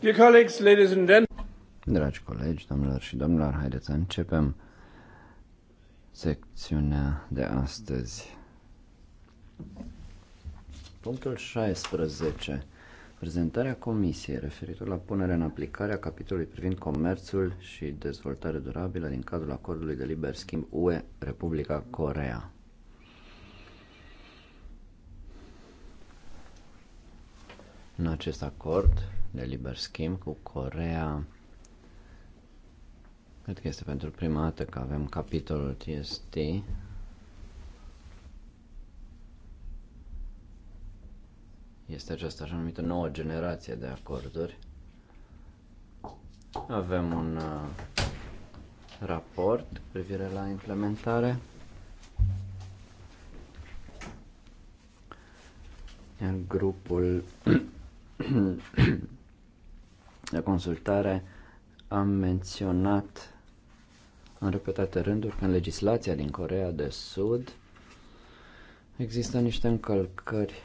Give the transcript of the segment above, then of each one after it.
Dear colleagues, ladies and gentlemen. Dragi colegi, domnilor și domnilor, haideți să începem secțiunea de astăzi. Punctul 16. Prezentarea comisiei referitor la punerea în aplicare a capitolului privind comerțul și dezvoltare durabilă din cadrul acordului de liber schimb UE Republica Corea. În acest acord, de liber schimb cu Corea. Cred că este pentru prima dată că avem capitolul TST. Este această așa numită nouă generație de acorduri. Avem un uh, raport cu privire la implementare. Iar grupul de consultare am menționat în repetate rânduri că în legislația din Corea de Sud există niște încălcări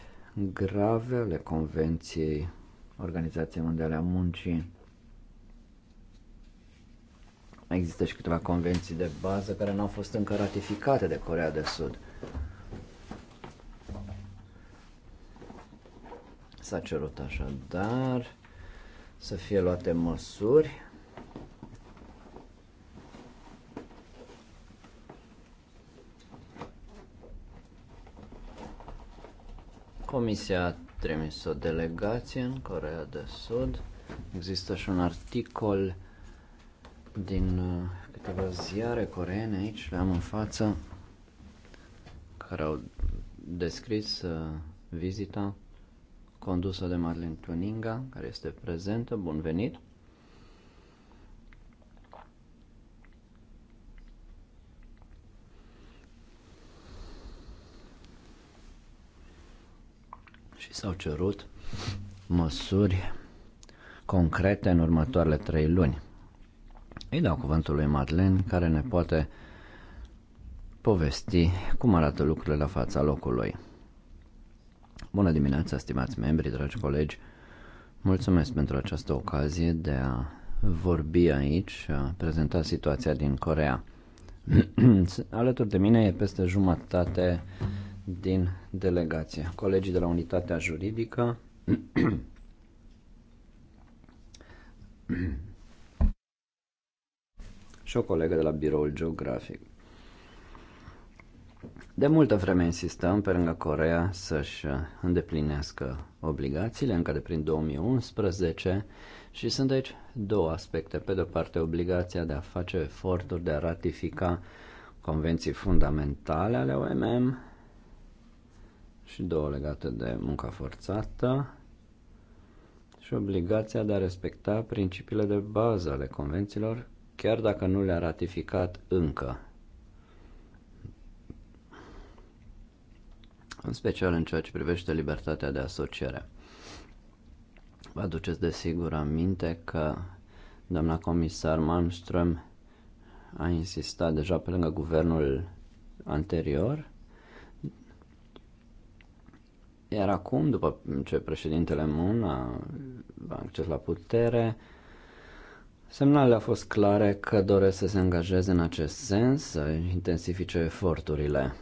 grave ale Convenției Organizației Mondiale a Muncii. Există și câteva convenții de bază care nu au fost încă ratificate de Corea de Sud. S-a cerut așadar să fie luate măsuri. Comisia a trimis o delegație în Corea de Sud. Există și un articol din uh, câteva ziare coreene aici, le am în față, care au descris uh, vizita condusă de Marlin Tuninga, care este prezentă, bun venit. Și s-au cerut măsuri concrete în următoarele trei luni. Îi dau cuvântul lui Madlen, care ne poate povesti cum arată lucrurile la fața locului. Bună dimineața, stimați membri, dragi colegi. Mulțumesc pentru această ocazie de a vorbi aici și a prezenta situația din Corea. Alături de mine e peste jumătate din delegație. Colegii de la Unitatea Juridică și o colegă de la Biroul Geografic. De multă vreme insistăm pe lângă Corea să-și îndeplinească obligațiile încă de prin 2011 și sunt aici două aspecte. Pe de-o parte, obligația de a face eforturi de a ratifica convenții fundamentale ale OMM și două legate de munca forțată și obligația de a respecta principiile de bază ale convențiilor, chiar dacă nu le-a ratificat încă. în special în ceea ce privește libertatea de asociere. Vă aduceți de sigur aminte că doamna comisar Malmström a insistat deja pe lângă guvernul anterior, iar acum, după ce președintele Moon a acces la putere, semnalele au fost clare că doresc să se angajeze în acest sens, să intensifice eforturile.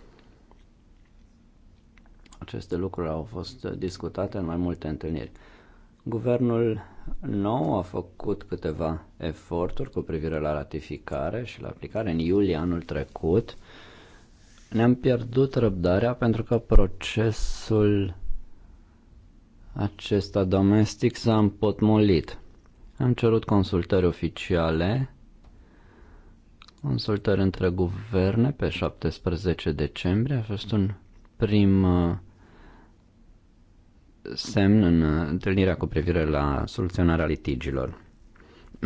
Aceste lucruri au fost discutate în mai multe întâlniri. Guvernul nou a făcut câteva eforturi cu privire la ratificare și la aplicare în iulie anul trecut. Ne-am pierdut răbdarea pentru că procesul acesta domestic s-a împotmolit. Am cerut consultări oficiale, consultări între guverne pe 17 decembrie. A fost un prim uh, semn în uh, întâlnirea cu privire la soluționarea litigilor.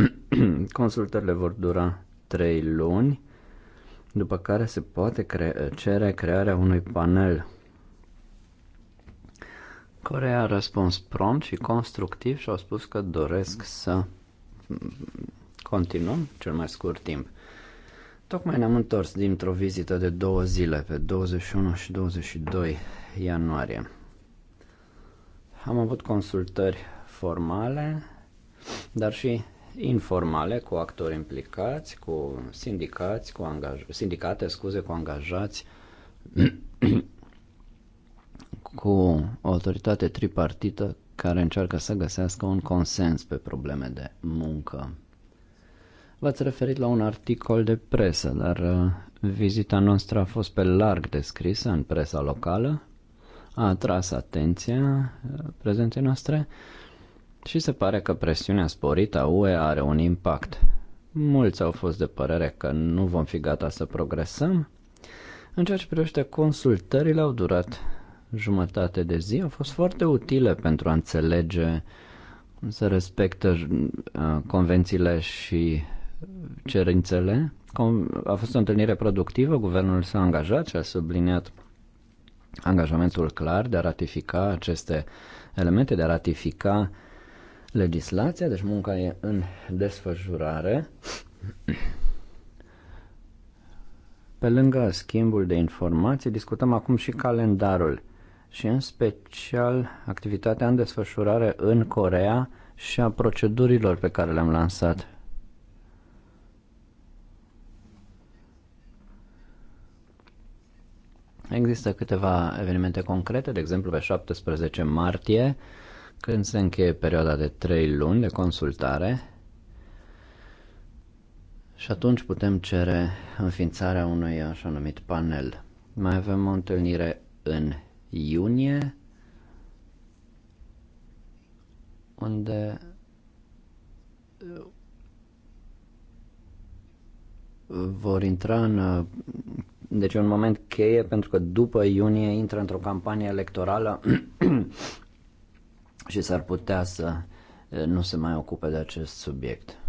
Consultările vor dura trei luni, după care se poate cre- cere crearea unui panel. Corea a răspuns prompt și constructiv și au spus că doresc să continuăm cel mai scurt timp. Tocmai ne-am întors dintr-o vizită de două zile, pe 21 și 22 ianuarie. Am avut consultări formale, dar și informale cu actori implicați, cu sindicați, cu angaj- sindicate, scuze, cu angajați, cu o autoritate tripartită care încearcă să găsească un consens pe probleme de muncă. V-ați referit la un articol de presă, dar uh, vizita noastră a fost pe larg descrisă în presa locală a atras atenția uh, prezenței noastre și se pare că presiunea sporită a UE are un impact. Mulți au fost de părere că nu vom fi gata să progresăm. În ceea ce privește consultările au durat jumătate de zi, au fost foarte utile pentru a înțelege cum se respectă uh, convențiile și cerințele. A fost o întâlnire productivă, guvernul s-a angajat și a subliniat angajamentul clar de a ratifica aceste elemente, de a ratifica legislația, deci munca e în desfășurare. Pe lângă schimbul de informații, discutăm acum și calendarul și în special activitatea în desfășurare în Corea și a procedurilor pe care le-am lansat. Există câteva evenimente concrete, de exemplu pe 17 martie, când se încheie perioada de 3 luni de consultare și atunci putem cere înființarea unui așa numit panel. Mai avem o întâlnire în iunie, unde uh, vor intra în uh, deci e un moment cheie pentru că după iunie intră într-o campanie electorală și s-ar putea să nu se mai ocupe de acest subiect.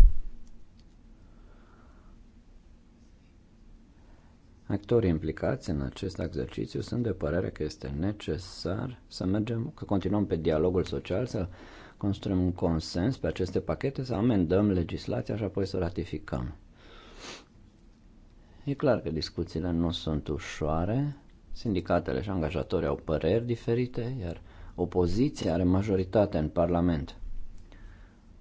Actorii implicați în acest exercițiu sunt de părere că este necesar să mergem, că continuăm pe dialogul social, să construim un consens pe aceste pachete, să amendăm legislația și apoi să ratificăm. E clar că discuțiile nu sunt ușoare, sindicatele și angajatorii au păreri diferite, iar opoziția are majoritate în Parlament.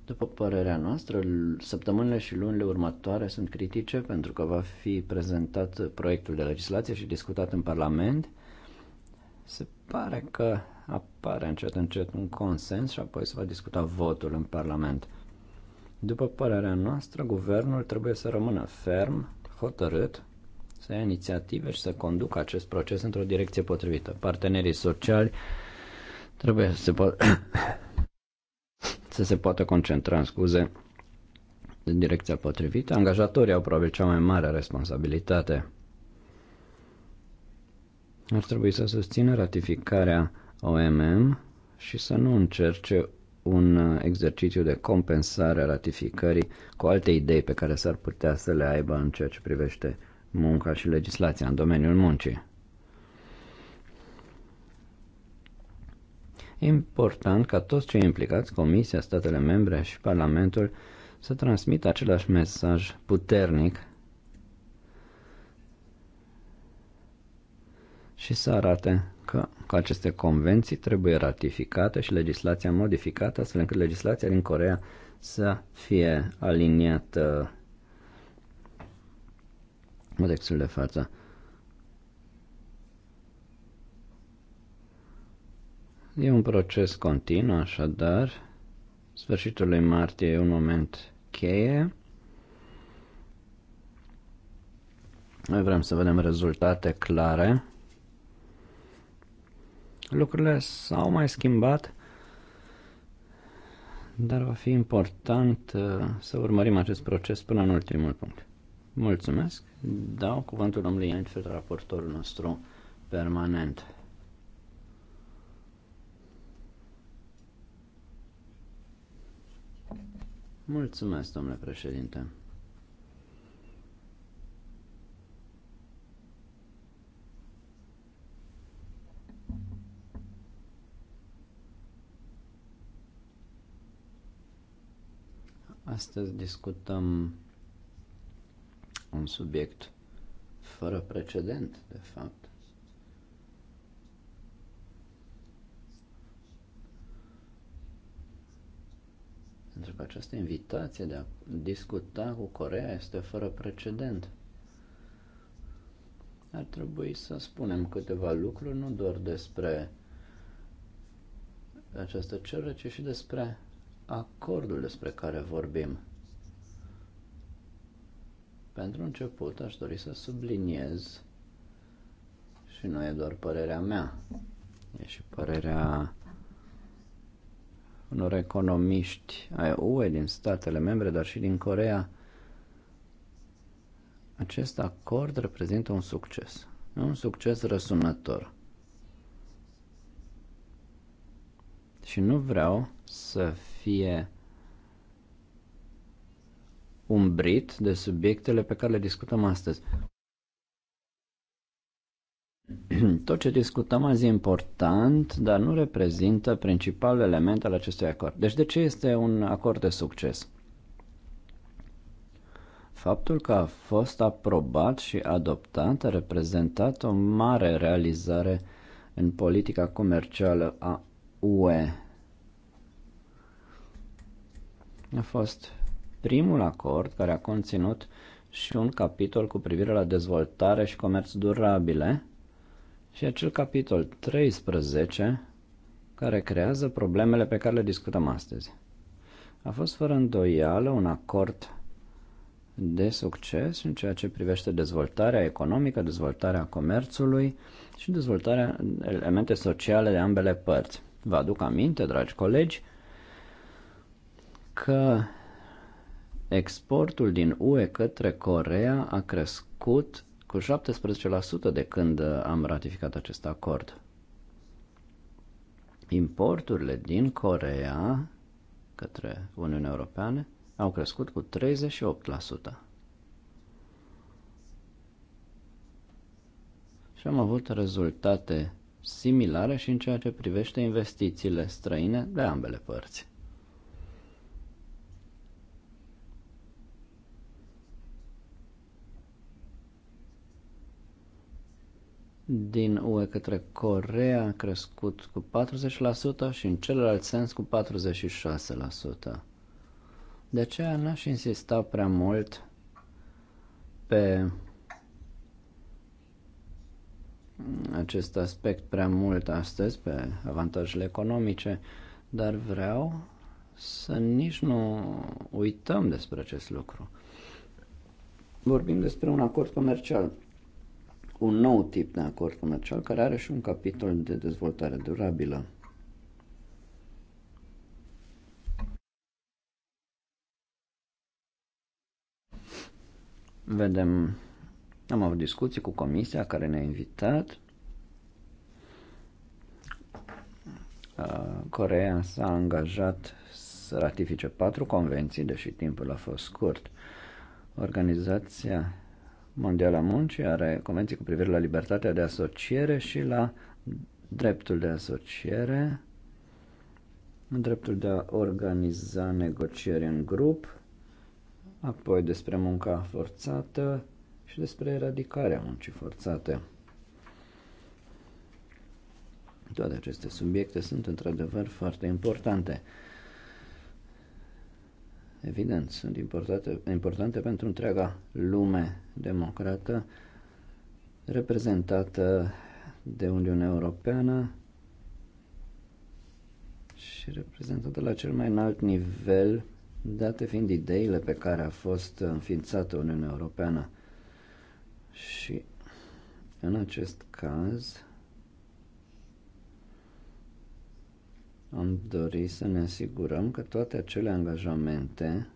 După părerea noastră, săptămânile și lunile următoare sunt critice pentru că va fi prezentat proiectul de legislație și discutat în Parlament. Se pare că apare încet încet un consens și apoi se va discuta votul în Parlament. După părerea noastră, guvernul trebuie să rămână ferm hotărât să ia inițiative și să conducă acest proces într-o direcție potrivită. Partenerii sociali trebuie să se, po- să se poată concentra, în scuze, în direcția potrivită. Angajatorii au probabil cea mai mare responsabilitate. Ar trebui să susțină ratificarea OMM și să nu încerce un uh, exercițiu de compensare a ratificării cu alte idei pe care s-ar putea să le aibă în ceea ce privește munca și legislația în domeniul muncii. important ca toți cei implicați, Comisia, statele membre și Parlamentul, să transmită același mesaj puternic și să arate că aceste convenții trebuie ratificate și legislația modificată astfel încât legislația din Corea să fie aliniată codexul de față. E un proces continuu, așadar, sfârșitul lui martie e un moment cheie. Noi vrem să vedem rezultate clare Lucrurile s-au mai schimbat, dar va fi important uh, să urmărim acest proces până în ultimul punct. Mulțumesc. Dau cuvântul domnului Enfield, raportorul nostru permanent. Mulțumesc, domnule președinte. Astăzi discutăm un subiect fără precedent, de fapt. Pentru că această invitație de a discuta cu Corea este fără precedent. Ar trebui să spunem câteva lucruri, nu doar despre această cerere, ci și despre acordul despre care vorbim. Pentru început aș dori să subliniez și nu e doar părerea mea, e și părerea unor economiști ai UE din statele membre, dar și din Corea, acest acord reprezintă un succes. Un succes răsunător. Și nu vreau să fie umbrit de subiectele pe care le discutăm astăzi. Tot ce discutăm azi e important, dar nu reprezintă principalul element al acestui acord. Deci de ce este un acord de succes? Faptul că a fost aprobat și adoptat a reprezentat o mare realizare în politica comercială a UE a fost primul acord care a conținut și un capitol cu privire la dezvoltare și comerț durabile și acel capitol 13 care creează problemele pe care le discutăm astăzi. A fost fără îndoială un acord de succes în ceea ce privește dezvoltarea economică, dezvoltarea comerțului și dezvoltarea elemente sociale de ambele părți. Vă aduc aminte, dragi colegi, că exportul din UE către Corea a crescut cu 17% de când am ratificat acest acord. Importurile din Corea către Uniunea Europeană au crescut cu 38%. Și am avut rezultate similare și în ceea ce privește investițiile străine de ambele părți. din UE către Corea a crescut cu 40% și în celălalt sens cu 46%. De aceea n-aș insista prea mult pe acest aspect prea mult astăzi, pe avantajele economice, dar vreau să nici nu uităm despre acest lucru. Vorbim despre un acord comercial un nou tip de acord comercial care are și un capitol de dezvoltare durabilă. Vedem, am avut discuții cu comisia care ne-a invitat. Corea s-a angajat să ratifice patru convenții, deși timpul a fost scurt. Organizația Mondială a Muncii are convenții cu privire la libertatea de asociere și la dreptul de asociere, dreptul de a organiza negocieri în grup, apoi despre munca forțată și despre eradicarea muncii forțate. Toate aceste subiecte sunt într-adevăr foarte importante evident, sunt importante, importante pentru întreaga lume democrată reprezentată de Uniunea Europeană și reprezentată la cel mai înalt nivel, date fiind ideile pe care a fost înființată Uniunea Europeană. Și în acest caz, am dori să ne asigurăm că toate acele angajamente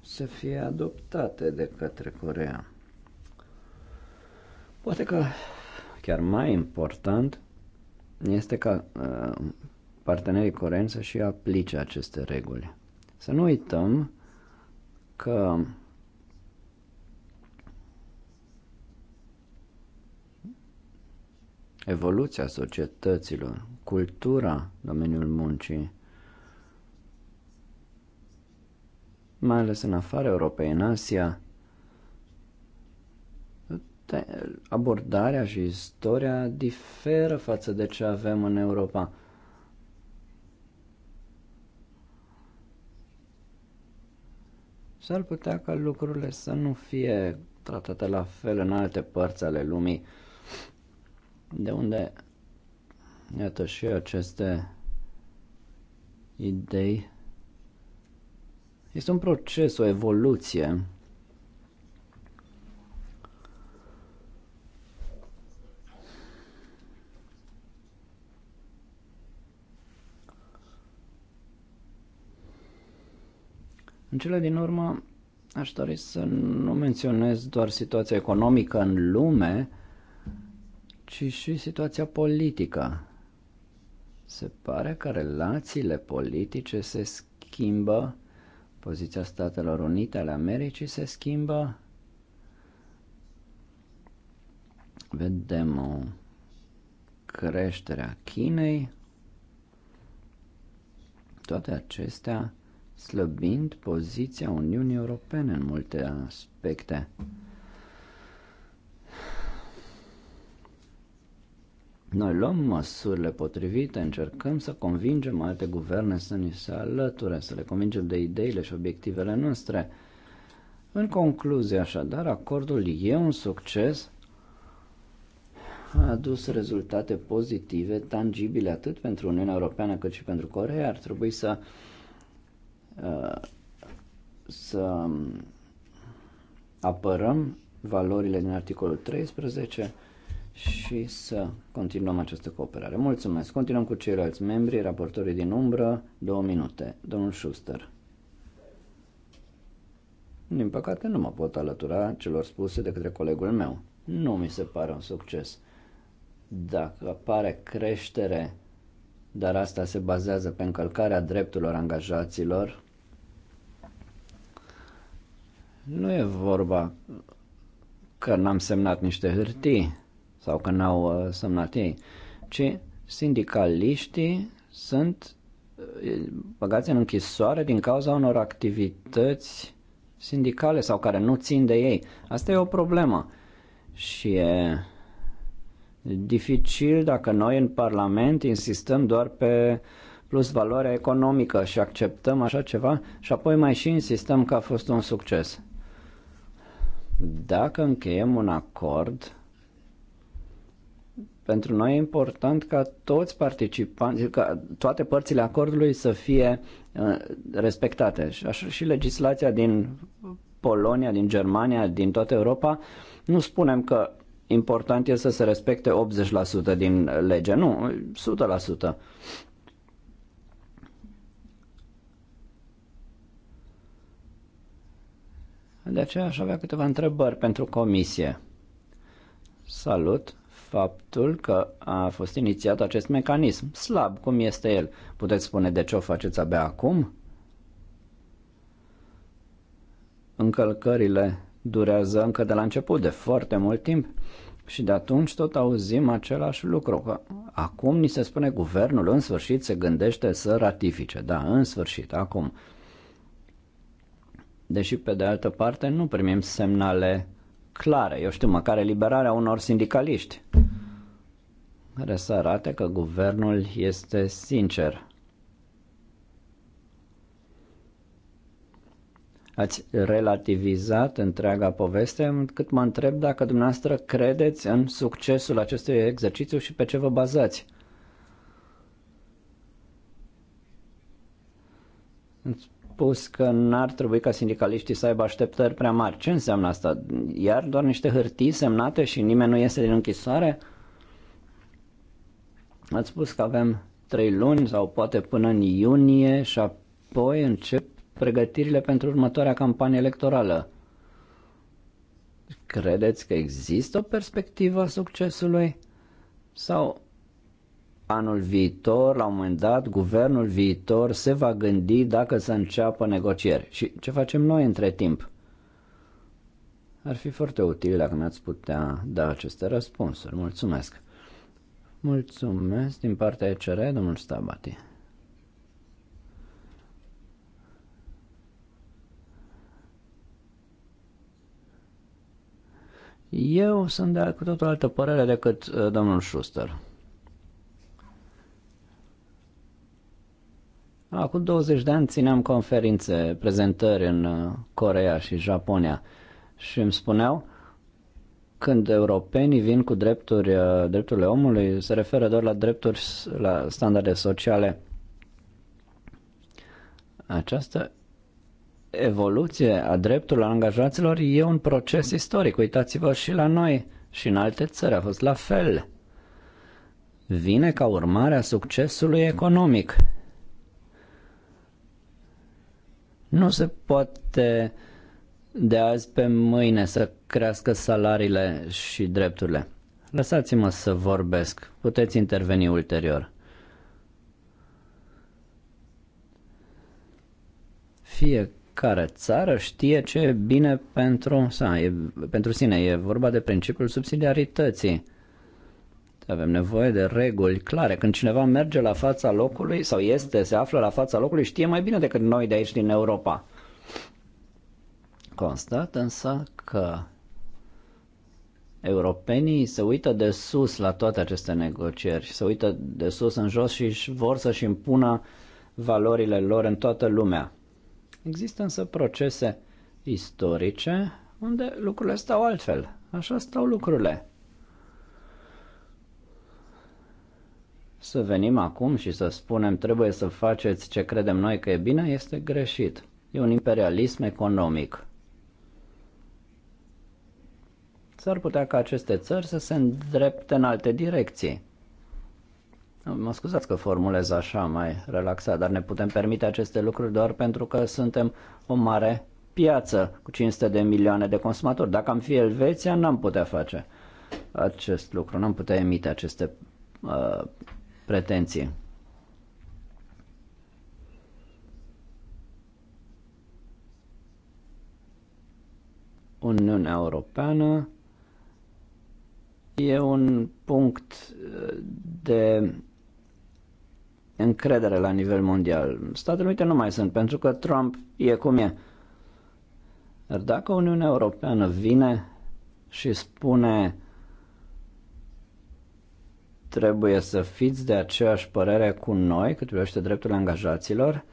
să fie adoptate de către Corea. Poate că chiar mai important este ca uh, partenerii coreeni să și aplice aceste reguli. Să nu uităm că evoluția societăților, cultura domeniul muncii, mai ales în afară Europei, în Asia, abordarea și istoria diferă față de ce avem în Europa. S-ar putea ca lucrurile să nu fie tratate la fel în alte părți ale lumii de unde, iată și aceste idei, este un proces, o evoluție. În cele din urmă, aș dori să nu menționez doar situația economică în lume, ci și situația politică. Se pare că relațiile politice se schimbă, poziția Statelor Unite ale Americii se schimbă. Vedem o creștere a Chinei, toate acestea slăbind poziția Uniunii Europene în multe aspecte. Noi luăm măsurile potrivite, încercăm să convingem alte guverne să ni se alăture, să le convingem de ideile și obiectivele noastre. În concluzie, așadar, acordul e un succes, a adus rezultate pozitive, tangibile, atât pentru Uniunea Europeană cât și pentru Corea. Ar trebui să, uh, să apărăm valorile din articolul 13 și să continuăm această cooperare. Mulțumesc! Continuăm cu ceilalți membri, raportorii din umbră, două minute. Domnul Schuster. Din păcate nu mă pot alătura celor spuse de către colegul meu. Nu mi se pare un succes. Dacă apare creștere, dar asta se bazează pe încălcarea drepturilor angajaților, nu e vorba că n-am semnat niște hârtii sau că n-au uh, semnat ei, ci sindicaliștii sunt uh, băgați în închisoare din cauza unor activități sindicale sau care nu țin de ei. Asta e o problemă și e dificil dacă noi în Parlament insistăm doar pe plus valoarea economică și acceptăm așa ceva și apoi mai și insistăm că a fost un succes. Dacă încheiem un acord pentru noi e important ca toți participanții, ca toate părțile acordului să fie uh, respectate. Și așa și legislația din Polonia, din Germania, din toată Europa, nu spunem că important e să se respecte 80% din lege, nu, 100%. De aceea aș avea câteva întrebări pentru comisie. Salut! faptul că a fost inițiat acest mecanism. Slab cum este el. Puteți spune de ce o faceți abia acum? Încălcările durează încă de la început, de foarte mult timp. Și de atunci tot auzim același lucru, că acum ni se spune guvernul în sfârșit se gândește să ratifice. Da, în sfârșit, acum. Deși pe de altă parte nu primim semnale clare, eu știu, măcar eliberarea unor sindicaliști, care să arate că guvernul este sincer. Ați relativizat întreaga poveste, Cât mă întreb dacă dumneavoastră credeți în succesul acestui exercițiu și pe ce vă bazați spus că n-ar trebui ca sindicaliștii să aibă așteptări prea mari. Ce înseamnă asta? Iar doar niște hârtii semnate și nimeni nu iese din închisoare? Ați spus că avem trei luni sau poate până în iunie și apoi încep pregătirile pentru următoarea campanie electorală. Credeți că există o perspectivă a succesului? Sau anul viitor, la un moment dat, guvernul viitor se va gândi dacă să înceapă negocieri. Și ce facem noi între timp? Ar fi foarte util dacă mi-ați putea da aceste răspunsuri. Mulțumesc! Mulțumesc din partea ECR, domnul Stabati. Eu sunt de cu totul altă părere decât uh, domnul Schuster. Acum 20 de ani țineam conferințe, prezentări în uh, Corea și Japonia și îmi spuneau când europenii vin cu drepturi, uh, drepturile omului, se referă doar la drepturi, la standarde sociale. Această evoluție a drepturilor angajaților e un proces istoric. Uitați-vă și la noi și în alte țări a fost la fel. Vine ca urmare a succesului economic Nu se poate de azi pe mâine să crească salariile și drepturile. Lăsați-mă să vorbesc. Puteți interveni ulterior. Fiecare țară știe ce e bine pentru, sa, e, pentru sine. E vorba de principiul subsidiarității. Avem nevoie de reguli clare. Când cineva merge la fața locului sau este, se află la fața locului, știe mai bine decât noi de aici din Europa. Constat însă că europenii se uită de sus la toate aceste negocieri, se uită de sus în jos și vor să-și impună valorile lor în toată lumea. Există însă procese istorice unde lucrurile stau altfel. Așa stau lucrurile. să venim acum și să spunem trebuie să faceți ce credem noi că e bine este greșit. E un imperialism economic. S-ar putea ca aceste țări să se îndrepte în alte direcții. Mă scuzați că formulez așa mai relaxat, dar ne putem permite aceste lucruri doar pentru că suntem o mare piață cu 500 de milioane de consumatori. Dacă am fi Elveția, n-am putea face acest lucru, n-am putea emite aceste uh, pretenție. Uniunea Europeană e un punct uh, de încredere la nivel mondial. Statele Unite nu mai sunt, pentru că Trump e cum e. Dar dacă Uniunea Europeană vine și spune trebuie să fiți de aceeași părere cu noi cât privește drepturile angajaților,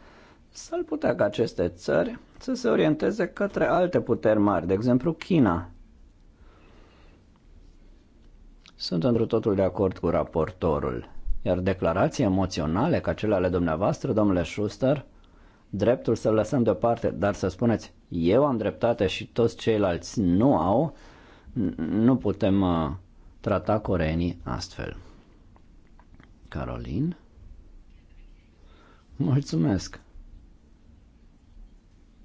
s-ar putea ca aceste țări să se orienteze către alte puteri mari, de exemplu China. Sunt într totul de acord cu raportorul, iar declarații emoționale ca cele ale dumneavoastră, domnule Schuster, dreptul să-l lăsăm deoparte, dar să spuneți eu am dreptate și toți ceilalți nu au, nu putem uh, trata coreenii astfel. Carolin? Mulțumesc.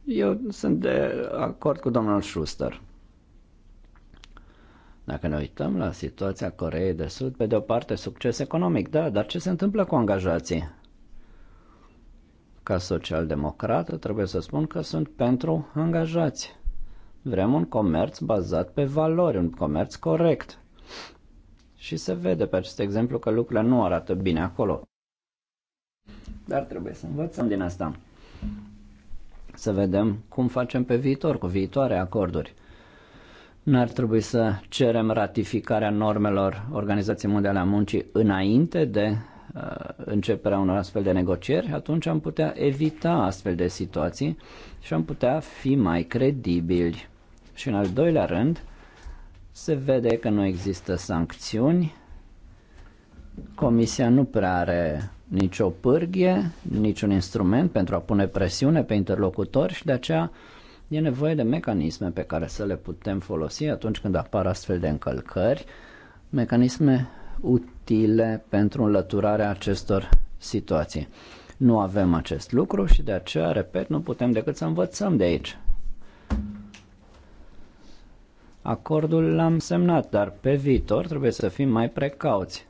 Eu sunt de acord cu domnul Schuster. Dacă ne uităm la situația Coreei de Sud, pe de o parte succes economic, da, dar ce se întâmplă cu angajații? Ca social-democrat trebuie să spun că sunt pentru angajați. Vrem un comerț bazat pe valori, un comerț corect. Și se vede pe acest exemplu că lucrurile nu arată bine acolo. Dar trebuie să învățăm din asta. Să vedem cum facem pe viitor, cu viitoare acorduri. N-ar trebui să cerem ratificarea normelor Organizației Mondiale a Muncii înainte de uh, începerea unor astfel de negocieri, atunci am putea evita astfel de situații și am putea fi mai credibili. Și în al doilea rând, se vede că nu există sancțiuni, Comisia nu prea are nicio pârghie, niciun instrument pentru a pune presiune pe interlocutori și de aceea e nevoie de mecanisme pe care să le putem folosi atunci când apar astfel de încălcări, mecanisme utile pentru înlăturarea acestor situații. Nu avem acest lucru și de aceea, repet, nu putem decât să învățăm de aici. Acordul l-am semnat, dar pe viitor trebuie să fim mai precauți.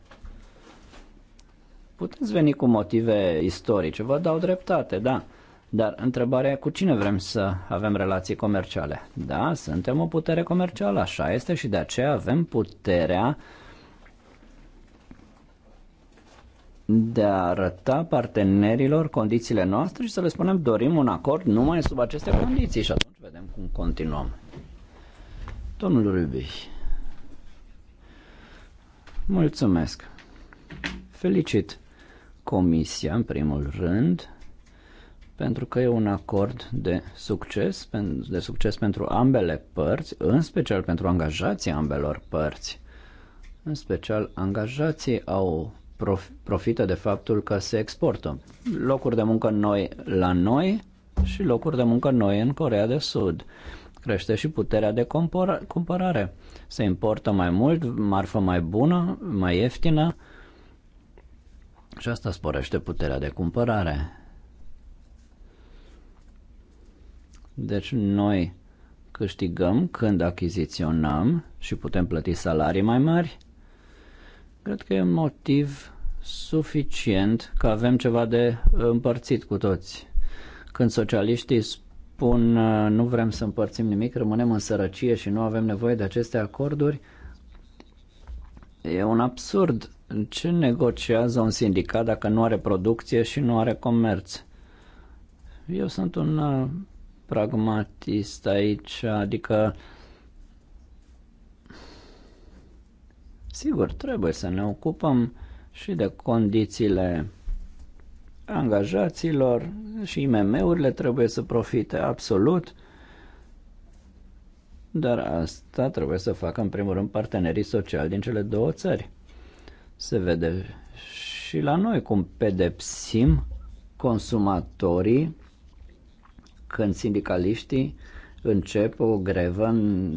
Puteți veni cu motive istorice, vă dau dreptate, da. Dar întrebarea e cu cine vrem să avem relații comerciale. Da, suntem o putere comercială, așa este și de aceea avem puterea de a arăta partenerilor condițiile noastre și să le spunem dorim un acord numai sub aceste condiții și atunci vedem cum continuăm. Domnul Rubiș, mulțumesc. Felicit Comisia, în primul rând, pentru că e un acord de succes, de succes pentru ambele părți, în special pentru angajații ambelor părți. În special, angajații au profită de faptul că se exportă locuri de muncă noi la noi și locuri de muncă noi în Corea de Sud crește și puterea de cumpărare. Se importă mai mult, marfă mai bună, mai ieftină și asta sporește puterea de cumpărare. Deci noi câștigăm când achiziționăm și putem plăti salarii mai mari. Cred că e un motiv suficient că avem ceva de împărțit cu toți. Când socialiștii spun uh, nu vrem să împărțim nimic, rămânem în sărăcie și nu avem nevoie de aceste acorduri, e un absurd. Ce negociază un sindicat dacă nu are producție și nu are comerț? Eu sunt un uh, pragmatist aici, adică sigur, trebuie să ne ocupăm și de condițiile angajaților și IMM-urile trebuie să profite, absolut, dar asta trebuie să facă în primul rând partenerii sociali din cele două țări. Se vede și la noi cum pedepsim consumatorii când sindicaliștii încep o grevă în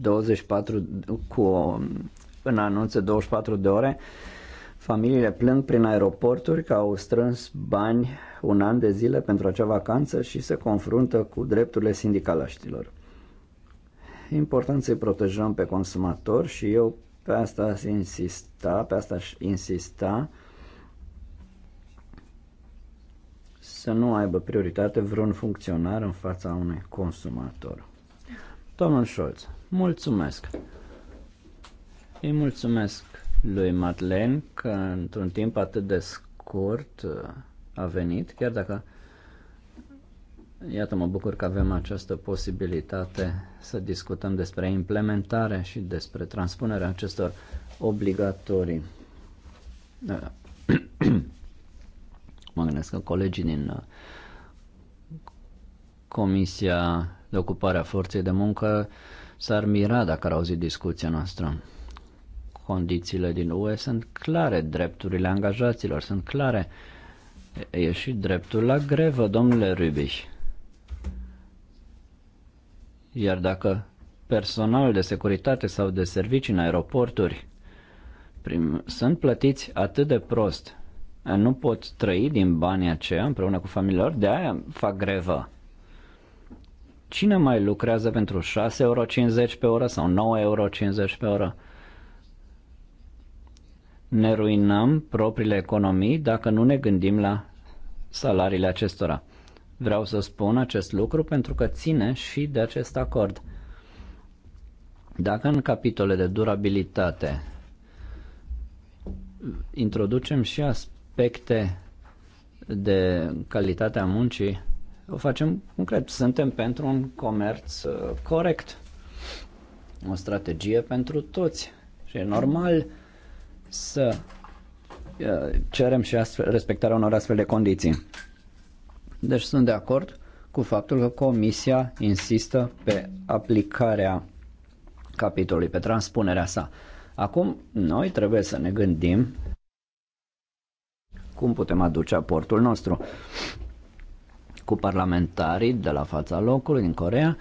24 cu în anunțe 24 de ore Familiile plâng prin aeroporturi că au strâns bani un an de zile pentru acea vacanță și se confruntă cu drepturile sindicalaștilor. Important să-i protejăm pe consumator și eu pe asta aș insista, pe asta aș insista să nu aibă prioritate vreun funcționar în fața unui consumator. Domnul Scholz, mulțumesc! Îi mulțumesc lui Madeleine că într-un timp atât de scurt uh, a venit, chiar dacă Iată, mă bucur că avem această posibilitate să discutăm despre implementarea și despre transpunerea acestor obligatorii. Uh, mă gândesc că colegii din uh, Comisia de Ocupare a Forței de Muncă s-ar mira dacă ar auzi discuția noastră. Condițiile din UE sunt clare, drepturile angajaților sunt clare. E și dreptul la grevă, domnule Rubiș. Iar dacă personal de securitate sau de servicii în aeroporturi prim, sunt plătiți atât de prost, nu pot trăi din banii aceia împreună cu familiilor, de aia fac grevă. Cine mai lucrează pentru 6,50 euro pe oră sau 9,50 euro pe oră? ne ruinăm propriile economii dacă nu ne gândim la salariile acestora. Vreau să spun acest lucru pentru că ține și de acest acord. Dacă în capitole de durabilitate introducem și aspecte de calitatea muncii, o facem concret. Suntem pentru un comerț uh, corect, o strategie pentru toți și e normal să cerem și astfel, respectarea unor astfel de condiții. Deci sunt de acord cu faptul că Comisia insistă pe aplicarea capitolului, pe transpunerea sa. Acum, noi trebuie să ne gândim cum putem aduce aportul nostru cu parlamentarii de la fața locului din Corea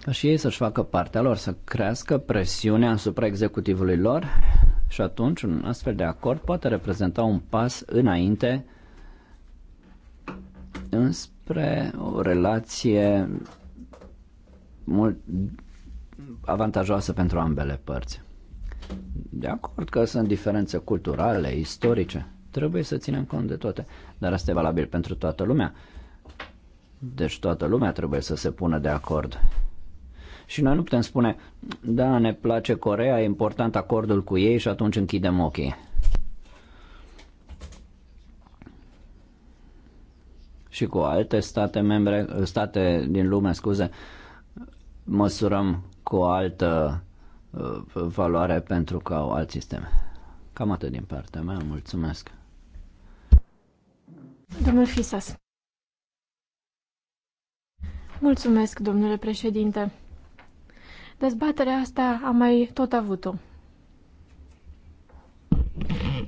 ca și ei să-și facă partea lor, să crească presiunea asupra executivului lor și atunci un astfel de acord poate reprezenta un pas înainte înspre o relație mult avantajoasă pentru ambele părți. De acord că sunt diferențe culturale, istorice, trebuie să ținem cont de toate, dar asta e valabil pentru toată lumea. Deci toată lumea trebuie să se pună de acord. Și noi nu putem spune, da, ne place Corea, e important acordul cu ei și atunci închidem ochii. Și cu alte state membre, state din lume, scuze, măsurăm cu o altă uh, valoare pentru că au alt sistem. Cam atât din partea mea, mulțumesc. Domnul Fisas. Mulțumesc, domnule președinte. Dezbaterea asta am mai tot avut-o.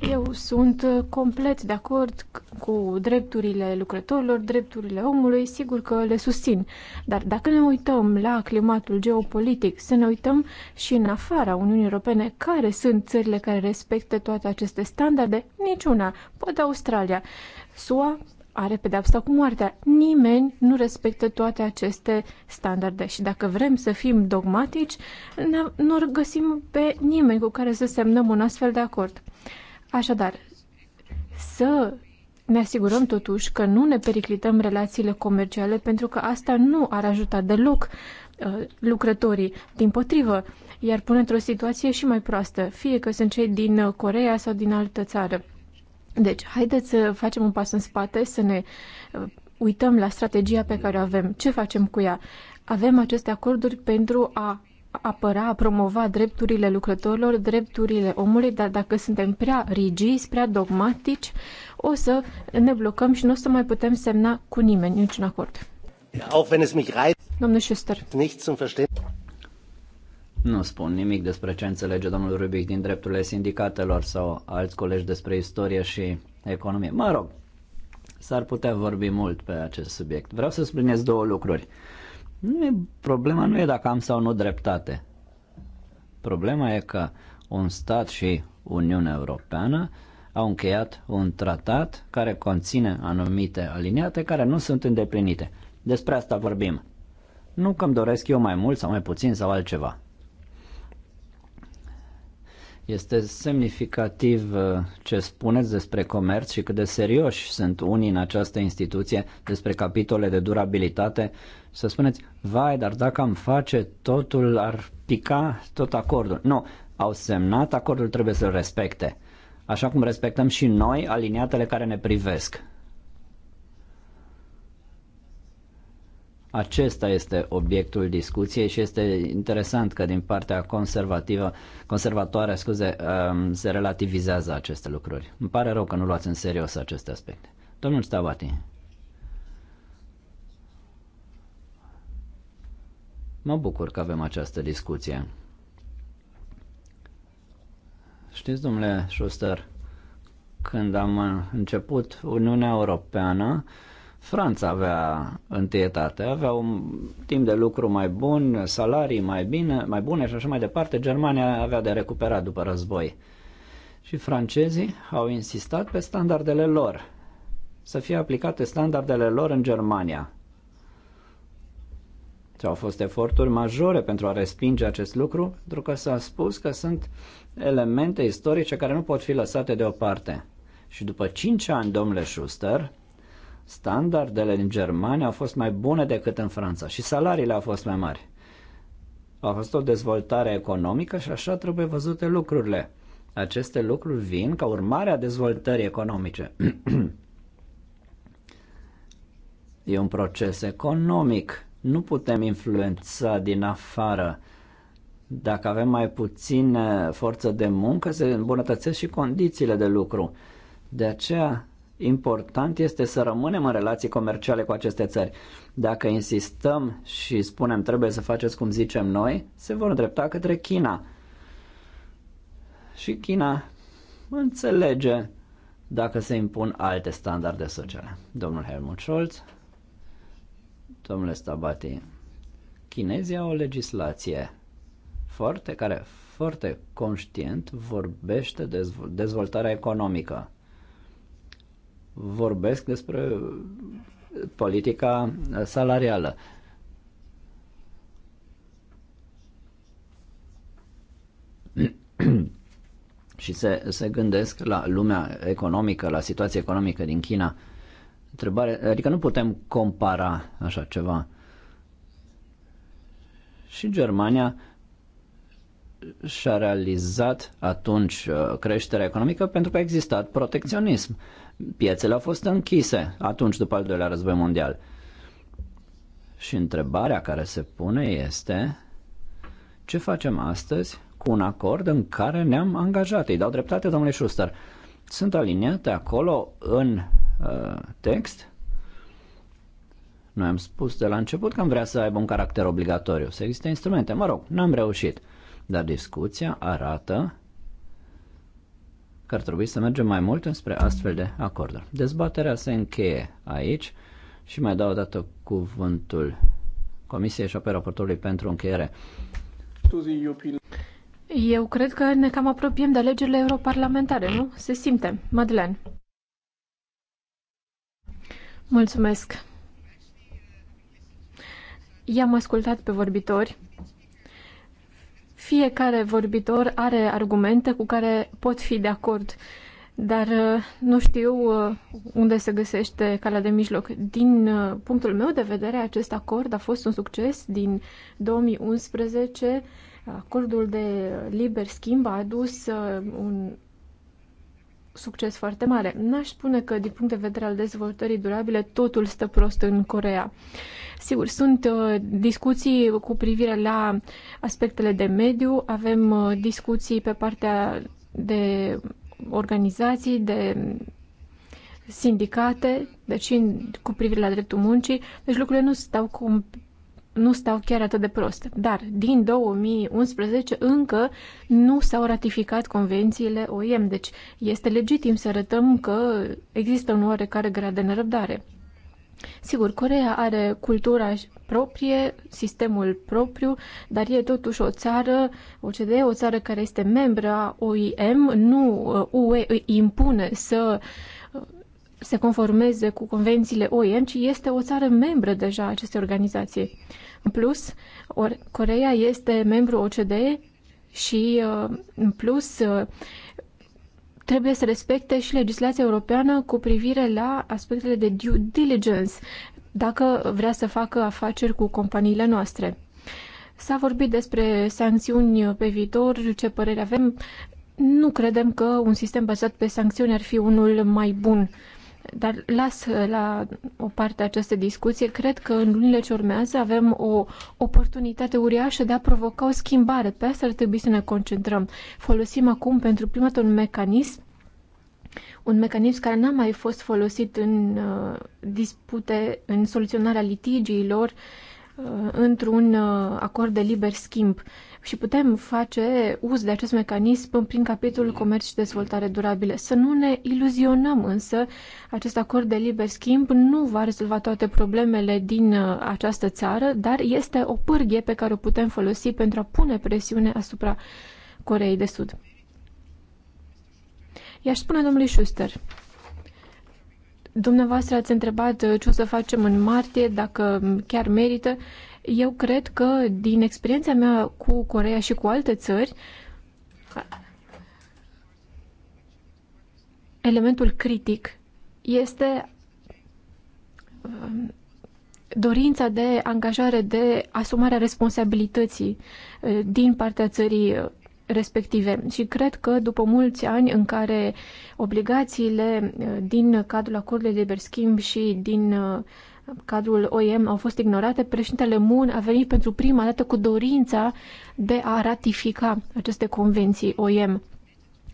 Eu sunt complet de acord cu drepturile lucrătorilor, drepturile omului, sigur că le susțin. Dar dacă ne uităm la climatul geopolitic, să ne uităm și în afara Uniunii Europene, care sunt țările care respectă toate aceste standarde? Niciuna. Poate Australia. SUA are pedeapsa cu moartea. Nimeni nu respectă toate aceste standarde și dacă vrem să fim dogmatici, nu găsim pe nimeni cu care să semnăm un astfel de acord. Așadar, să ne asigurăm totuși că nu ne periclităm relațiile comerciale pentru că asta nu ar ajuta deloc uh, lucrătorii. Din potrivă, iar pune într-o situație și mai proastă, fie că sunt cei din uh, Corea sau din altă țară. Deci, haideți să facem un pas în spate, să ne uh, uităm la strategia pe care o avem. Ce facem cu ea? Avem aceste acorduri pentru a apăra, a promova drepturile lucrătorilor, drepturile omului, dar dacă suntem prea rigizi, prea dogmatici, o să ne blocăm și nu o să mai putem semna cu nimeni niciun acord. Auch wenn es mich reizt, Domnul Schuster. Nicht zum Verständnis. Nu spun nimic despre ce înțelege domnul Rubic din drepturile sindicatelor sau alți colegi despre istorie și economie. Mă rog, s-ar putea vorbi mult pe acest subiect. Vreau să subliniez două lucruri. Nu e, problema nu e dacă am sau nu dreptate. Problema e că un stat și Uniunea Europeană au încheiat un tratat care conține anumite aliniate care nu sunt îndeplinite. Despre asta vorbim. Nu că îmi doresc eu mai mult sau mai puțin sau altceva. Este semnificativ uh, ce spuneți despre comerț și cât de serioși sunt unii în această instituție despre capitole de durabilitate. Să spuneți, vai, dar dacă am face, totul ar pica tot acordul. Nu, au semnat, acordul trebuie să-l respecte. Așa cum respectăm și noi aliniatele care ne privesc. Acesta este obiectul discuției și este interesant că din partea conservativă, conservatoare scuze, um, se relativizează aceste lucruri. Îmi pare rău că nu luați în serios aceste aspecte. Domnul Stavati. Mă bucur că avem această discuție. Știți, domnule Schuster, când am început Uniunea Europeană, Franța avea întâietate, avea un timp de lucru mai bun, salarii mai bine, mai bune și așa mai departe. Germania avea de recuperat după război. Și francezii au insistat pe standardele lor, să fie aplicate standardele lor în Germania. Și au fost eforturi majore pentru a respinge acest lucru, pentru că s-a spus că sunt elemente istorice care nu pot fi lăsate deoparte. Și după 5 ani, domnule Schuster, Standardele din Germania au fost mai bune decât în Franța și salariile au fost mai mari. A fost o dezvoltare economică și așa trebuie văzute lucrurile. Aceste lucruri vin ca urmare a dezvoltării economice. e un proces economic. Nu putem influența din afară. Dacă avem mai puțin forță de muncă, se îmbunătățesc și condițiile de lucru. De aceea important este să rămânem în relații comerciale cu aceste țări. Dacă insistăm și spunem trebuie să faceți cum zicem noi, se vor îndrepta către China. Și China înțelege dacă se impun alte standarde sociale. Domnul Helmut Scholz, domnule Stabati, chinezii au o legislație foarte, care foarte conștient vorbește de dezvoltarea economică vorbesc despre politica salarială. și se, se gândesc la lumea economică, la situația economică din China. Întrebare, adică nu putem compara așa ceva. Și Germania și-a realizat atunci uh, creșterea economică pentru că a existat protecționism piețele au fost închise atunci după al doilea război mondial. Și întrebarea care se pune este ce facem astăzi cu un acord în care ne-am angajat. Îi dau dreptate, domnule Schuster. Sunt aliniate acolo în uh, text. Noi am spus de la început că am vrea să aibă un caracter obligatoriu, să existe instrumente. Mă rog, n-am reușit. Dar discuția arată că ar trebui să mergem mai mult înspre astfel de acorduri. Dezbaterea se încheie aici și mai dau o dată cuvântul Comisiei și apoi raportorului pentru încheiere. Eu cred că ne cam apropiem de alegerile europarlamentare, nu? Se simte. Madeleine. Mulțumesc. I-am ascultat pe vorbitori fiecare vorbitor are argumente cu care pot fi de acord, dar uh, nu știu uh, unde se găsește calea de mijloc. Din uh, punctul meu de vedere, acest acord a fost un succes din 2011. Acordul de liber schimb a adus un succes foarte mare. N-aș spune că, din punct de vedere al dezvoltării durabile, totul stă prost în Corea. Sigur, sunt uh, discuții cu privire la aspectele de mediu, avem uh, discuții pe partea de organizații, de sindicate, deci cu privire la dreptul muncii, deci lucrurile nu stau cum nu stau chiar atât de prost. Dar din 2011 încă nu s-au ratificat convențiile OIM, deci este legitim să arătăm că există un oarecare grad de nerăbdare. Sigur, Corea are cultura proprie, sistemul propriu, dar e totuși o țară, OCDE, o țară care este membra OIM, nu UE uh, îi impune să uh, se conformeze cu convențiile OIM, ci este o țară membră deja a acestei organizații. În plus, Coreea este membru OCDE și, uh, în plus, uh, trebuie să respecte și legislația europeană cu privire la aspectele de due diligence, dacă vrea să facă afaceri cu companiile noastre. S-a vorbit despre sancțiuni pe viitor, ce părere avem. Nu credem că un sistem bazat pe sancțiuni ar fi unul mai bun. Dar las la o parte această discuție. Cred că în lunile ce urmează avem o oportunitate uriașă de a provoca o schimbare. Pe asta ar trebui să ne concentrăm. Folosim acum pentru prima dată un mecanism un mecanism care n-a mai fost folosit în uh, dispute, în soluționarea litigiilor, uh, într-un uh, acord de liber schimb. Uh, și putem face uz de acest mecanism prin capitolul mm. comerț și dezvoltare durabile. Să nu ne iluzionăm însă, acest acord de liber schimb nu va rezolva toate problemele din uh, această țară, dar este o pârghie pe care o putem folosi pentru a pune presiune asupra Coreei de Sud. I-aș spune domnului Schuster, Dumneavoastră ați întrebat uh, ce o să facem în martie, dacă chiar merită. Eu cred că din experiența mea cu Corea și cu alte țări, elementul critic este um, dorința de angajare, de asumarea responsabilității uh, din partea țării uh, respective. Și cred că după mulți ani în care obligațiile uh, din cadrul acordului de liber schimb și din cadrul OIM au fost ignorate, președintele Moon a venit pentru prima dată cu dorința de a ratifica aceste convenții OIM.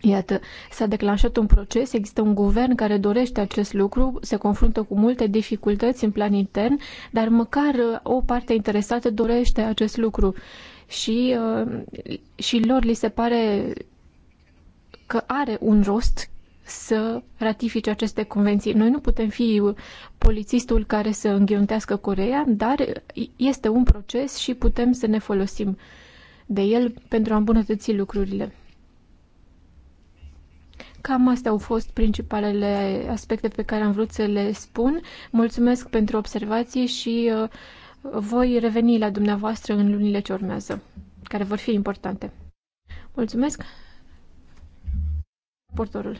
Iată, s-a declanșat un proces, există un guvern care dorește acest lucru, se confruntă cu multe dificultăți în plan intern, dar măcar uh, o parte interesată dorește acest lucru. Și, uh, și lor li se pare că are un rost să ratifice aceste convenții. Noi nu putem fi polițistul care să înghiuntească Coreea, dar este un proces și putem să ne folosim de el pentru a îmbunătăți lucrurile. Cam astea au fost principalele aspecte pe care am vrut să le spun. Mulțumesc pentru observații și uh, voi reveni la dumneavoastră în lunile ce urmează, care vor fi importante. Mulțumesc! Portorul.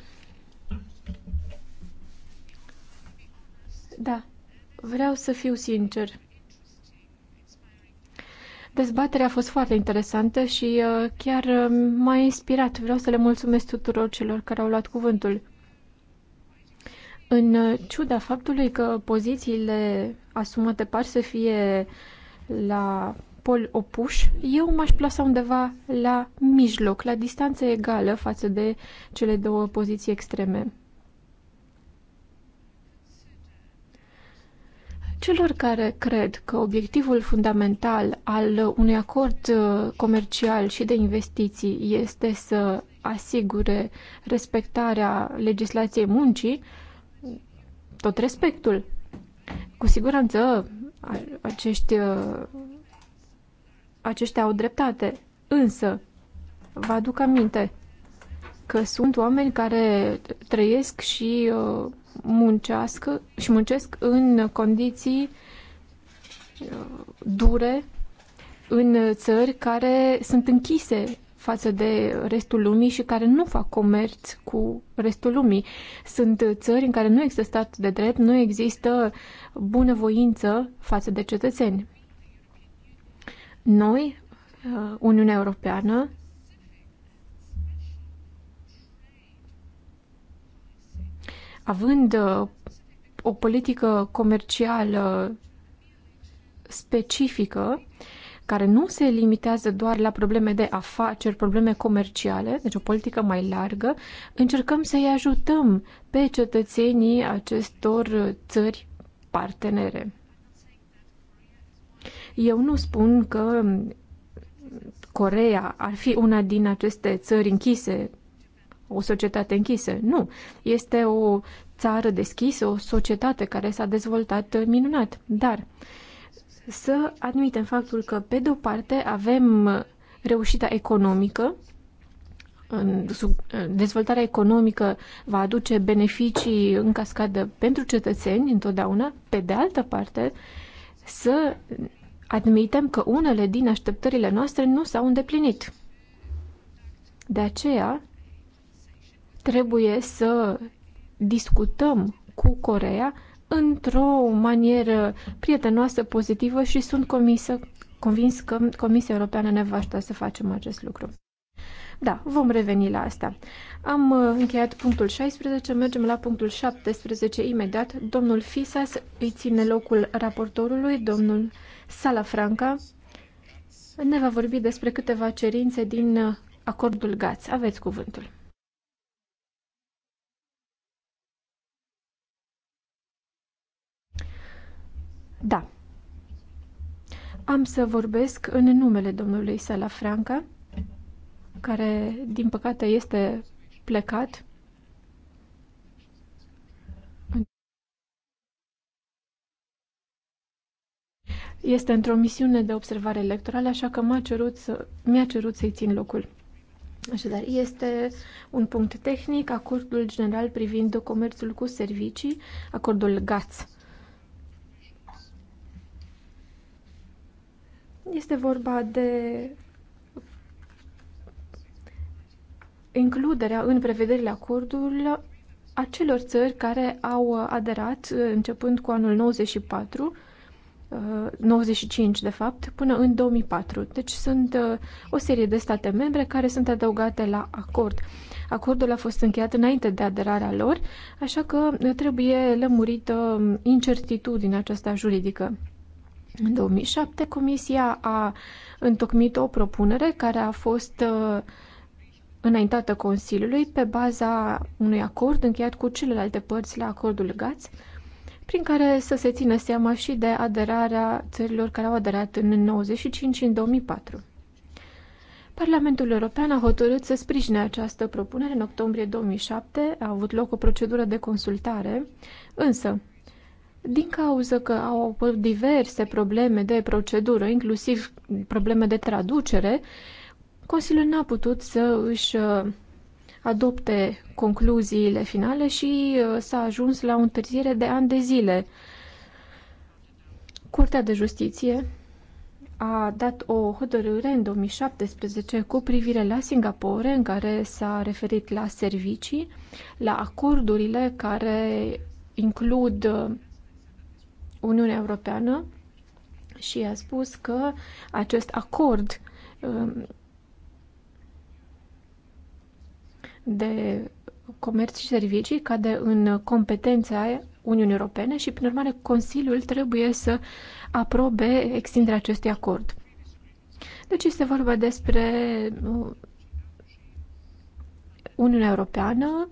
Da, vreau să fiu sincer. Dezbaterea a fost foarte interesantă și uh, chiar uh, m-a inspirat. Vreau să le mulțumesc tuturor celor care au luat cuvântul. În uh, ciuda faptului că pozițiile asumate par să fie la pol opuș, eu m-aș plasa undeva la mijloc, la distanță egală față de cele două poziții extreme. Celor care cred că obiectivul fundamental al unui acord uh, comercial și de investiții este să asigure respectarea legislației muncii, tot respectul. Cu siguranță acești, uh, aceștia au dreptate, însă vă aduc aminte că sunt oameni care trăiesc și uh, muncească și muncesc în condiții uh, dure, în țări care sunt închise față de restul lumii și care nu fac comerț cu restul lumii. Sunt țări în care nu există stat de drept, nu există bunăvoință față de cetățeni. Noi, uh, Uniunea Europeană, având uh, o politică comercială specifică, care nu se limitează doar la probleme de afaceri, probleme comerciale, deci o politică mai largă, încercăm să-i ajutăm pe cetățenii acestor țări partenere. Eu nu spun că Corea ar fi una din aceste țări închise o societate închisă. Nu. Este o țară deschisă, o societate care s-a dezvoltat minunat. Dar să admitem faptul că, pe de-o parte, avem reușita economică, dezvoltarea economică va aduce beneficii în cascadă pentru cetățeni întotdeauna, pe de altă parte, să admitem că unele din așteptările noastre nu s-au îndeplinit. De aceea, trebuie să discutăm cu Corea într-o manieră prietenoasă, pozitivă și sunt comisă, convins că Comisia Europeană ne va ajuta să facem acest lucru. Da, vom reveni la asta. Am uh, încheiat punctul 16, mergem la punctul 17 imediat. Domnul Fisas îi ține locul raportorului, domnul Salafranca ne va vorbi despre câteva cerințe din uh, acordul GATS. Aveți cuvântul. Da. Am să vorbesc în numele domnului Salafranca, care, din păcate, este plecat. Este într-o misiune de observare electorală, așa că m-a cerut să, mi-a cerut să-i țin locul. Așadar, este un punct tehnic, acordul general privind comerțul cu servicii, acordul GATS. Este vorba de includerea în prevederile acordurilor celor țări care au aderat începând cu anul 94, 95 uh, de fapt, până în 2004. Deci sunt uh, o serie de state membre care sunt adăugate la acord. Acordul a fost încheiat înainte de aderarea lor, așa că trebuie lămurită um, incertitudinea aceasta juridică. În 2007, Comisia a întocmit o propunere care a fost uh, înaintată Consiliului pe baza unui acord încheiat cu celelalte părți la acordul GATS, prin care să se țină seama și de aderarea țărilor care au aderat în 1995 și în 2004. Parlamentul European a hotărât să sprijine această propunere în octombrie 2007. A avut loc o procedură de consultare, însă din cauza că au apărut diverse probleme de procedură, inclusiv probleme de traducere, Consiliul n-a putut să își uh, adopte concluziile finale și uh, s-a ajuns la o întârziere de ani de zile. Curtea de Justiție a dat o hotărâre în 2017 cu privire la Singapore, în care s-a referit la servicii, la acordurile care includ uh, Uniunea Europeană și a spus că acest acord um, de comerț și servicii cade în competența Uniunii Europene și, prin urmare, Consiliul trebuie să aprobe extinderea acestui acord. Deci este vorba despre uh, Uniunea Europeană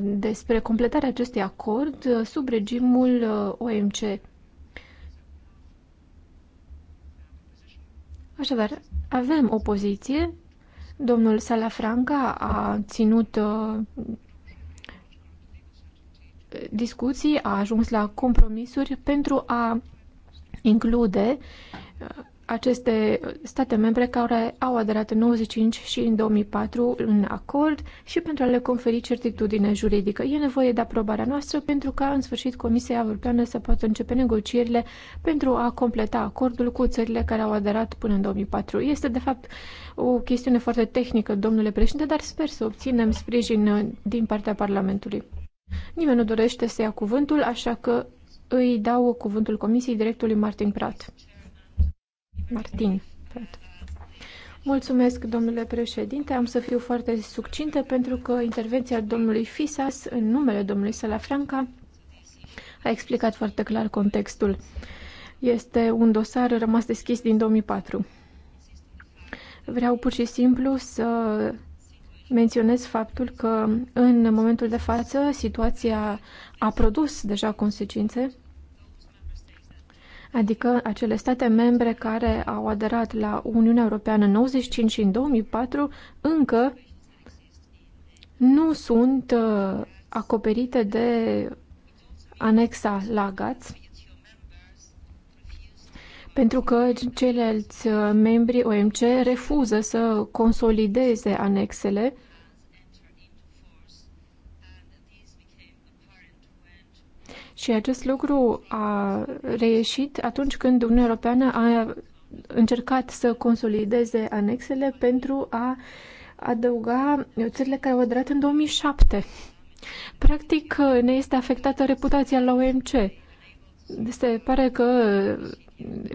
despre completarea acestui acord sub regimul uh, OMC. Așadar, avem o poziție. Domnul Salafranca a ținut uh, discuții, a ajuns la compromisuri pentru a include uh, aceste state membre care au aderat în 95 și în 2004 în acord și pentru a le conferi certitudine juridică. E nevoie de aprobarea noastră pentru ca, în sfârșit, Comisia Europeană să poată începe negocierile pentru a completa acordul cu țările care au aderat până în 2004. Este, de fapt, o chestiune foarte tehnică, domnule președinte, dar sper să obținem sprijin din partea Parlamentului. Nimeni nu dorește să ia cuvântul, așa că îi dau cuvântul Comisiei directului Martin Prat. Martin. Mulțumesc, domnule președinte. Am să fiu foarte succintă pentru că intervenția domnului Fisas în numele domnului Salafranca a explicat foarte clar contextul. Este un dosar rămas deschis din 2004. Vreau pur și simplu să menționez faptul că în momentul de față situația a produs deja consecințe adică acele state membre care au aderat la Uniunea Europeană în 95 și în 2004, încă nu sunt uh, acoperite de anexa la GATS, pentru că ceilalți uh, membri OMC refuză să consolideze anexele Și acest lucru a reieșit atunci când Uniunea Europeană a încercat să consolideze anexele pentru a adăuga țările care au aderat în 2007. Practic, ne este afectată reputația la OMC. Se pare că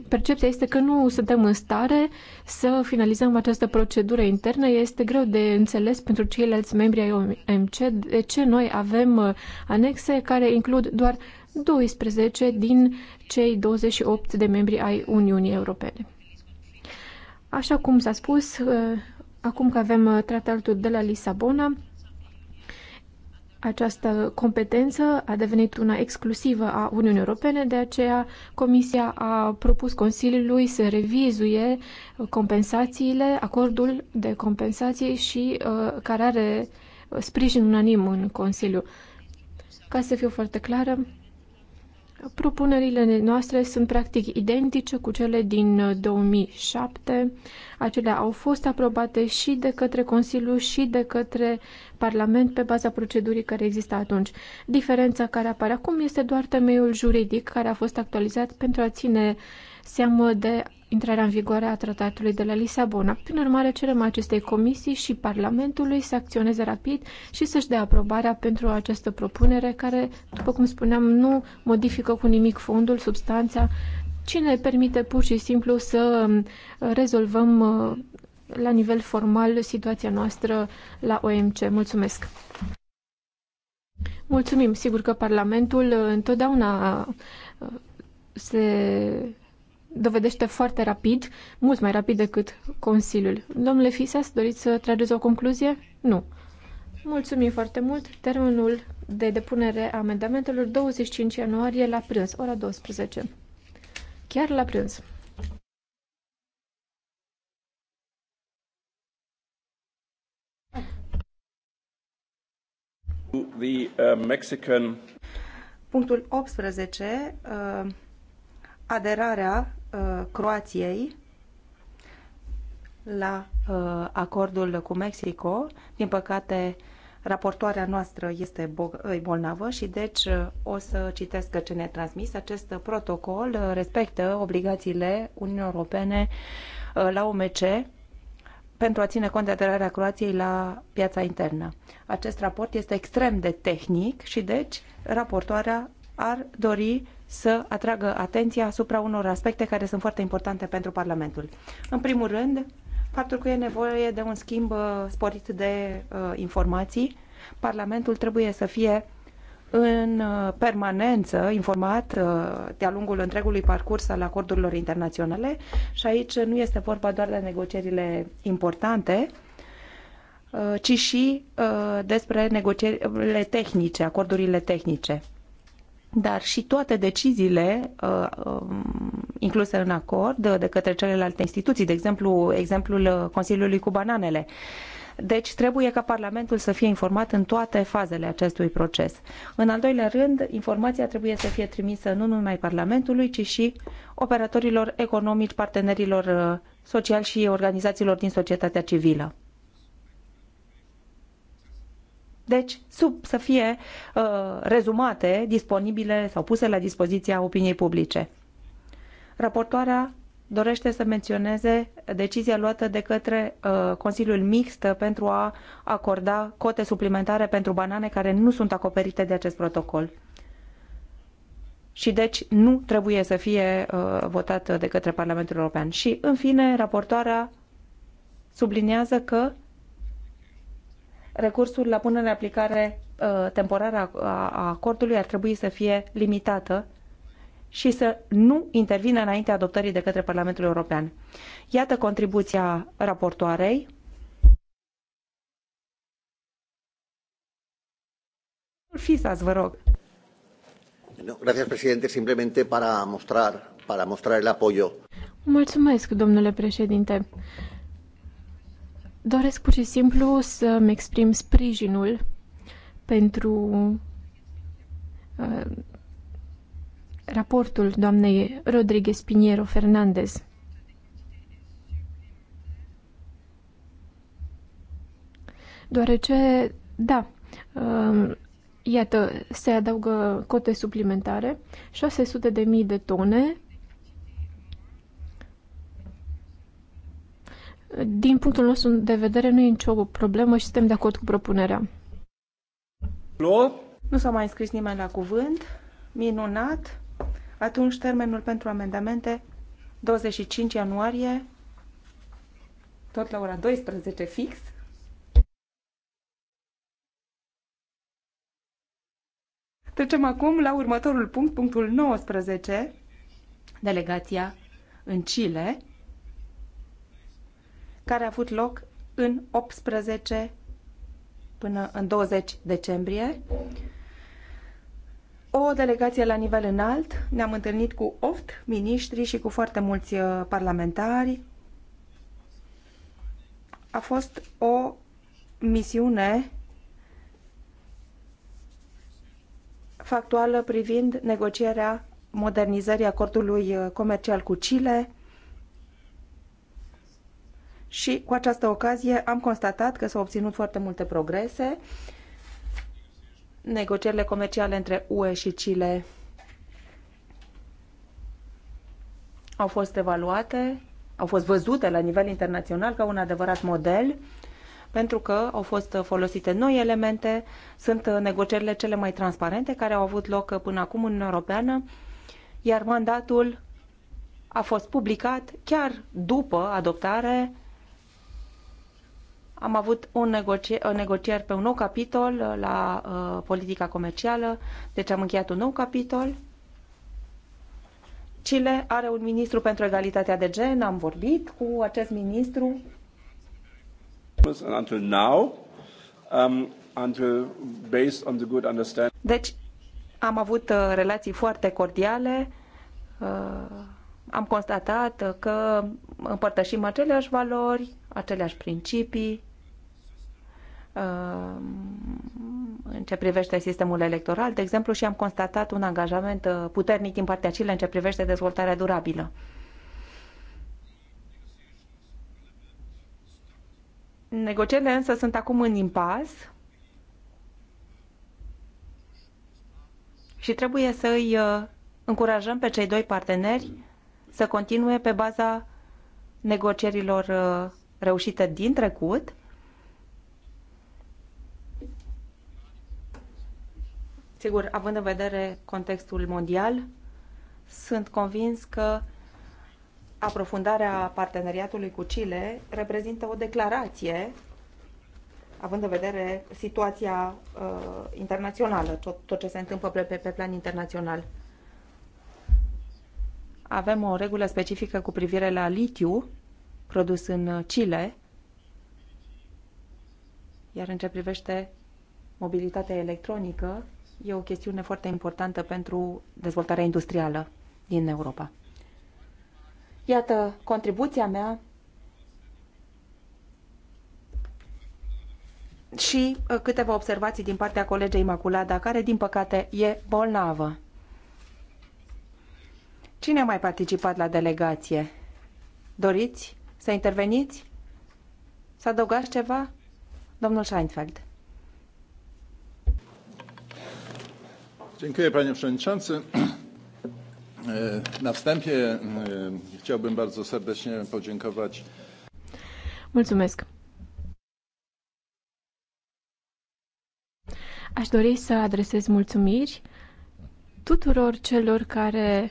percepția este că nu suntem în stare să finalizăm această procedură internă. Este greu de înțeles pentru ceilalți membri ai OMC de ce noi avem anexe care includ doar 12 din cei 28 de membri ai Uniunii Europene. Așa cum s-a spus, uh, acum că avem uh, tratatul de la Lisabona, această competență a devenit una exclusivă a Uniunii Europene, de aceea Comisia a propus Consiliului să revizuie compensațiile, acordul de compensații și uh, care are sprijin unanim în Consiliu. Ca să fiu foarte clară, Propunerile noastre sunt practic identice cu cele din 2007. Uh, Acelea au fost aprobate și de către Consiliu și de către Parlament pe baza procedurii care există atunci. Diferența care apare acum este doar temeiul juridic care a fost actualizat pentru a ține seamă de intrarea în vigoare a tratatului de la Lisabona. Prin urmare, cerem acestei comisii și Parlamentului să acționeze rapid și să-și dea aprobarea pentru această propunere care, după cum spuneam, nu modifică cu nimic fondul, substanța, ci ne permite pur și simplu să um, rezolvăm uh, la nivel formal situația noastră la OMC. Mulțumesc! Mulțumim! Sigur că Parlamentul uh, întotdeauna uh, se dovedește foarte rapid, mult mai rapid decât Consiliul. Domnule Fisas, doriți să trageți o concluzie? Nu. Mulțumim foarte mult. Termenul de depunere a amendamentelor 25 ianuarie la prânz, ora 12. Chiar la prânz. The, uh, Mexican... Punctul 18. Uh aderarea uh, Croației la uh, acordul cu Mexico. Din păcate, raportoarea noastră este bolnavă și deci uh, o să citesc ce ne-a transmis. Acest protocol respectă obligațiile Uniunii Europene la OMC pentru a ține cont de aderarea Croației la piața internă. Acest raport este extrem de tehnic și deci raportoarea ar dori să atragă atenția asupra unor aspecte care sunt foarte importante pentru Parlamentul. În primul rând, faptul că e nevoie de un schimb uh, sporit de uh, informații. Parlamentul trebuie să fie în uh, permanență informat de-a lungul întregului parcurs al acordurilor internaționale și aici nu este vorba doar de negocierile importante, ci și despre negocierile tehnice, acordurile tehnice dar și toate deciziile uh, um, incluse în acord uh, de către celelalte instituții, de exemplu, exemplul uh, Consiliului cu bananele. Deci trebuie ca Parlamentul să fie informat în toate fazele acestui proces. În al doilea rând, informația trebuie să fie trimisă nu numai Parlamentului, ci și operatorilor economici, partenerilor sociali și organizațiilor din societatea civilă deci sub, să fie uh, rezumate, disponibile sau puse la dispoziția opiniei publice. Raportoarea dorește să menționeze decizia luată de către uh, Consiliul Mixt pentru a acorda cote suplimentare pentru banane care nu sunt acoperite de acest protocol. Și deci nu trebuie să fie uh, votat de către Parlamentul European. Și, în fine, raportoarea subliniază că recursul la punerea în aplicare uh, temporară a acordului ar trebui să fie limitată și să nu intervină înaintea adoptării de către Parlamentul European. Iată contribuția raportoarei. Fisas, vă rog. No, gracias, presidente. Simplemente para mostrar, para mostrar el apoyo. Mulțumesc, domnule președinte. Doresc pur și simplu să-mi exprim sprijinul pentru uh, raportul doamnei Rodriguez Piniero Fernandez. Deoarece, da, uh, iată, se adaugă cote suplimentare, 600.000 de tone Din punctul nostru de vedere, nu e nicio problemă și suntem de acord cu propunerea. Lo? Nu s-a mai înscris nimeni la cuvânt. Minunat. Atunci termenul pentru amendamente 25 ianuarie, tot la ora 12 fix. Trecem acum la următorul punct, punctul 19, delegația în Chile care a avut loc în 18 până în 20 decembrie. O delegație la nivel înalt, ne-am întâlnit cu 8 miniștri și cu foarte mulți uh, parlamentari. A fost o misiune factuală privind negocierea modernizării acordului uh, comercial cu Chile, și cu această ocazie am constatat că s-au obținut foarte multe progrese. Negocierile comerciale între UE și Chile au fost evaluate, au fost văzute la nivel internațional ca un adevărat model pentru că au fost folosite noi elemente, sunt negocierile cele mai transparente care au avut loc până acum în Europeană, iar mandatul a fost publicat chiar după adoptare am avut un negocier, uh, negocieri pe un nou capitol uh, la uh, politica comercială, deci am încheiat un nou capitol. Chile are un ministru pentru egalitatea de gen, am vorbit cu acest ministru. Until now, um, until based on the good understanding. Deci am avut uh, relații foarte cordiale. Uh, am constatat că împărtășim aceleași valori, aceleași principii, Ehm, în ce privește sistemul electoral, de exemplu, și am constatat un angajament uh, puternic din partea Chile în ce privește dezvoltarea durabilă. Negocierile însă sunt acum în impas și trebuie să îi uh, încurajăm pe cei doi parteneri să continue pe baza negocierilor uh, reușite din trecut Sigur, având în vedere contextul mondial, sunt convins că aprofundarea parteneriatului cu Chile reprezintă o declarație, având în vedere situația uh, internațională, tot, tot ce se întâmplă pe, pe plan internațional. Avem o regulă specifică cu privire la litiu produs în Chile, iar în ce privește mobilitatea electronică, e o chestiune foarte importantă pentru dezvoltarea industrială din Europa. Iată contribuția mea și uh, câteva observații din partea colegei Imaculada, care, din păcate, e bolnavă. Cine a mai participat la delegație? Doriți să interveniți? Să adăugați ceva? Domnul Scheinfeld. Dziękuję panie przewodniczący. Na wstępie chciałbym bardzo serdecznie podziękować. Mulțumesc. Aș dori să adresez mulțumiri tuturor celor care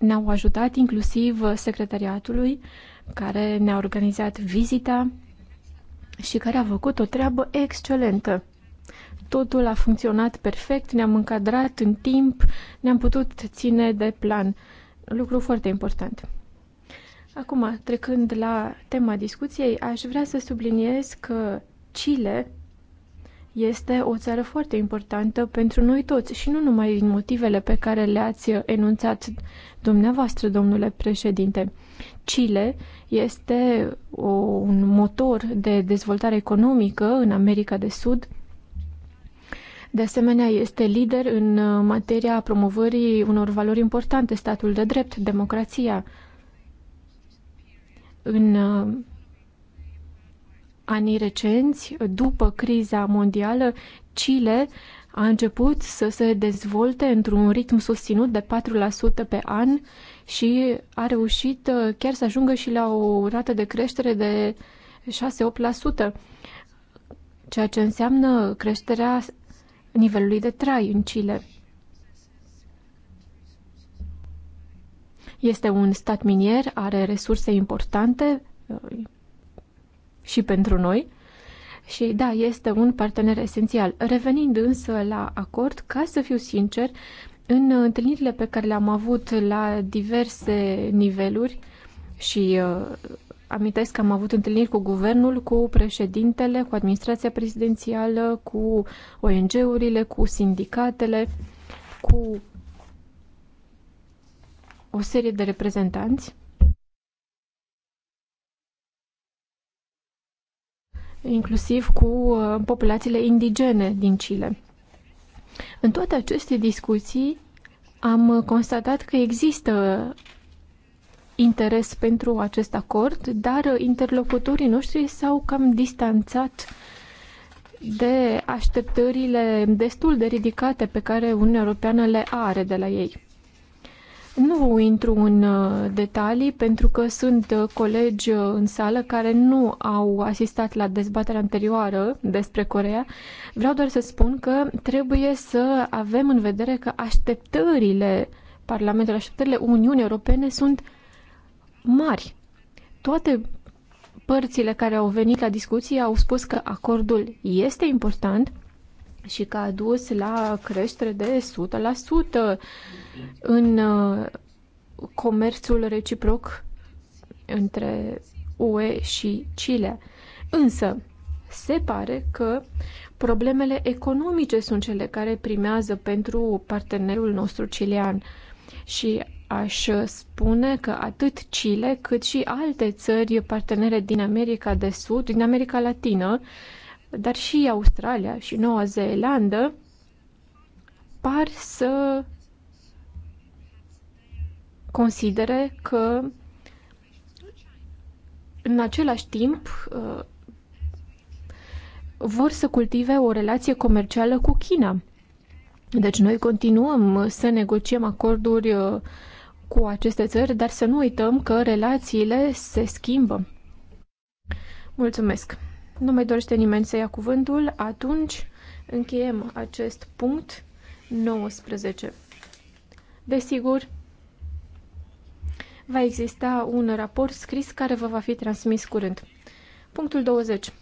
ne-au ajutat, inclusiv secretariatului, care ne-a organizat vizita și care a făcut o treabă excelentă. Totul a funcționat perfect, ne-am încadrat în timp, ne-am putut ține de plan. Lucru foarte important. Acum, trecând la tema discuției, aș vrea să subliniez că Chile este o țară foarte importantă pentru noi toți și nu numai din motivele pe care le-ați enunțat dumneavoastră, domnule președinte. Chile este o, un motor de dezvoltare economică în America de Sud de asemenea, este lider în uh, materia promovării unor valori importante, statul de drept, democrația. În uh, anii recenți, după criza mondială, Chile a început să se dezvolte într-un ritm susținut de 4% pe an și a reușit uh, chiar să ajungă și la o rată de creștere de 6-8%, ceea ce înseamnă creșterea nivelului de trai în Chile. Este un stat minier, are resurse importante uh, și pentru noi și da, este un partener esențial. Revenind însă la acord, ca să fiu sincer, în întâlnirile pe care le-am avut la diverse niveluri și uh, amintesc că am avut întâlniri cu guvernul, cu președintele, cu administrația prezidențială, cu ONG-urile, cu sindicatele, cu o serie de reprezentanți. inclusiv cu uh, populațiile indigene din Chile. În toate aceste discuții am constatat că există interes pentru acest acord, dar interlocutorii noștri s-au cam distanțat de așteptările destul de ridicate pe care Uniunea Europeană le are de la ei. Nu intru în uh, detalii pentru că sunt uh, colegi uh, în sală care nu au asistat la dezbaterea anterioară despre Corea. Vreau doar să spun că trebuie să avem în vedere că așteptările Parlamentului, așteptările Uniunii Europene sunt mari. Toate părțile care au venit la discuție au spus că acordul este important și că a dus la creștere de 100% în uh, comerțul reciproc între UE și Chile. Însă, se pare că problemele economice sunt cele care primează pentru partenerul nostru chilean și Aș spune că atât Chile cât și alte țări partenere din America de Sud, din America Latină, dar și Australia și Noua Zeelandă par să considere că în același timp uh, vor să cultive o relație comercială cu China. Deci noi continuăm să negociem acorduri uh, cu aceste țări, dar să nu uităm că relațiile se schimbă. Mulțumesc! Nu mai dorește nimeni să ia cuvântul, atunci încheiem acest punct 19. Desigur, va exista un raport scris care vă va fi transmis curând. Punctul 20.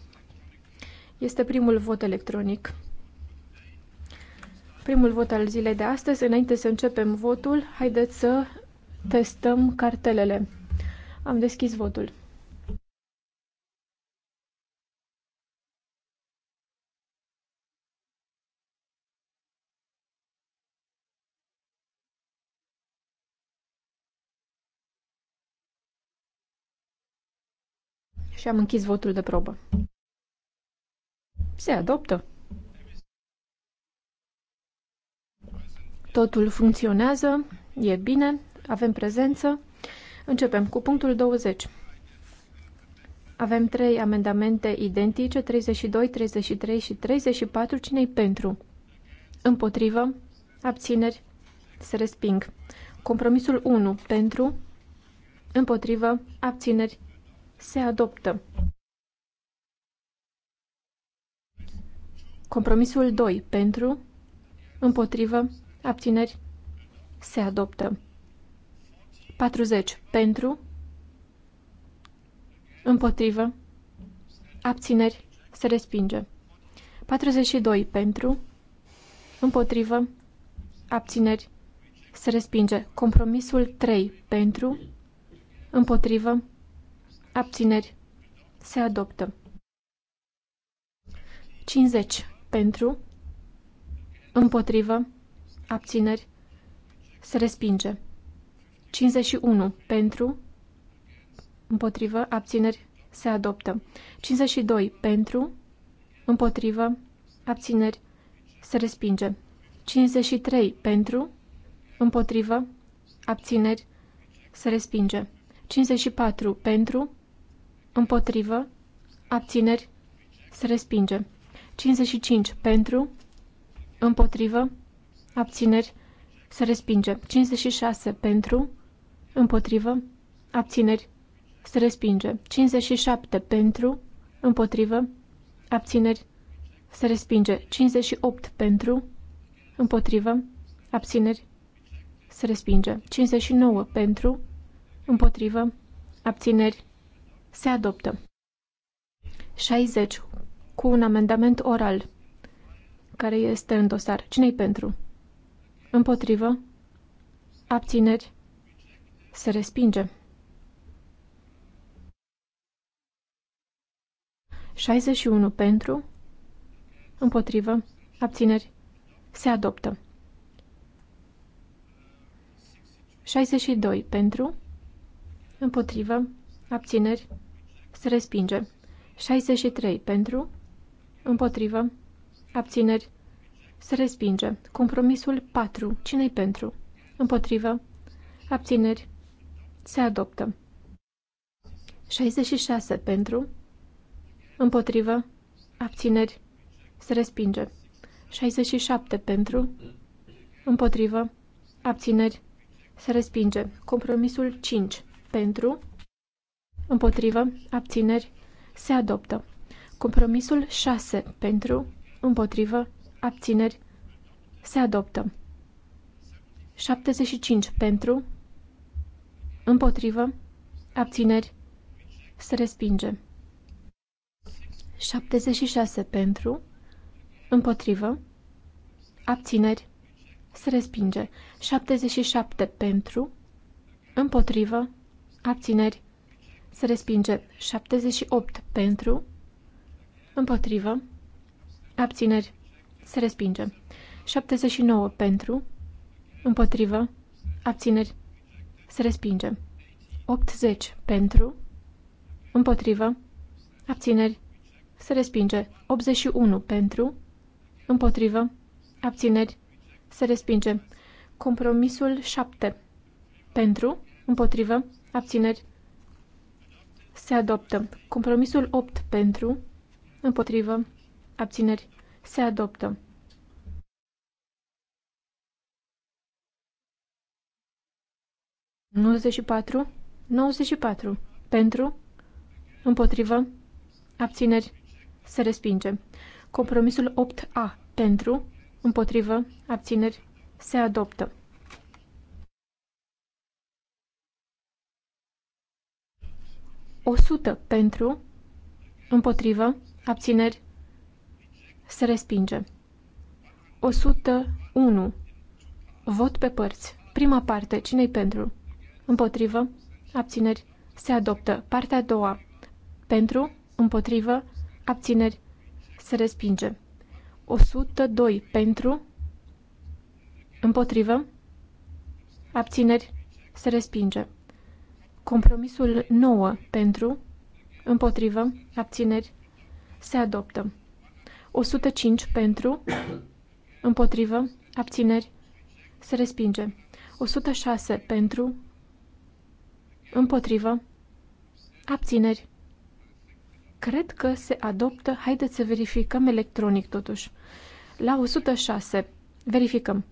Este primul vot electronic. Primul vot al zilei de astăzi. Înainte să începem votul, haideți să Testăm cartelele. Am deschis votul. Și am închis votul de probă. Se adoptă. Totul funcționează, e bine. Avem prezență. Începem cu punctul 20. Avem trei amendamente identice, 32, 33 și 34. cine pentru? Împotrivă? Abțineri? Se resping. Compromisul 1. Pentru? Împotrivă? Abțineri? Se adoptă. Compromisul 2. Pentru? Împotrivă? Abțineri? Se adoptă. 40. Pentru. Împotrivă. Abțineri. Se respinge. 42. Pentru. Împotrivă. Abțineri. Se respinge. Compromisul 3. Pentru. Împotrivă. Abțineri. Se adoptă. 50. Pentru. Împotrivă. Abțineri. Se respinge. 51 pentru, împotrivă, abțineri, se adoptă. 52 pentru, împotrivă, abțineri, se respinge. 53 pentru, împotrivă, abțineri, se respinge. 54 pentru, împotrivă, abțineri, se respinge. 55 pentru, împotrivă, abțineri, se respinge. 56 pentru, împotrivă, abțineri, se respinge. 57 pentru, împotrivă, abțineri, se respinge. 58 pentru, împotrivă, abțineri, se respinge. 59 pentru, împotrivă, abțineri, se adoptă. 60 cu un amendament oral care este în dosar. Cine-i pentru? Împotrivă? Abțineri? Se respinge. 61 pentru, împotrivă, abțineri, se adoptă. 62 pentru, împotrivă, abțineri, se respinge. 63 pentru, împotrivă, abțineri, se respinge. Compromisul 4, cine-i pentru, împotrivă, abțineri, se adoptă. 66 pentru. Împotrivă. Abțineri. Se respinge. 67 pentru. Împotrivă. Abțineri. Se respinge. Compromisul 5 pentru. Împotrivă. Abțineri. Se adoptă. Compromisul 6 pentru. Împotrivă. Abțineri. Se adoptă. 75 pentru. Împotrivă. Abțineri. Se respinge. 76 pentru. Împotrivă. Abțineri. Se respinge. 77 pentru. Împotrivă. Abțineri. Se respinge. 78 pentru. Împotrivă. Abțineri. Se respinge. 79 pentru. Împotrivă. Abțineri se respinge. 80 pentru. Împotrivă. Abțineri. Se respinge. 81 pentru. Împotrivă. Abțineri. Se respinge. Compromisul 7. Pentru. Împotrivă. Abțineri. Se adoptă. Compromisul 8 pentru. Împotrivă. Abțineri. Se adoptă. 94? 94. Pentru? Împotrivă? Abțineri? Se respinge. Compromisul 8A. Pentru? Împotrivă? Abțineri? Se adoptă. O sută pentru, împotrivă, abțineri, se respinge. 101. Vot pe părți. Prima parte. Cine-i pentru? Împotrivă. Abțineri. Se adoptă. Partea a doua. Pentru. Împotrivă. Abțineri. Se respinge. 102. Pentru. Împotrivă. Abțineri. Se respinge. Compromisul 9. Pentru. Împotrivă. Abțineri. Se adoptă. 105 pentru, împotrivă, abțineri, se respinge. 106 pentru, Împotrivă. Abțineri. Cred că se adoptă. Haideți să verificăm electronic totuși. La 106. Verificăm.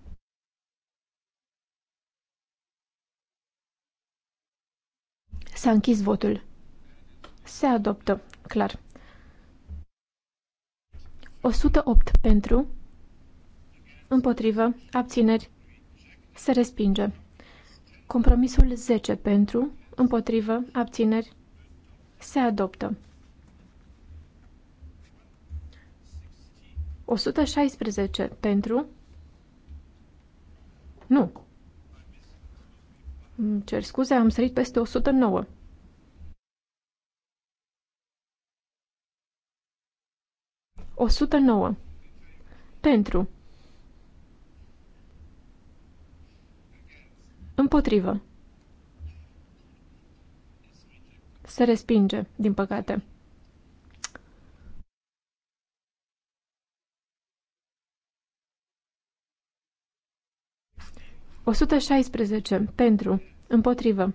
S-a închis votul. Se adoptă, clar. 108 pentru, împotrivă, abțineri, se respinge. Compromisul 10 pentru, împotrivă, abțineri, se adoptă. 116 pentru... Nu. Îmi cer scuze, am sărit peste 109. O sută nouă. Pentru. Împotrivă. Se respinge, din păcate. O 116. Pentru. Împotrivă.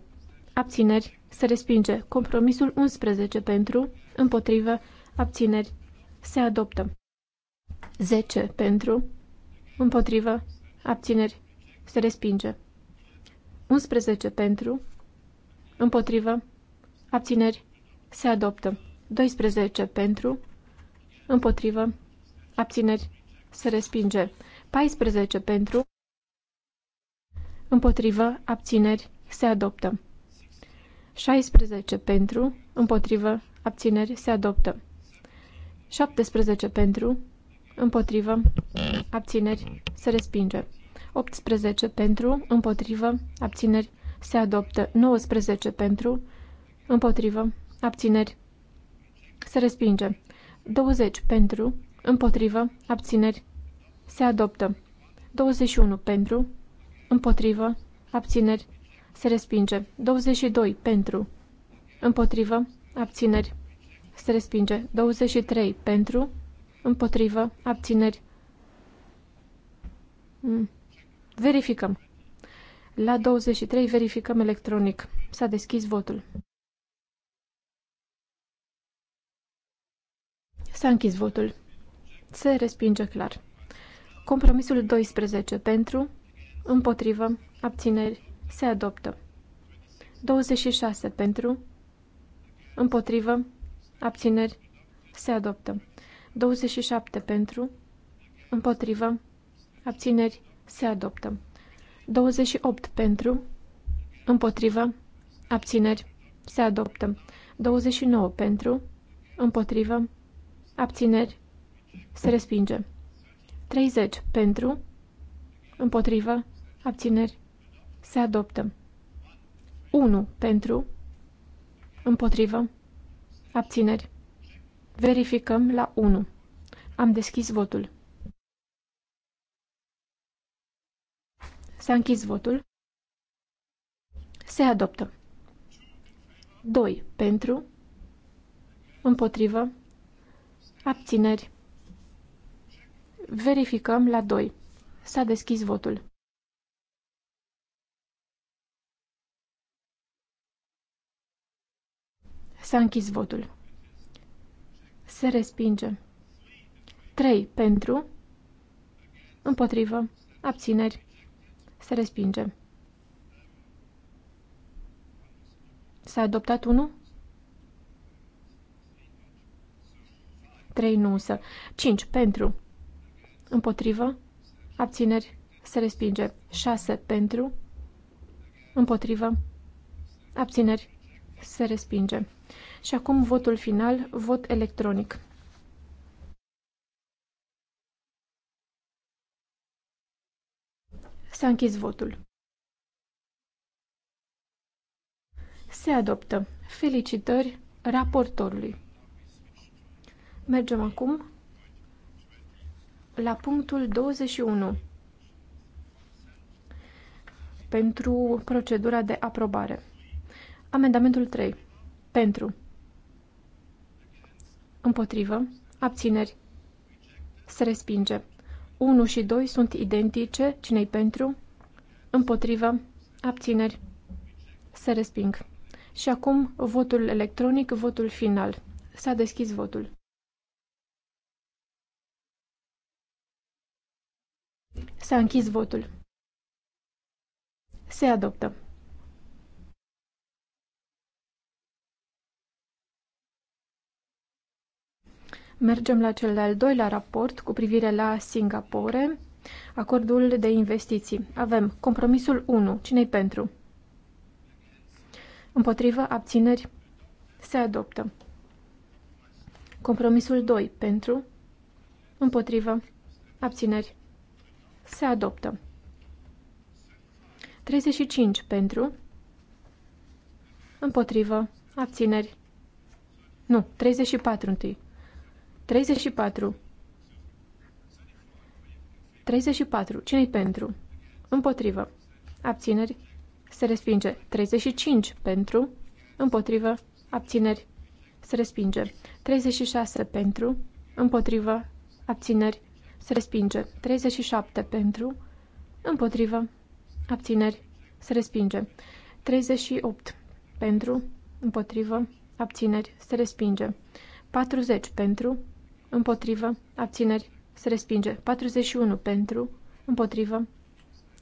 Abțineri. Se respinge. Compromisul 11. Pentru. Împotrivă. Abțineri. Se adoptă. 10. Pentru. Împotrivă. Abțineri. Se respinge. 11. Pentru. Împotrivă. Abțineri. Se adoptă. 12 pentru. Împotrivă. Abțineri. Se respinge. 14 pentru. Împotrivă. Abțineri. Se adoptă. 16 pentru. Împotrivă. Abțineri. Se adoptă. 17 pentru. Împotrivă. Abțineri. Se respinge. 18 pentru. Împotrivă. Abțineri. Se adoptă. 19 pentru Împotrivă. Abțineri. Se respinge. 20 pentru. Împotrivă. Abțineri. Se adoptă. 21 pentru. Împotrivă. Abțineri. Se respinge. 22 pentru. Împotrivă. Abțineri. Se respinge. 23 pentru. Împotrivă. Abțineri. Hmm. Verificăm. La 23 verificăm electronic. S-a deschis votul. S-a închis votul. Se respinge clar. Compromisul 12 pentru, împotrivă, abțineri, se adoptă. 26 pentru, împotrivă, abțineri, se adoptă. 27 pentru, împotrivă, abțineri, se adoptă. 28 pentru, împotrivă, abțineri, se adoptă. 29 pentru, împotrivă, Abțineri. Se respinge. 30 pentru. Împotrivă. Abțineri. Se adoptă. 1 pentru. Împotrivă. Abțineri. Verificăm la 1. Am deschis votul. S-a închis votul. Se adoptă. 2 pentru. Împotrivă. Abțineri. Verificăm la 2. S-a deschis votul. S-a închis votul. Se respinge. 3 pentru. Împotrivă. Abțineri. Se respinge. S-a adoptat 1? 3 nu însă. 5 pentru. Împotrivă. Abțineri. Se respinge. 6 pentru. Împotrivă. Abțineri. Se respinge. Și acum votul final, vot electronic. S-a închis votul. Se adoptă. Felicitări raportorului. Mergem acum la punctul 21 pentru procedura de aprobare. Amendamentul 3. Pentru. Împotrivă. Abțineri. Se respinge. 1 și 2 sunt identice. Cine-i pentru? Împotrivă. Abțineri. Se resping. Și acum votul electronic, votul final. S-a deschis votul. S-a închis votul. Se adoptă. Mergem la cel de-al doilea raport cu privire la Singapore, acordul de investiții. Avem compromisul 1. Cine-i pentru? Împotrivă abțineri se adoptă. Compromisul 2. Pentru? Împotrivă abțineri se adoptă. 35 pentru. Împotrivă. Abțineri. Nu, 34 întâi. 34. 34. Cine-i pentru? Împotrivă. Abțineri. Se respinge. 35 pentru. Împotrivă. Abțineri. Se respinge. 36 pentru. Împotrivă. Abțineri se respinge. 37 pentru, împotrivă, abțineri, se respinge. 38 pentru, împotrivă, abțineri, se respinge. 40 pentru, împotrivă, abțineri, se respinge. 41 pentru, împotrivă,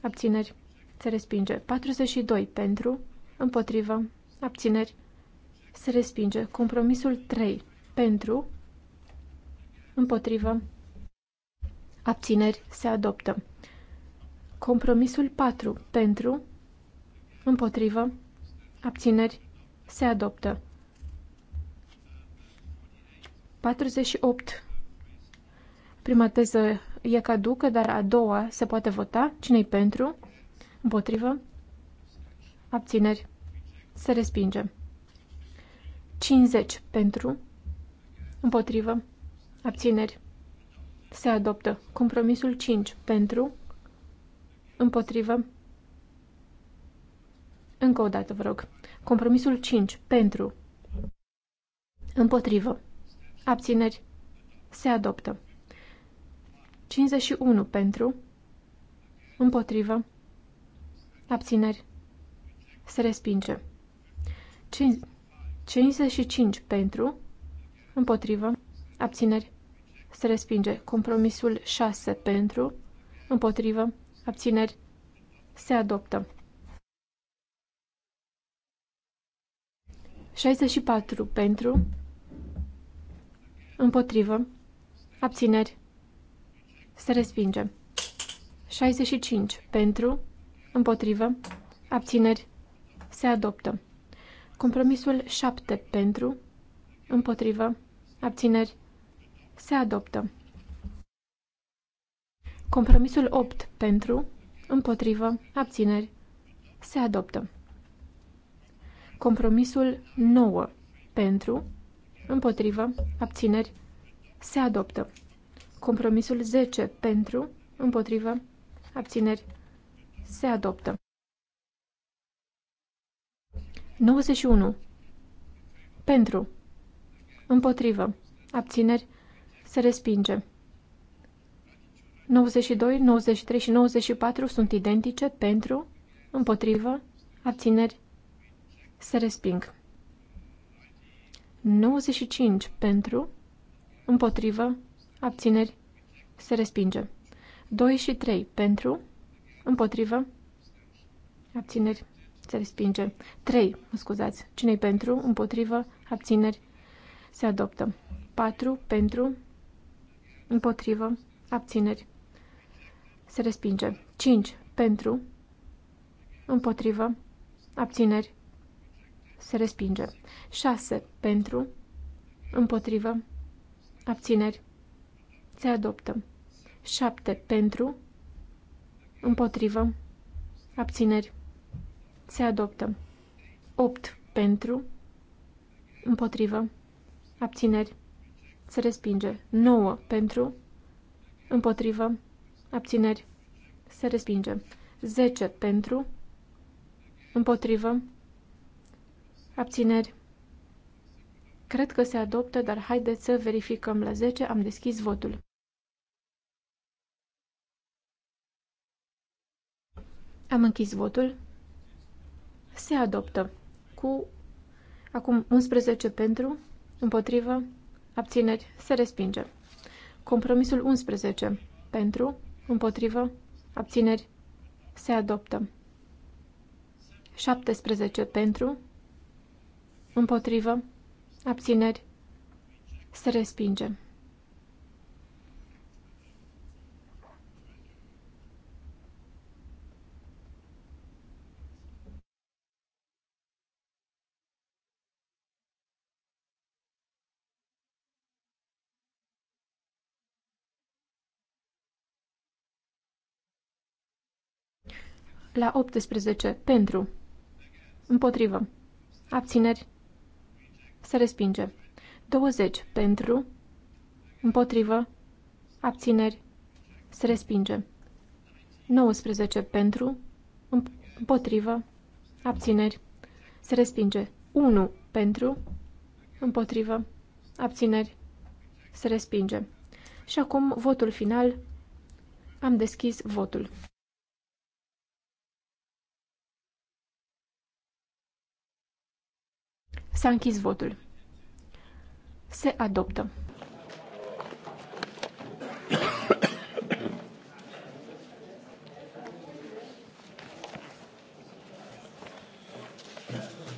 abțineri, se respinge. 42 pentru, împotrivă, abțineri, se respinge. Compromisul 3 pentru, împotrivă, Abțineri se adoptă. Compromisul 4. Pentru. Împotrivă. Abțineri se adoptă. 48. Prima teză e caducă, dar a doua se poate vota. Cine-i pentru? Împotrivă? Abțineri. Se respinge. 50 pentru. Împotrivă. Abțineri. Se adoptă. Compromisul 5. Pentru. Împotrivă. Încă o dată, vă rog. Compromisul 5. Pentru. Împotrivă. Abțineri. Se adoptă. 51 pentru. Împotrivă. Abțineri. Se respinge. 5, 55 pentru. Împotrivă. Abțineri se respinge. Compromisul 6 pentru, împotrivă, abțineri, se adoptă. 64 pentru, împotrivă, abțineri, se respinge. 65 pentru, împotrivă, abțineri, se adoptă. Compromisul 7 pentru, împotrivă, abțineri, se se adoptă. Compromisul 8 pentru, împotrivă, abțineri. Se adoptă. Compromisul 9 pentru, împotrivă, abțineri. Se adoptă. Compromisul 10 pentru, împotrivă, abțineri. Se adoptă. 91. Pentru. Împotrivă. Abțineri. Se respinge. 92, 93 și 94 sunt identice pentru, împotrivă, abțineri, se resping. 95 pentru, împotrivă, abțineri, se respinge. 2 și 3 pentru, împotrivă, abțineri, se respinge. 3, mă scuzați, cine pentru, împotrivă, abțineri, se adoptă. 4 pentru, Împotrivă. Abțineri. Se respinge. 5. Pentru. Împotrivă. Abțineri. Se respinge. 6. Pentru. Împotrivă. Abțineri. Se adoptă. 7. Pentru. Împotrivă. Abțineri. Se adoptă. 8. Pentru. Împotrivă. Abțineri se respinge. 9 pentru, împotrivă, abțineri, se respinge. 10 pentru, împotrivă, abțineri. Cred că se adoptă, dar haideți să verificăm la 10. Am deschis votul. Am închis votul. Se adoptă cu acum 11 pentru, împotrivă, abțineri, se respinge. Compromisul 11. Pentru, împotrivă, abțineri, se adoptă. 17. Pentru, împotrivă, abțineri, se respinge. la 18 pentru. Împotrivă. Abțineri. Se respinge. 20 pentru. Împotrivă. Abțineri. Se respinge. 19 pentru. Împotrivă. Abțineri. Se respinge. 1 pentru. Împotrivă. Abțineri. Se respinge. Și acum votul final. Am deschis votul. S-a închis votul. Se adoptă.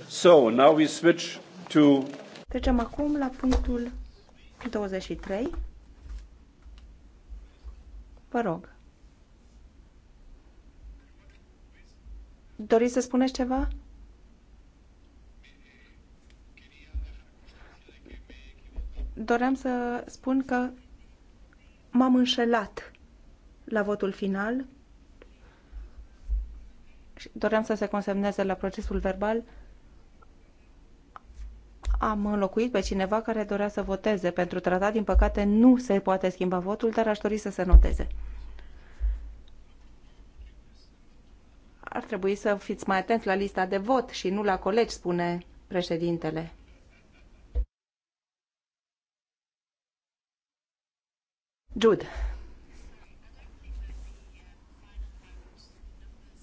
So, now we switch to... Trecem acum la punctul 23. Vă rog. Doriți să spuneți ceva? doream să spun că m-am înșelat la votul final. Doream să se consemneze la procesul verbal. Am înlocuit pe cineva care dorea să voteze pentru tratat. Din păcate, nu se poate schimba votul, dar aș dori să se noteze. Ar trebui să fiți mai atenți la lista de vot și nu la colegi, spune președintele. Jude.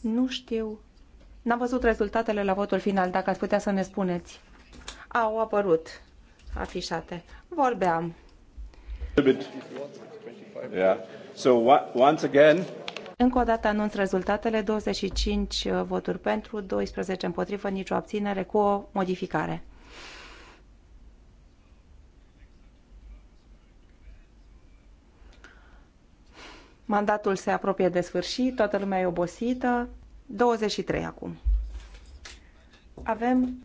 Nu știu. N-am văzut rezultatele la votul final, dacă ați putea să ne spuneți. Au apărut afișate. Vorbeam. Yeah. So, once again... Încă o dată anunț rezultatele, 25 voturi pentru, 12 împotrivă, nicio abținere, cu o modificare. Mandatul se apropie de sfârșit, toată lumea e obosită. 23 acum. Avem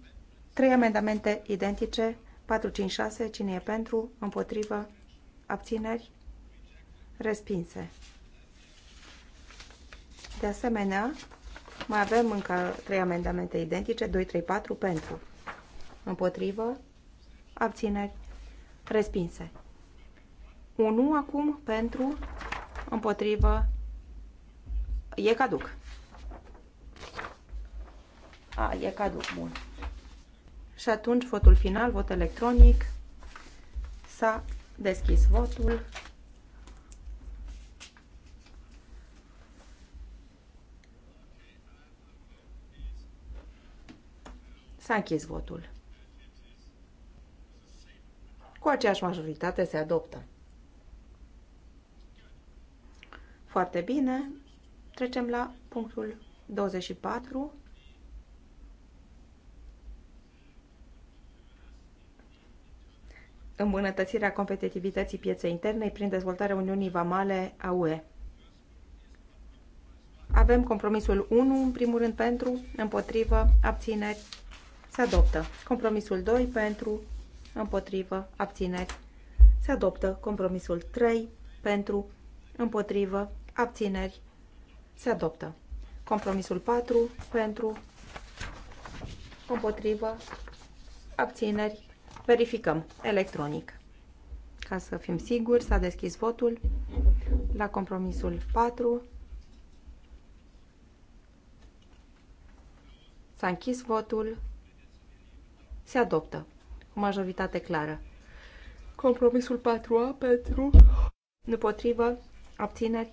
trei amendamente identice, 4, 5, 6, cine e pentru, împotrivă, abțineri, respinse. De asemenea, mai avem încă trei amendamente identice, 2, 3, 4, pentru, împotrivă, abțineri, respinse. 1 acum pentru, împotrivă, e caduc. A, e caduc, bun. Și atunci votul final, vot electronic, s-a deschis votul. S-a închis votul. Cu aceeași majoritate se adoptă. Foarte bine. Trecem la punctul 24. Îmbunătățirea competitivității pieței interne prin dezvoltarea Uniunii Vamale a UE. Avem compromisul 1, în primul rând pentru, împotrivă, abțineri, se adoptă. Compromisul 2 pentru, împotrivă, abțineri, se adoptă. Compromisul 3 pentru, împotrivă, abțineri, se adoptă. Compromisul 4 pentru, împotrivă, abțineri, verificăm electronic. Ca să fim siguri, s-a deschis votul la compromisul 4. S-a închis votul, se adoptă cu majoritate clară. Compromisul 4A pentru, împotrivă, abțineri,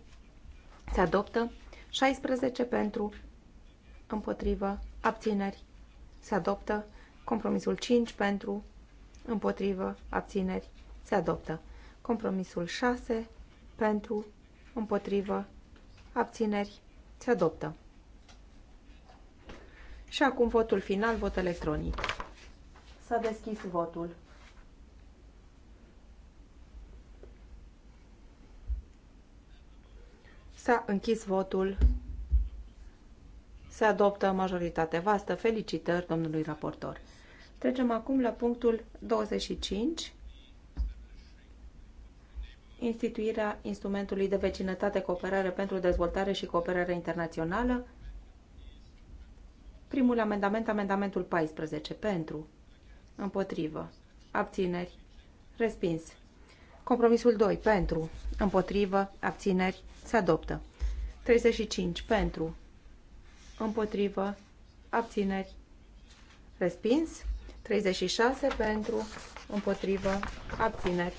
se adoptă. 16 pentru, împotrivă, abțineri. Se adoptă. Compromisul 5 pentru, împotrivă, abțineri. Se adoptă. Compromisul 6 pentru, împotrivă, abțineri. Se adoptă. Și acum votul final, vot electronic. S-a deschis votul. S-a închis votul. Se adoptă majoritate vastă. Felicitări domnului raportor. Trecem acum la punctul 25. Instituirea instrumentului de vecinătate, cooperare pentru dezvoltare și cooperare internațională. Primul amendament, amendamentul 14. Pentru. Împotrivă. Abțineri. Respins. Compromisul 2. Pentru. Împotrivă. Abțineri. Se adoptă. 35. Pentru. Împotrivă. Abțineri. Respins. 36. Pentru. Împotrivă. Abțineri.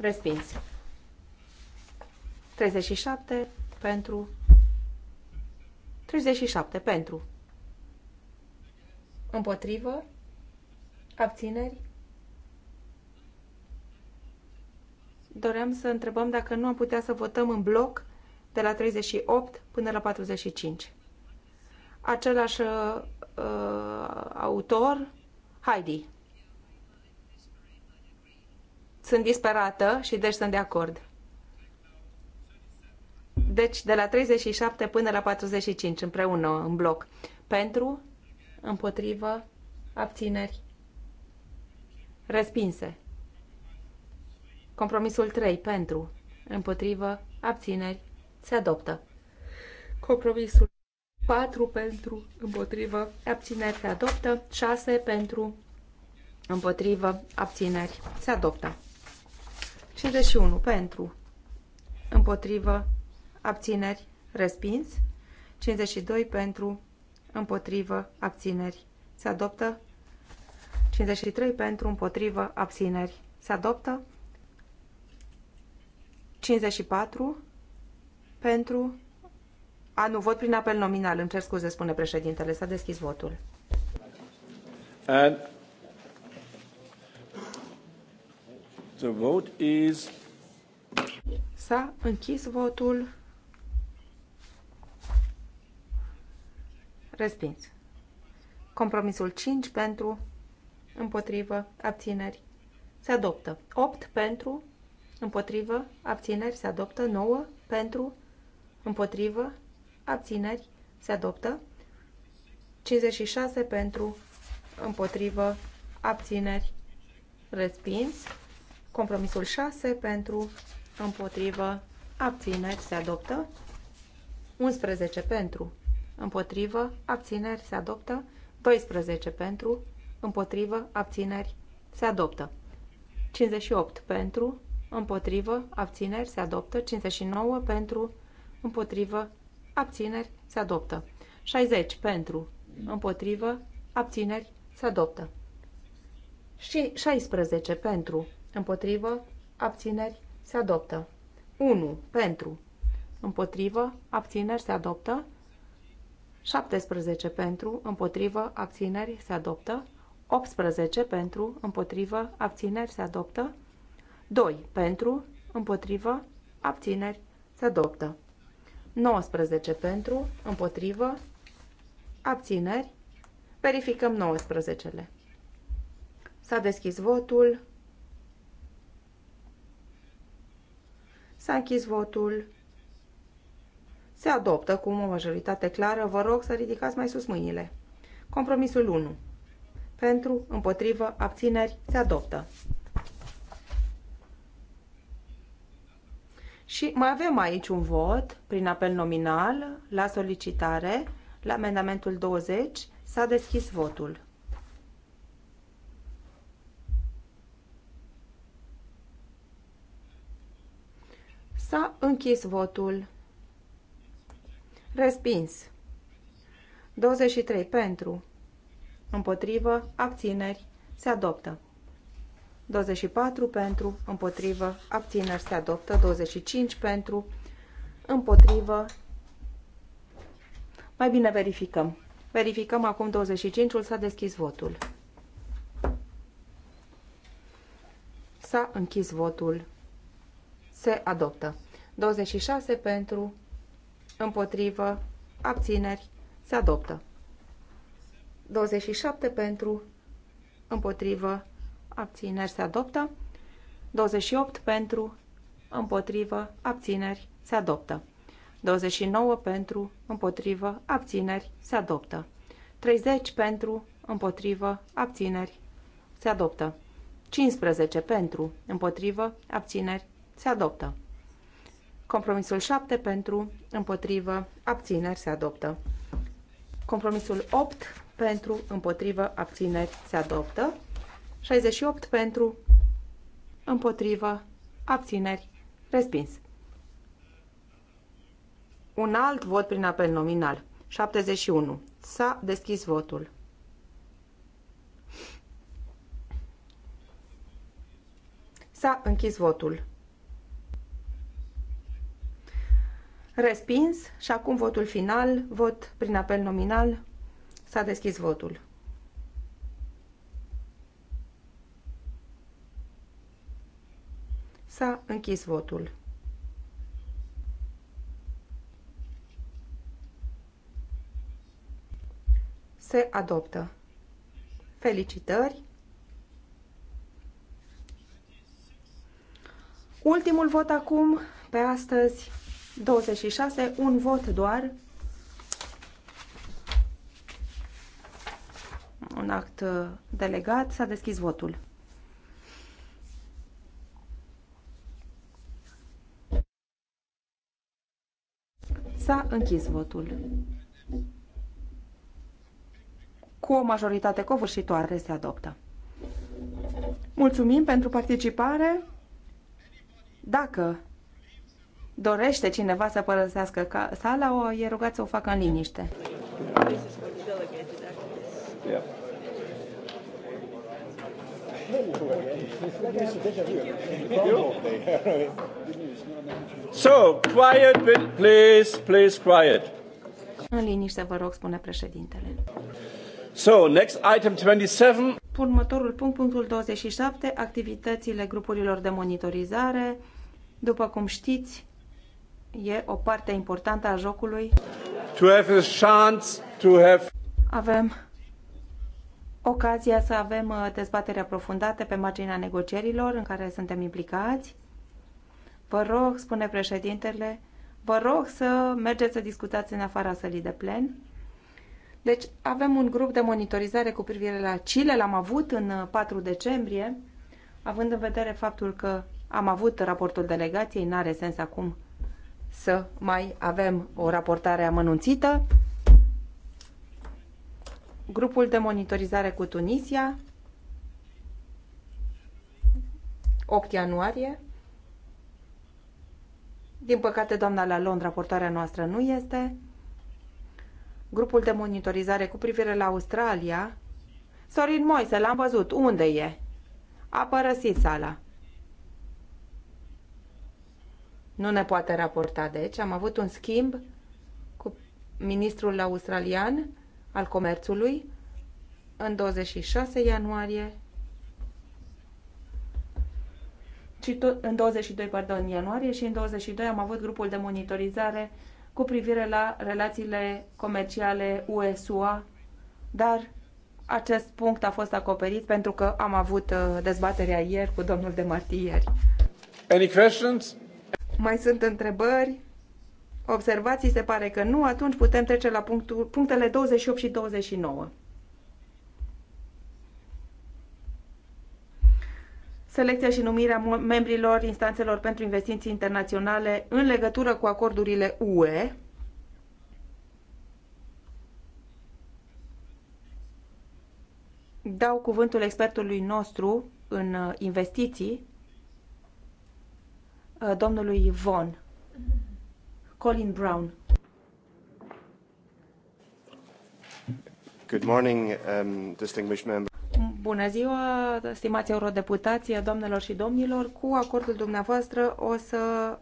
Respins. 37. Pentru. 37. Pentru. Împotrivă. Abțineri. doream să întrebăm dacă nu am putea să votăm în bloc de la 38 până la 45. Același uh, autor, Heidi. Sunt disperată și deci sunt de acord. Deci de la 37 până la 45 împreună, în bloc. Pentru, împotrivă, abțineri, respinse. Compromisul 3 pentru, împotrivă, abțineri, se adoptă. Compromisul 4 pentru, împotrivă, abțineri, se adoptă. 6 pentru, împotrivă, abțineri, se adoptă. 51 pentru, împotrivă, abțineri, respins. 52 pentru, împotrivă, abțineri, se adoptă. 53 pentru, împotrivă, abțineri, se adoptă. 54 pentru... A, nu, vot prin apel nominal. Îmi cer scuze, spune președintele. S-a deschis votul. And the vote is... S-a închis votul. Respins. Compromisul 5 pentru, împotrivă, abțineri. Se adoptă. 8 pentru, împotrivă, abțineri, se adoptă. 9 pentru, împotrivă, abțineri, se adoptă. 56 pentru, împotrivă, abțineri, respins. Compromisul 6 pentru, împotrivă, abțineri, se adoptă. 11 pentru, împotrivă, abțineri, se adoptă. 12 pentru, împotrivă, abțineri, se adoptă. 58 pentru, împotrivă, abțineri, se adoptă. 59 pentru, împotrivă, abțineri, se adoptă. 60 pentru, împotrivă, abțineri, se adoptă. Și 16 pentru, împotrivă, abțineri, se adoptă. 1 pentru, împotrivă, abțineri, se adoptă. 17 pentru, împotrivă, abțineri, se adoptă. 18 pentru, împotrivă, abțineri, se adoptă. 2 pentru, împotrivă, abțineri, se adoptă. 19 pentru, împotrivă, abțineri, verificăm 19-le. S-a deschis votul, s-a închis votul, se adoptă cu o majoritate clară, vă rog să ridicați mai sus mâinile. Compromisul 1. Pentru, împotrivă, abțineri, se adoptă. Și mai avem aici un vot prin apel nominal la solicitare, la amendamentul 20, s-a deschis votul. S-a închis votul. Respins. 23 pentru. Împotrivă. Abțineri. Se adoptă. 24 pentru, împotrivă, abțineri se adoptă, 25 pentru, împotrivă. Mai bine verificăm. Verificăm acum 25-ul, s-a deschis votul. S-a închis votul. Se adoptă. 26 pentru, împotrivă, abțineri, se adoptă. 27 pentru, împotrivă, abțineri se adoptă. 28 pentru, împotrivă, abțineri se adoptă. 29 pentru, împotrivă, abțineri se adoptă. 30 pentru, împotrivă, abțineri se adoptă. 15 pentru, împotrivă, abțineri se adoptă. Compromisul 7 pentru, împotrivă, abțineri se adoptă. Compromisul 8 pentru, împotrivă, abțineri se adoptă. 68 pentru, împotrivă, abțineri, respins. Un alt vot prin apel nominal. 71. S-a deschis votul. S-a închis votul. Respins și acum votul final, vot prin apel nominal, s-a deschis votul. S-a închis votul. Se adoptă. Felicitări! Ultimul vot acum, pe astăzi, 26, un vot doar. Un act delegat, s-a deschis votul. S-a închis votul. Cu o majoritate covârșitoare se adoptă. Mulțumim pentru participare. Dacă dorește cineva să părăsească sala, o e rugat să o facă în liniște. Yeah. So, quiet, please, please, quiet. În liniște, vă rog, spune președintele. So, next item 27. Următorul punct, punctul 27, activitățile grupurilor de monitorizare. După cum știți, e o parte importantă a jocului. To have a chance to have... Avem ocazia să avem uh, dezbatere aprofundate pe marginea negocierilor în care suntem implicați. Vă rog, spune președintele, vă rog să mergeți să discutați în afara sălii de plen. Deci avem un grup de monitorizare cu privire la Chile, l-am avut în 4 uh, decembrie, având în vedere faptul că am avut raportul delegației, n-are sens acum să mai avem o raportare amănunțită grupul de monitorizare cu Tunisia, 8 ianuarie. Din păcate, doamna Londra, raportarea noastră, nu este. Grupul de monitorizare cu privire la Australia. Sorin Moise, l-am văzut. Unde e? A părăsit sala. Nu ne poate raporta, deci. Am avut un schimb cu ministrul australian al comerțului în 26 ianuarie tot, în 22 pardon, ianuarie și în 22 am avut grupul de monitorizare cu privire la relațiile comerciale UE-SUA, dar acest punct a fost acoperit pentru că am avut uh, dezbaterea ieri cu domnul de martie Any questions? Mai sunt întrebări? observații? Se pare că nu. Atunci putem trece la punctul, punctele 28 și 29. selecția și numirea membrilor instanțelor pentru investiții internaționale în legătură cu acordurile UE. Dau cuvântul expertului nostru în uh, investiții, uh, domnului Von. Colin Brown. Good morning, um, distinguished member. Bună ziua, stimați eurodeputații, doamnelor și domnilor. Cu acordul dumneavoastră o să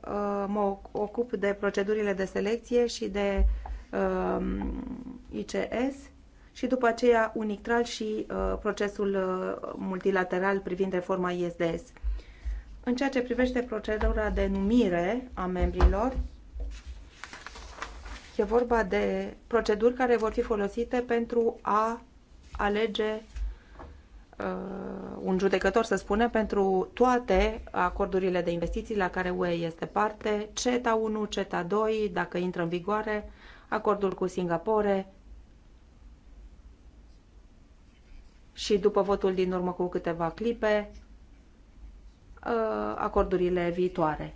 uh, mă ocup de procedurile de selecție și de uh, um, ICS și după aceea UNICTRAL și uh, procesul uh, multilateral privind reforma ISDS. În ceea ce privește procedura de numire a membrilor, E vorba de proceduri care vor fi folosite pentru a alege uh, un judecător, să spunem, pentru toate acordurile de investiții la care UE este parte, CETA 1, CETA 2, dacă intră în vigoare, acordul cu Singapore și după votul din urmă cu câteva clipe, uh, acordurile viitoare.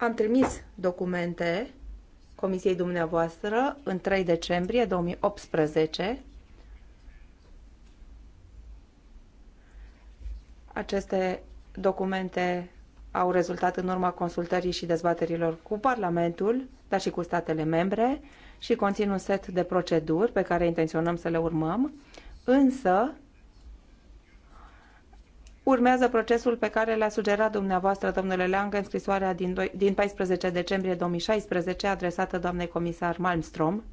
Am trimis documente Comisiei dumneavoastră în 3 decembrie 2018. Aceste documente au rezultat în urma consultării și dezbaterilor cu Parlamentul, dar și cu statele membre și conțin un set de proceduri pe care intenționăm să le urmăm, însă urmează procesul pe care l-a sugerat dumneavoastră, domnule Leang, în scrisoarea din, din 14 decembrie 2016 adresată doamnei comisar Malmström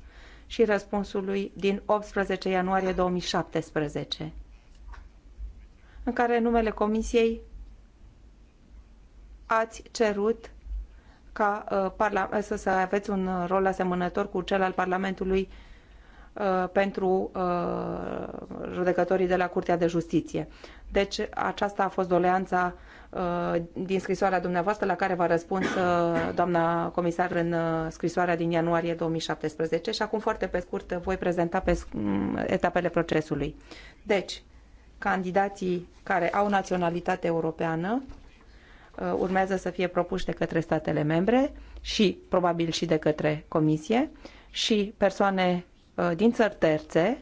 și răspunsului din 18 ianuarie 2017, în care numele comisiei ați cerut ca uh, să, să aveți un rol asemănător cu cel al Parlamentului Uh, pentru uh, judecătorii de la Curtea de Justiție. Deci aceasta a fost doleanța uh, din scrisoarea dumneavoastră la care v-a răspuns doamna comisar în scrisoarea din ianuarie 2017 și acum foarte pe scurt voi prezenta pe mm, etapele procesului. Deci, candidații care au naționalitate europeană urmează să fie propuși de către statele membre și probabil și de către comisie și persoane Uh, din țări terțe,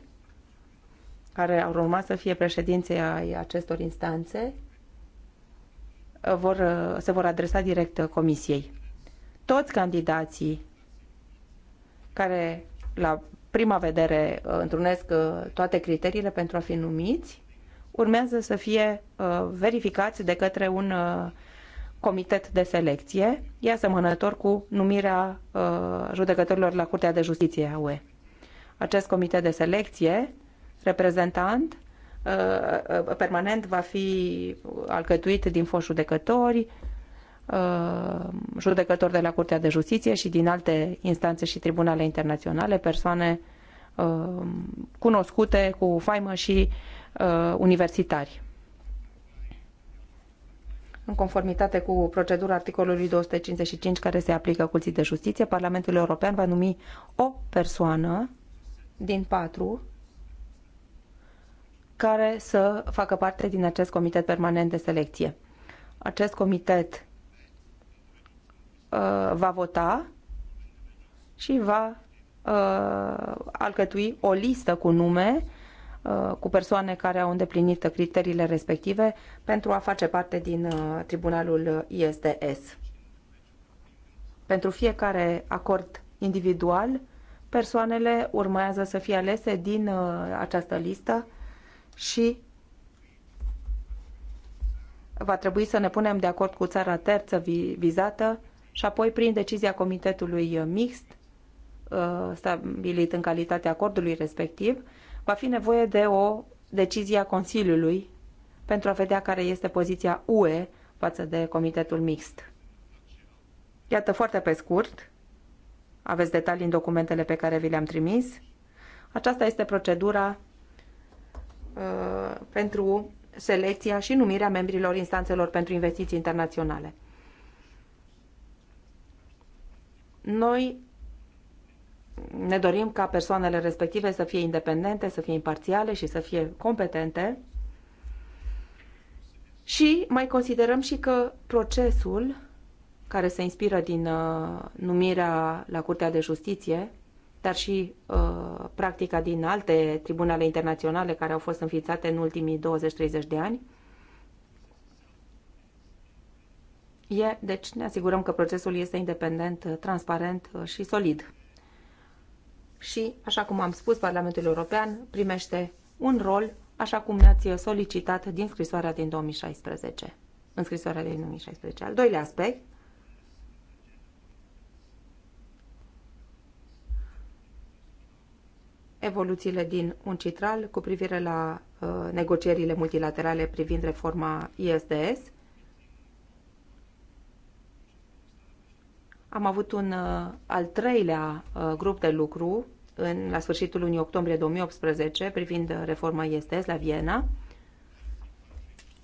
care au urma să fie președinții ai acestor instanțe, uh, vor, uh, se vor adresa direct comisiei. Toți candidații care la prima vedere întrunesc toate criteriile pentru a fi numiți, urmează să fie verificați de către un comitet de selecție, e asemănător cu numirea judecătorilor la Curtea de Justiție a UE acest comitet de selecție, reprezentant, uh, uh, permanent va fi alcătuit din foști judecători, uh, judecători de la Curtea de Justiție și din alte instanțe și tribunale internaționale, persoane cunoscute cu faimă și universitari. În conformitate cu procedura articolului 255 care se aplică Curții de Justiție, Parlamentul European va numi o persoană din patru care să facă parte din acest comitet permanent de selecție. Acest comitet uh, va vota și va uh, alcătui o listă cu nume uh, cu persoane care au îndeplinit criteriile respective pentru a face parte din uh, tribunalul ISDS. Pentru fiecare acord individual, uh, persoanele urmează să fie alese din uh, această listă și va trebui să ne punem de acord cu țara terță vizată și apoi prin decizia comitetului mixt uh, stabilit în calitatea acordului respectiv, va fi nevoie de o decizie a Consiliului pentru a vedea care este poziția UE față de comitetul mixt. Iată foarte pe scurt aveți detalii în documentele pe care vi le-am trimis. Aceasta este procedura uh, pentru selecția și numirea membrilor instanțelor pentru investiții internaționale. Noi ne dorim ca persoanele respective să fie independente, să fie imparțiale și să fie competente și mai considerăm și că procesul care se inspiră din uh, numirea la Curtea de Justiție, dar și uh, practica din alte tribunale internaționale care au fost înființate în ultimii 20-30 de ani. E, deci ne asigurăm că procesul este independent, uh, transparent și solid. Și, așa cum am spus, Parlamentul European primește un rol, așa cum ne-ați solicitat din scrisoarea din 2016. În scrisoarea din 2016. Al doilea aspect evoluțiile din Uncitral cu privire la uh, negocierile multilaterale privind reforma ISDS. Am avut un uh, al treilea uh, grup de lucru în, la sfârșitul lunii octombrie 2018 privind reforma ISDS la Viena.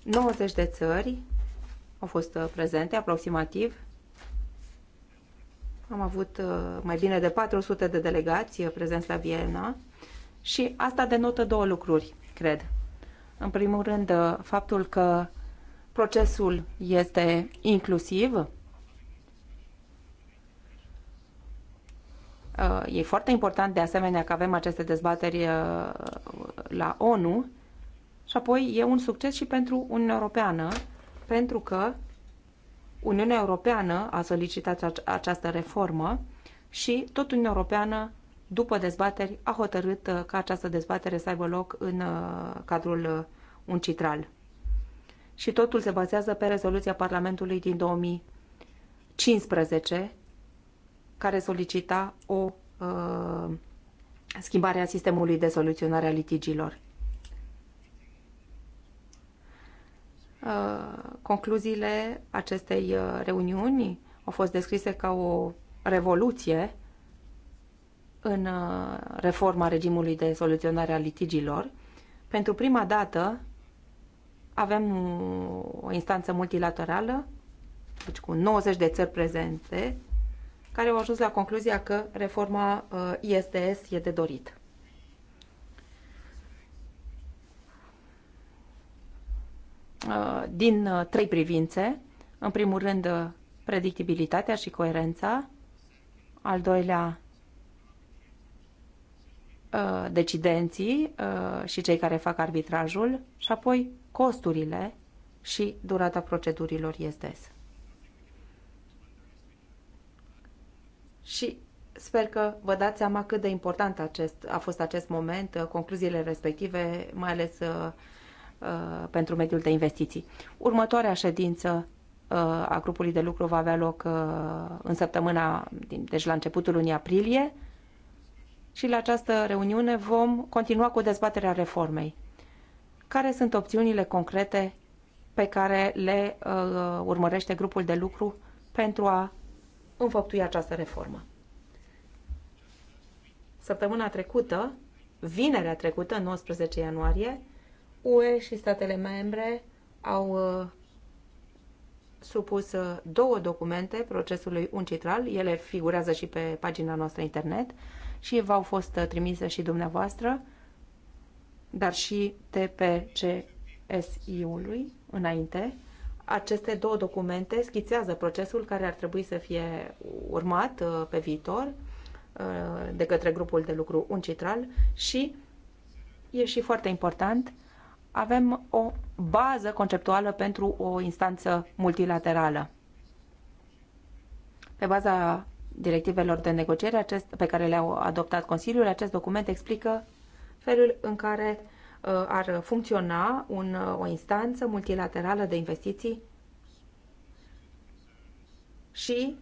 90 de țări au fost uh, prezente aproximativ. Am avut uh, mai bine de 400 de delegații uh, prezenți la Viena și asta denotă două lucruri, cred. În primul rând, uh, faptul că procesul este inclusiv, uh, E foarte important de asemenea că avem aceste dezbateri uh, la ONU și apoi e un succes și pentru Uniunea Europeană, pentru că Uniunea Europeană a solicitat această reformă și tot Uniunea Europeană după dezbateri, a hotărât uh, ca această dezbatere să aibă loc în uh, cadrul uh, uncitral. Și totul se bazează pe rezoluția Parlamentului din 2015, care solicita o uh, schimbare a sistemului de soluționare a litigilor. concluziile acestei reuniuni au fost descrise ca o revoluție în uh, reforma regimului de soluționare a litigilor. Pentru prima dată avem o instanță multilaterală, deci cu 90 de țări prezente, care au ajuns la concluzia că reforma uh, ISDS e de dorit. Uh, din trei privințe, în primul rând predictibilitatea și coerența, al doilea Uh, decidenții uh, și cei care fac arbitrajul și apoi costurile și durata procedurilor este. Și sper că vă dați seama cât de important acest, a fost acest moment, uh, concluziile respective, mai ales pentru mediul de investiții. Următoarea ședință a grupului de lucru va avea loc în săptămâna, deci la începutul lunii aprilie, și la această reuniune vom continua cu dezbaterea reformei. Care sunt opțiunile concrete pe care le uh, urmărește grupul de lucru pentru a înfăptui această reformă? Săptămâna trecută, vinerea trecută, 19 ianuarie, UE și statele membre au uh, supus uh, două documente procesului uncitral, ele figurează și pe pagina noastră internet, uh, și v-au fost uh, trimise și dumneavoastră, dar și TPCSI-ului înainte. Aceste două documente schițează procesul care ar trebui să fie urmat uh, pe viitor uh, de către grupul de lucru Uncitral și e și foarte important avem o bază conceptuală pentru o instanță multilaterală. Pe baza directivelor de negociere acest, pe care le-au adoptat Consiliul, acest document explică felul în care uh, ar funcționa un, uh, o instanță multilaterală de investiții și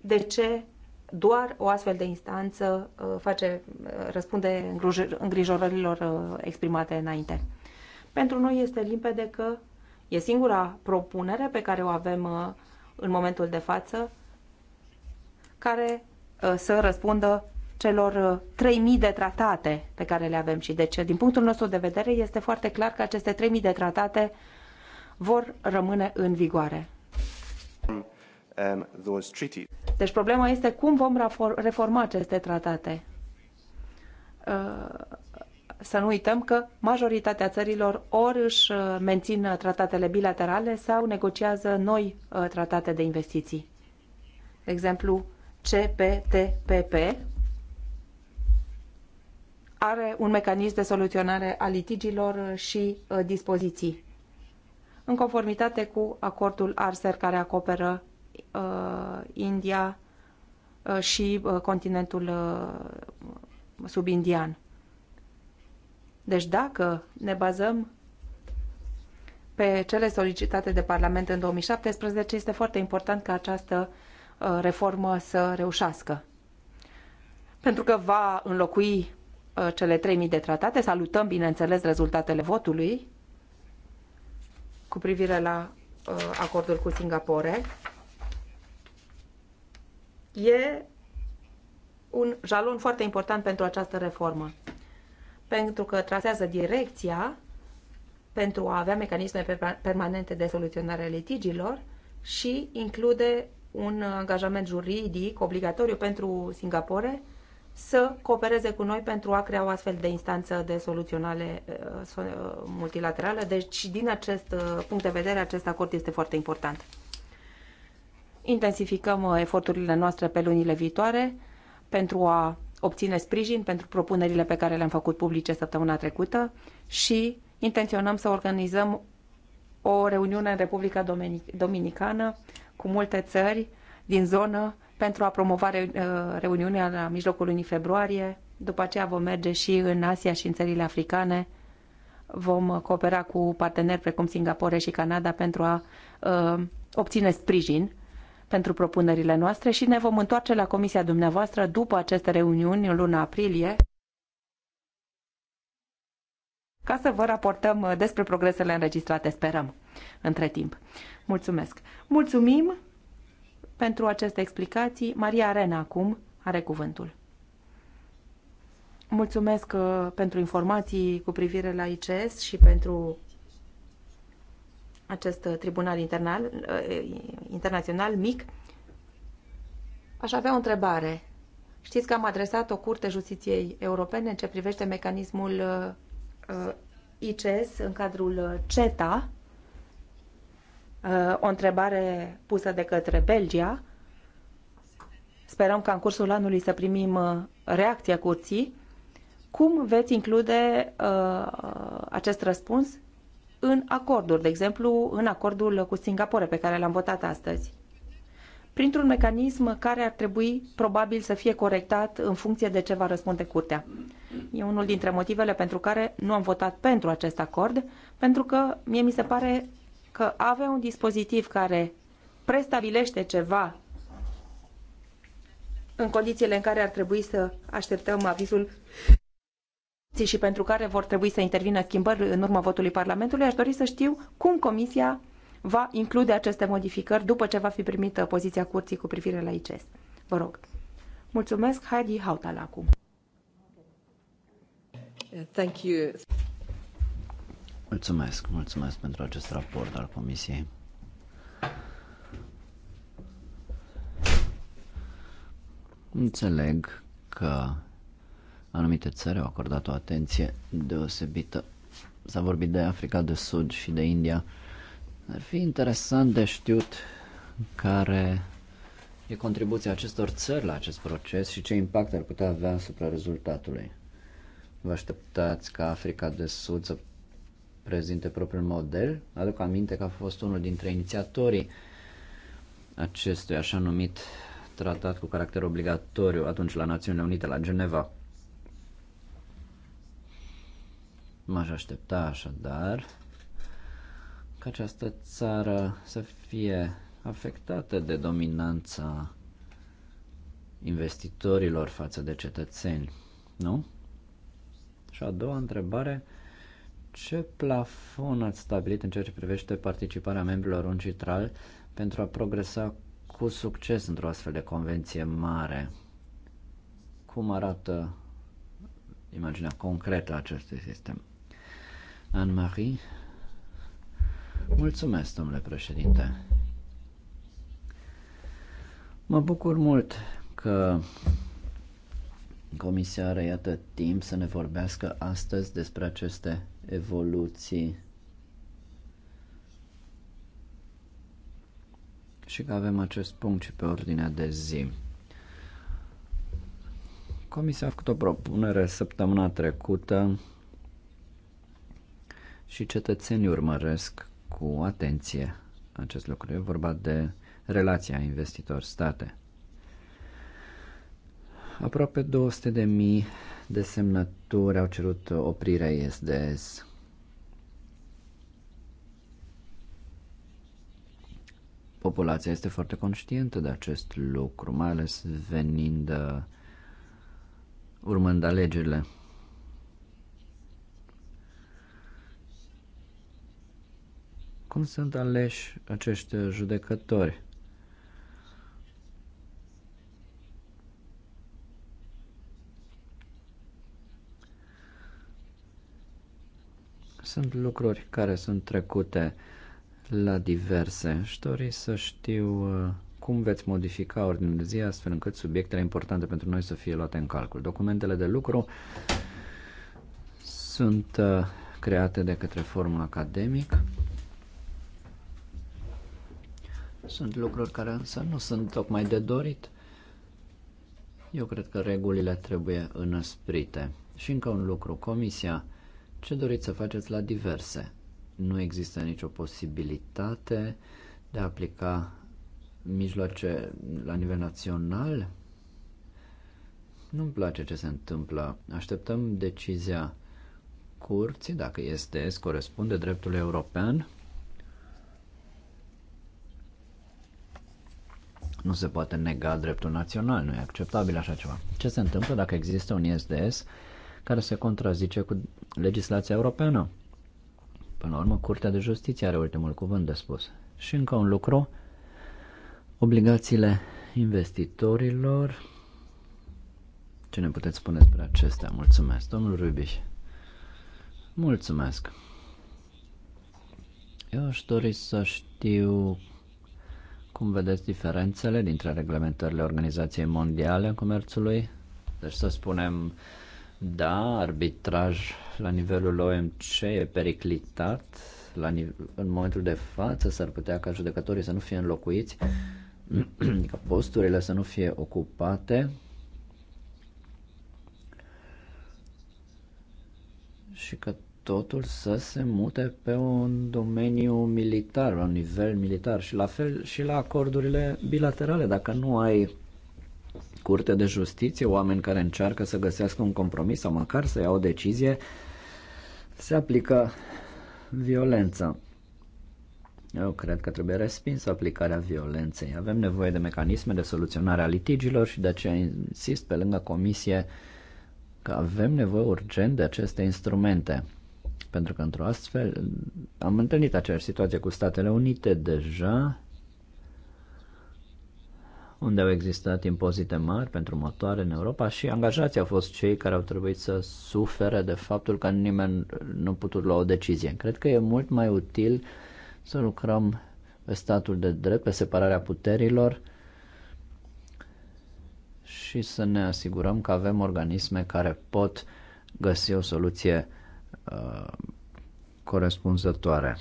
de ce doar o astfel de instanță uh, face, răspunde îngrijorărilor exprimate înainte. Pentru noi este limpede că e singura propunere pe care o avem în momentul de față care uh, să răspundă celor 3.000 uh, de tratate pe care le avem și deci din punctul nostru de vedere este foarte clar că aceste 3.000 de tratate vor rămâne în vigoare. Um, um, deci problema este cum vom reforma aceste tratate. Uh, să nu uităm că majoritatea țărilor ori își mențin tratatele bilaterale sau negociază noi tratate de investiții. De exemplu, CPTPP are un mecanism de soluționare a litigiilor și uh, dispoziții în conformitate cu acordul ARSER care acoperă uh, India uh, și uh, continentul uh, subindian. Deci dacă ne bazăm pe cele solicitate de Parlament în 2017, este foarte important ca această uh, Uh, reformă să reușească. Pentru că va înlocui uh, cele 3.000 de tratate, salutăm, bineînțeles, rezultatele votului cu privire la uh, acordul cu Singapore. E un jalon foarte important pentru această reformă, pentru că trasează direcția pentru a avea mecanisme permanente de soluționare a litigilor și include un angajament juridic obligatoriu pentru Singapore să coopereze cu noi pentru a crea o astfel de instanță de soluționare uh, uh, multilaterală. Deci, din acest uh, punct de vedere, acest acord este foarte important. Intensificăm eforturile noastre pe lunile viitoare pentru a obține sprijin pentru propunerile pe care le-am făcut publice săptămâna trecută și intenționăm să organizăm o reuniune în Republica Dominic Dominicană cu multe țări din zonă pentru a promova uh, reuniunea la mijlocul lunii februarie. După aceea vom merge și în Asia și în țările africane. Vom coopera cu parteneri precum Singapore și Canada pentru a uh, obține sprijin pentru propunerile noastre și ne vom întoarce la comisia dumneavoastră după aceste reuniuni în luna aprilie ca să vă raportăm uh, despre progresele înregistrate, sperăm, între timp. Mulțumesc! Mulțumim pentru aceste explicații. Maria Arena acum are cuvântul. Mulțumesc uh, pentru informații cu privire la ICS și pentru acest uh, tribunal internal, uh, internațional mic. Aș avea o întrebare. Știți că am adresat o curte justiției europene în ce privește mecanismul ICS în cadrul CETA, Uh, o întrebare pusă de către Belgia. Sperăm ca în cursul anului să primim uh, reacția curții. Cum veți include uh, acest răspuns în acorduri, de exemplu în acordul cu Singapore pe care l-am votat astăzi? printr-un mecanism care ar trebui probabil să fie corectat în funcție de ce va răspunde curtea. E unul dintre motivele pentru care nu am votat pentru acest acord, pentru că mie mi se pare că avem un dispozitiv care prestabilește ceva în condițiile în care ar trebui să așteptăm avizul și pentru care vor trebui să intervină schimbări în urma votului Parlamentului, aș dori să știu cum Comisia va include aceste modificări după ce va fi primită poziția curții cu privire la ICS. Vă rog. Mulțumesc, Heidi Hautala acum. Thank you. Mulțumesc, mulțumesc pentru acest raport al Comisiei. Înțeleg că anumite țări au acordat o atenție deosebită. S-a vorbit de Africa de Sud și de India. Ar fi interesant de știut care e contribuția acestor țări la acest proces și ce impact ar putea avea asupra rezultatului. Vă așteptați ca Africa de Sud să prezinte propriul model. Aduc aminte că a fost unul dintre inițiatorii acestui așa numit tratat cu caracter obligatoriu atunci la Națiunile Unite, la Geneva. M-aș aștepta așadar ca această țară să fie afectată de dominanța investitorilor față de cetățeni, nu? Și a doua întrebare ce plafon ați stabilit în ceea ce privește participarea membrilor uncitral pentru a progresa cu succes într-o astfel de convenție mare? Cum arată imaginea concretă a acestui sistem? Anne-Marie? Mulțumesc, domnule președinte. Mă bucur mult că Comisia are, iată, timp să ne vorbească astăzi despre aceste evoluții și că avem acest punct și pe ordinea de zi. Comisia a făcut o propunere săptămâna trecută și cetățenii urmăresc cu atenție acest lucru. E vorba de relația investitor-state. Aproape 200 de mii de semnături au cerut oprirea ISDS. Populația este foarte conștientă de acest lucru, mai ales venind urmând alegerile. Cum sunt aleși acești judecători? Sunt lucruri care sunt trecute la diverse și dori să știu uh, cum veți modifica ordinul de zi astfel încât subiectele importante pentru noi să fie luate în calcul. Documentele de lucru sunt uh, create de către formul academic. Sunt lucruri care însă nu sunt tocmai de dorit. Eu cred că regulile trebuie înăsprite. Și încă un lucru, comisia ce doriți să faceți la diverse? Nu există nicio posibilitate de a aplica mijloace la nivel național? Nu-mi place ce se întâmplă. Așteptăm decizia curții, dacă este, corespunde dreptului european. Nu se poate nega dreptul național, nu e acceptabil așa ceva. Ce se întâmplă dacă există un ISDS care se contrazice cu legislația europeană. Până la urmă, Curtea de Justiție are ultimul cuvânt de spus. Și încă un lucru, obligațiile investitorilor. Ce ne puteți spune despre acestea? Mulțumesc, domnul Rubiș. Mulțumesc. Eu aș dori să știu cum vedeți diferențele dintre reglementările Organizației Mondiale a Comerțului, deci să spunem da, arbitraj la nivelul OMC e periclitat. La în momentul de față s-ar putea ca judecătorii să nu fie înlocuiți, ca posturile să nu fie ocupate. Și că totul să se mute pe un domeniu militar, la un nivel militar și la fel și la acordurile bilaterale. Dacă nu ai curte de justiție, oameni care încearcă să găsească un compromis sau măcar să ia o decizie, se aplică violența. Eu cred că trebuie respinsă aplicarea violenței. Avem nevoie de mecanisme de soluționare a litigilor și de aceea insist pe lângă comisie că avem nevoie urgent de aceste instrumente. Pentru că într-o astfel am întâlnit aceeași situație cu Statele Unite deja unde au existat impozite mari pentru motoare în Europa și angajații au fost cei care au trebuit să sufere de faptul că nimeni nu a putut lua o decizie. Cred că e mult mai util să lucrăm pe statul de drept, pe separarea puterilor și să ne asigurăm că avem organisme care pot găsi o soluție uh, corespunzătoare.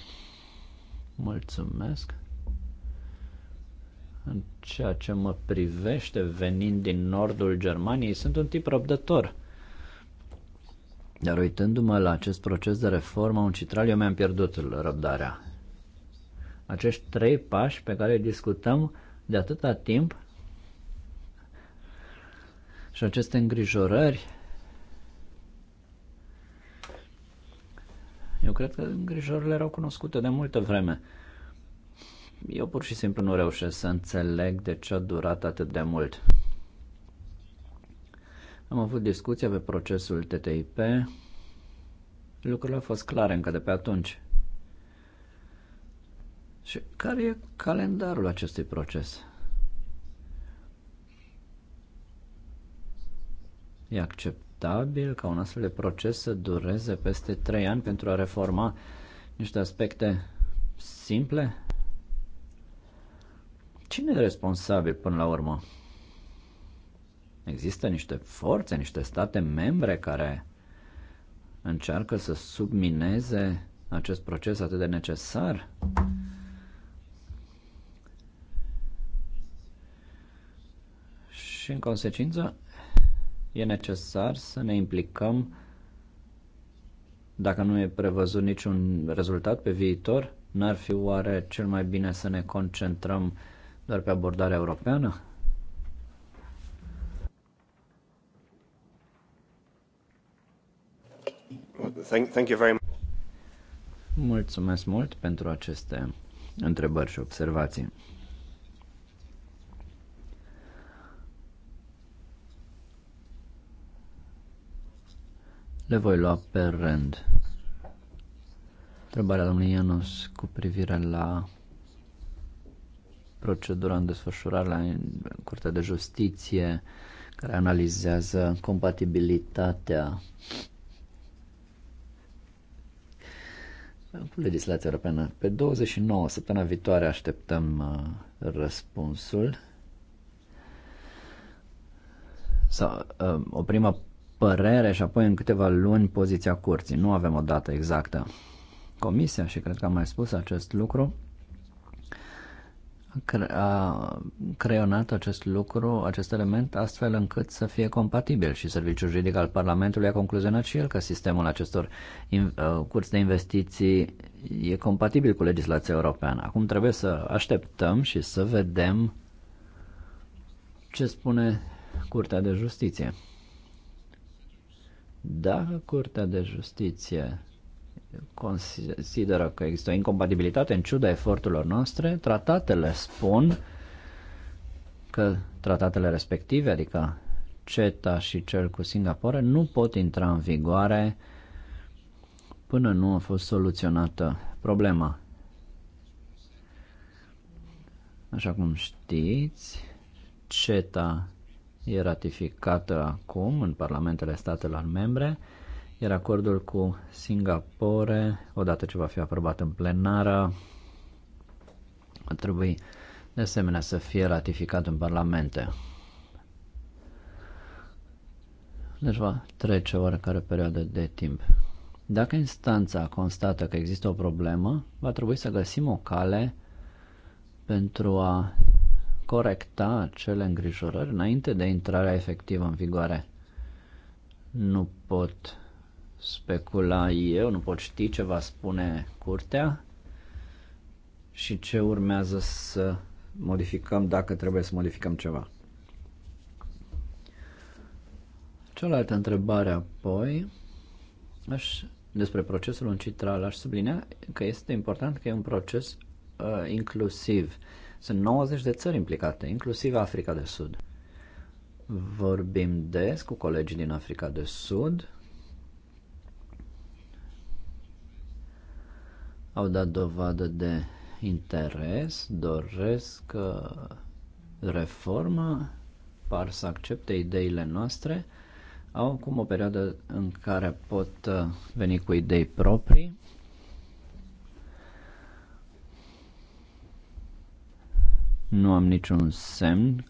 Mulțumesc! În ceea ce mă privește, venind din nordul Germaniei, sunt un tip răbdător. Dar uitându-mă la acest proces de reformă citral, eu mi-am pierdut răbdarea. Acești trei pași pe care discutăm de atâta timp și aceste îngrijorări, eu cred că îngrijorările erau cunoscute de multă vreme eu pur și simplu nu reușesc să înțeleg de ce a durat atât de mult. Am avut discuția pe procesul TTIP. Lucrurile au fost clare încă de pe atunci. Și care e calendarul acestui proces? E acceptabil ca un astfel de proces să dureze peste trei ani pentru a reforma niște aspecte simple? Cine e responsabil până la urmă? Există niște forțe, niște state membre care încearcă să submineze acest proces atât de necesar? Și în consecință e necesar să ne implicăm dacă nu e prevăzut niciun rezultat pe viitor, n-ar fi oare cel mai bine să ne concentrăm doar pe abordarea europeană? Thank, thank you very much. Mulțumesc mult pentru aceste întrebări și observații. Le voi lua pe rând. Întrebarea domnului Ianus cu privire la procedura în desfășurare la Curtea de Justiție care analizează compatibilitatea cu legislația europeană. Pe 29, săptămâna viitoare, așteptăm uh, răspunsul. Sau, uh, o primă părere și apoi în câteva luni poziția curții. Nu avem o dată exactă. Comisia, și cred că am mai spus acest lucru, a creionat acest lucru, acest element, astfel încât să fie compatibil și Serviciul Juridic al Parlamentului a concluzionat și el că sistemul acestor curți de investiții e compatibil cu legislația europeană. Acum trebuie să așteptăm și să vedem ce spune Curtea de Justiție. Dacă Curtea de Justiție consideră că există o incompatibilitate în ciuda eforturilor noastre, tratatele spun că tratatele respective, adică CETA și cel cu Singapore, nu pot intra în vigoare până nu a fost soluționată problema. Așa cum știți, CETA e ratificată acum în parlamentele statelor membre, iar acordul cu Singapore, odată ce va fi aprobat în plenară, trebuie trebui de asemenea să fie ratificat în parlamente. Deci va trece oricare perioadă de timp. Dacă instanța constată că există o problemă, va trebui să găsim o cale pentru a corecta acele îngrijorări înainte de intrarea efectivă în vigoare. Nu pot specula eu, nu pot ști ce va spune curtea și ce urmează să modificăm dacă trebuie să modificăm ceva. Cealaltă întrebare apoi, aș, despre procesul uncitral, aș sublinea că este important că e un proces uh, inclusiv. Sunt 90 de țări implicate, inclusiv Africa de Sud. Vorbim des cu colegii din Africa de Sud au dat dovadă de interes, doresc uh, reformă, par să accepte ideile noastre, au acum o perioadă în care pot uh, veni cu idei proprii. Nu am niciun semn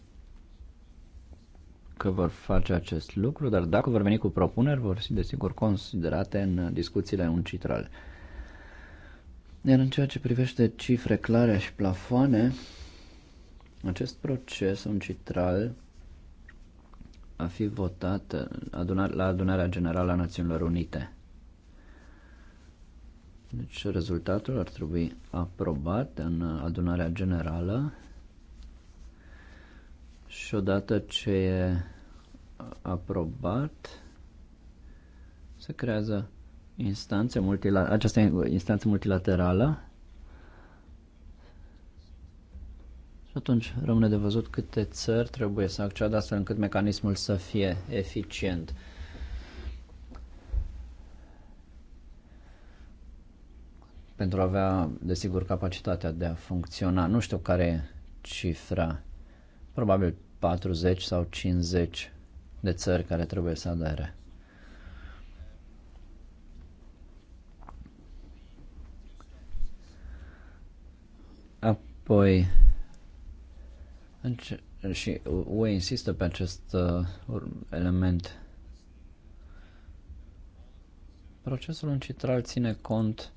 că vor face acest lucru, dar dacă vor veni cu propuneri, vor fi desigur considerate în uh, discuțiile uncitrale. Iar în ceea ce privește cifre clare și plafoane, acest proces citral, a fi votat la adunarea generală a Națiunilor Unite. Deci rezultatul ar trebui aprobat în adunarea generală și odată ce e aprobat se creează instanță multilaterală, această instanță multilaterală. Și atunci rămâne de văzut câte țări trebuie să acceadă astfel încât mecanismul să fie eficient. Pentru a avea, desigur, capacitatea de a funcționa. Nu știu care e cifra. Probabil 40 sau 50 de țări care trebuie să adere. Apoi, și UE insistă pe acest uh, element. Procesul uncitral ține cont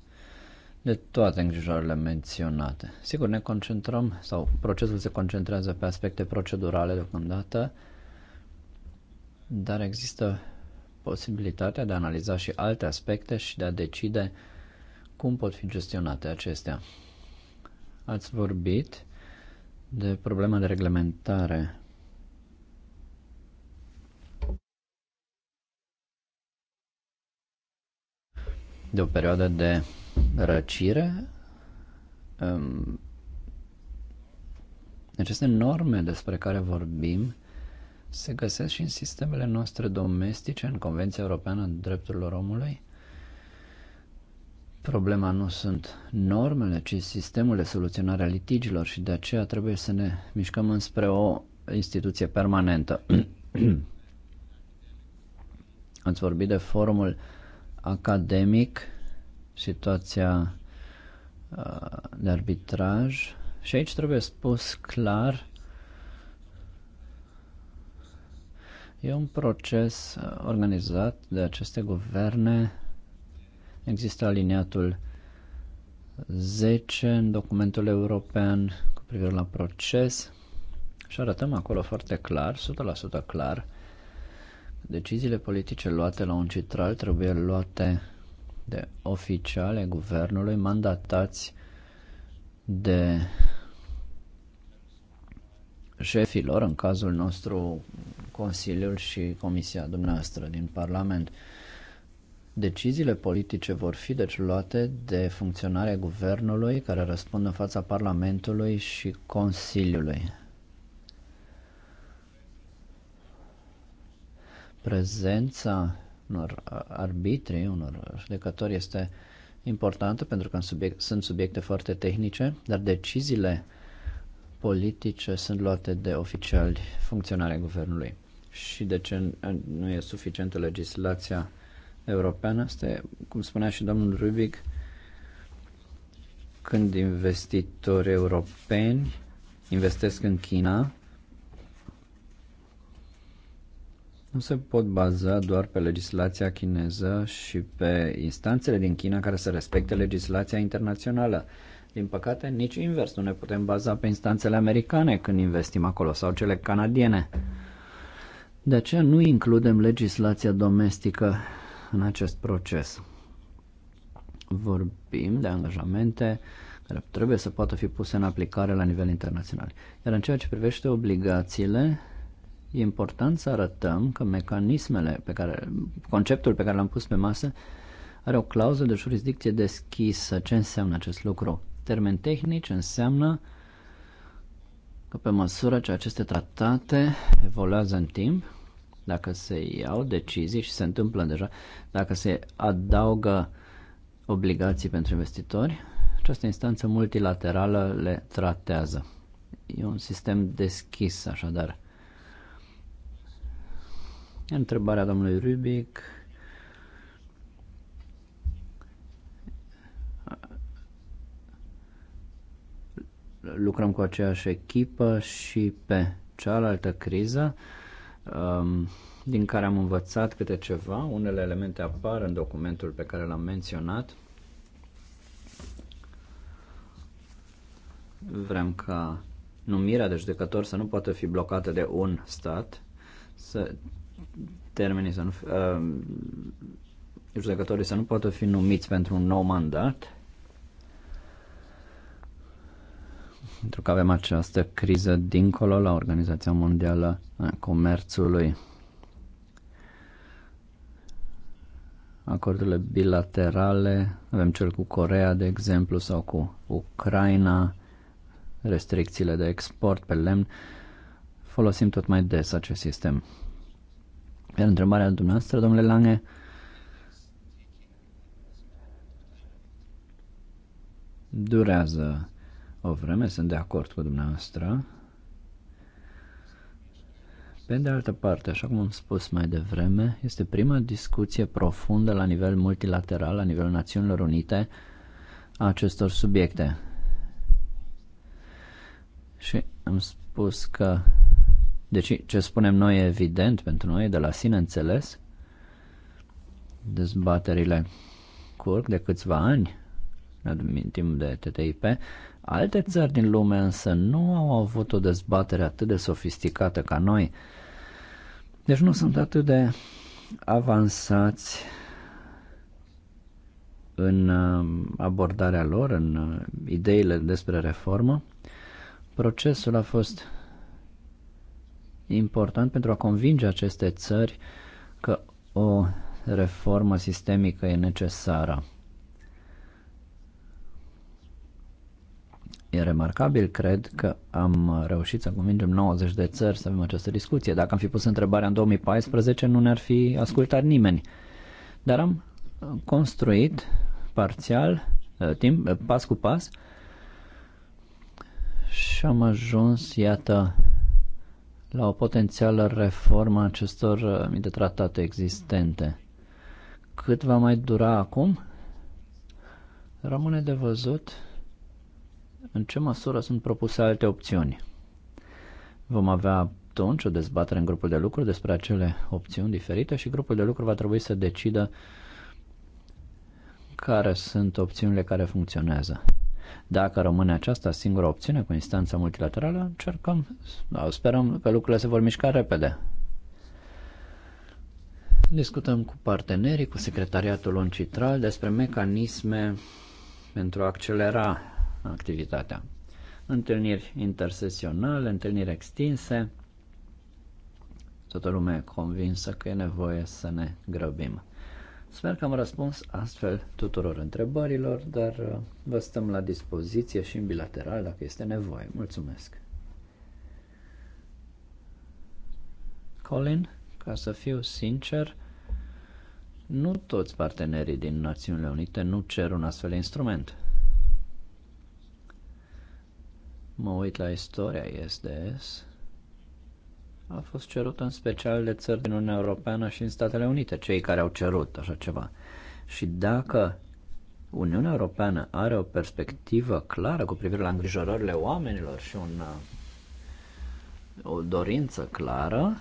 de toate îngrijorările menționate. Sigur, ne concentrăm, sau procesul se concentrează pe aspecte procedurale deocamdată, dar există posibilitatea de a analiza și alte aspecte și de a decide cum pot fi gestionate acestea. Ați vorbit de problema de reglementare. De o perioadă de răcire. Um, aceste norme despre care vorbim se găsesc și în sistemele noastre domestice, în Convenția Europeană a Drepturilor Omului? Problema nu sunt normele, ci sistemul de soluționare a litigilor și de aceea trebuie să ne mișcăm înspre o instituție permanentă. Ați vorbit de formul academic, situația uh, de arbitraj și aici trebuie spus clar E un proces uh, organizat de aceste guverne Există aliniatul 10 în documentul european cu privire la proces și arătăm acolo foarte clar, 100% clar, deciziile politice luate la un citral trebuie luate de oficiale guvernului mandatați de șefilor, în cazul nostru Consiliul și Comisia dumneavoastră din Parlament. Deciziile politice vor fi deci luate de funcționarea guvernului care răspund în fața Parlamentului și Consiliului. Prezența unor arbitri, unor judecători este importantă pentru că subiect, sunt subiecte foarte tehnice, dar deciziile politice sunt luate de oficiali funcționarea guvernului. Și de ce nu e suficientă legislația europeană este, cum spunea și domnul Rubic, când investitori europeni investesc în China, nu se pot baza doar pe legislația chineză și pe instanțele din China care să respecte legislația internațională. Din păcate, nici invers, nu ne putem baza pe instanțele americane când investim acolo sau cele canadiene. De aceea nu includem legislația domestică în acest proces. Vorbim de angajamente care trebuie să poată fi puse în aplicare la nivel internațional. Iar în ceea ce privește obligațiile, e important să arătăm că mecanismele pe care, conceptul pe care l-am pus pe masă are o clauză de jurisdicție deschisă. Ce înseamnă acest lucru? Termen tehnici înseamnă că pe măsură ce aceste tratate evoluează în timp, dacă se iau decizii și se întâmplă deja, dacă se adaugă obligații pentru investitori, această instanță multilaterală le tratează. E un sistem deschis, așadar. Întrebarea domnului Rubic. Lucrăm cu aceeași echipă și pe cealaltă criză um, din care am învățat câte ceva. Unele elemente apar în documentul pe care l-am menționat. Vrem ca numirea de judecător să nu poată fi blocată de un stat, să termenii să nu, uh, judecătorii să nu poată fi numiți pentru un nou mandat pentru că avem această criză dincolo la Organizația Mondială a Comerțului. Acordurile bilaterale, avem cel cu Corea, de exemplu, sau cu Ucraina, restricțiile de export pe lemn, folosim tot mai des acest sistem. Iar întrebarea dumneavoastră, domnule Lange, durează o vreme sunt de acord cu dumneavoastră. Pe de altă parte, așa cum am spus mai devreme, este prima discuție profundă la nivel multilateral, la nivelul Națiunilor Unite, a acestor subiecte. Și am spus că, deci ce spunem noi e evident pentru noi, de la sine înțeles, dezbaterile curg de câțiva ani, ne amintim de TTIP, Alte țări din lume însă nu au avut o dezbatere atât de sofisticată ca noi, deci nu sunt atât de avansați în um, abordarea lor, în uh, ideile despre reformă. Procesul a fost important pentru a convinge aceste țări că o reformă sistemică e necesară. E remarcabil, cred că am reușit să convingem 90 de țări să avem această discuție. Dacă am fi pus întrebarea în 2014, nu ne-ar fi ascultat nimeni. Dar am construit parțial, uh, timp, uh, pas cu pas, și am ajuns, iată, la o potențială reformă a acestor uh, de tratate existente. Cât va mai dura acum? Rămâne de văzut în ce măsură sunt propuse alte opțiuni. Vom avea atunci o dezbatere în grupul de lucru despre acele opțiuni diferite și grupul de lucru va trebui să decidă care sunt opțiunile care funcționează. Dacă rămâne aceasta singura opțiune cu instanța multilaterală, încercăm, da, sperăm că lucrurile se vor mișca repede. Discutăm cu partenerii, cu secretariatul Oncitral despre mecanisme pentru a accelera activitatea. Întâlniri intersesionale, întâlniri extinse. Toată lumea e convinsă că e nevoie să ne grăbim. Sper că am răspuns astfel tuturor întrebărilor, dar uh, vă stăm la dispoziție și în bilateral dacă este nevoie. Mulțumesc! Colin, ca să fiu sincer, nu toți partenerii din Națiunile Unite nu cer un astfel de instrument. mă uit la istoria ISDS, a fost cerută în special de țări din Uniunea Europeană și în Statele Unite, cei care au cerut așa ceva. Și dacă Uniunea Europeană are o perspectivă clară cu privire la îngrijorările oamenilor și un, uh, o dorință clară,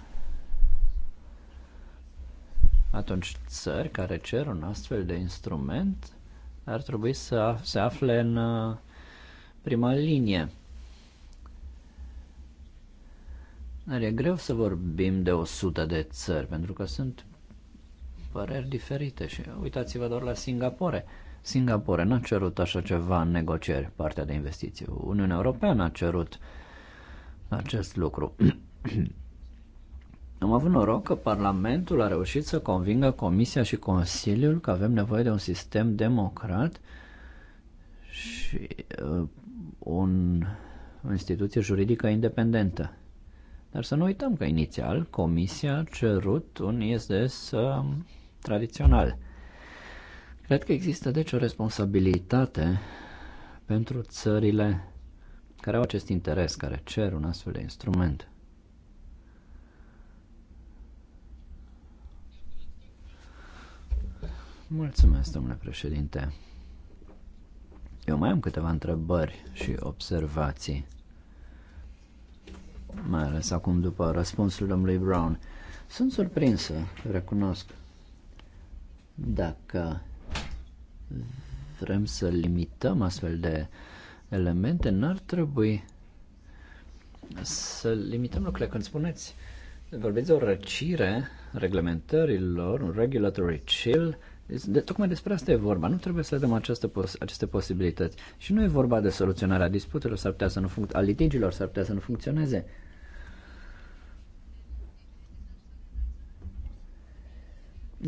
atunci țări care cer un astfel de instrument ar trebui să se afle în uh, prima linie. Dar e greu să vorbim de 100 de țări, pentru că sunt păreri diferite și uitați-vă doar la Singapore. Singapore n-a cerut așa ceva în negocieri, partea de investiții. Uniunea Europeană a cerut acest lucru. Am avut noroc că Parlamentul a reușit să convingă Comisia și Consiliul că avem nevoie de un sistem democrat și uh, un, o instituție juridică independentă. Dar să nu uităm că inițial Comisia a cerut un ISDS uh, um, tradițional. Cred că există deci o responsabilitate pentru țările care au acest interes, care cer un astfel de instrument. Mulțumesc, domnule președinte. Eu mai am câteva întrebări și observații mai ales acum după răspunsul domnului Brown. Sunt surprinsă, recunosc. Dacă vrem să limităm astfel de elemente, n-ar trebui să limităm lucrurile. Când spuneți, vorbiți de o răcire reglementărilor, un regulatory chill, de, tocmai despre asta e vorba. Nu trebuie să dăm această pos- aceste posibilități. Și nu e vorba de soluționarea disputelor, s-ar putea să nu func- a litigilor, s-ar putea să nu funcționeze.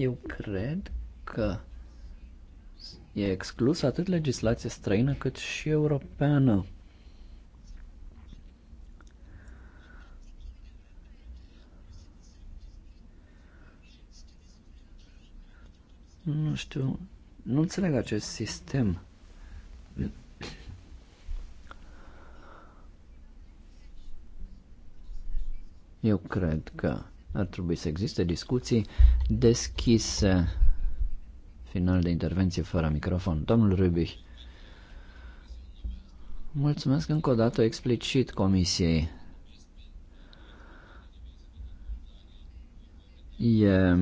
Eu cred că e exclus atât legislație străină cât și europeană. Nu știu, nu înțeleg acest sistem. Eu cred că ar trebui să existe discuții deschise. Final de intervenție fără microfon. Domnul Rubich. Mulțumesc încă o dată explicit comisiei. E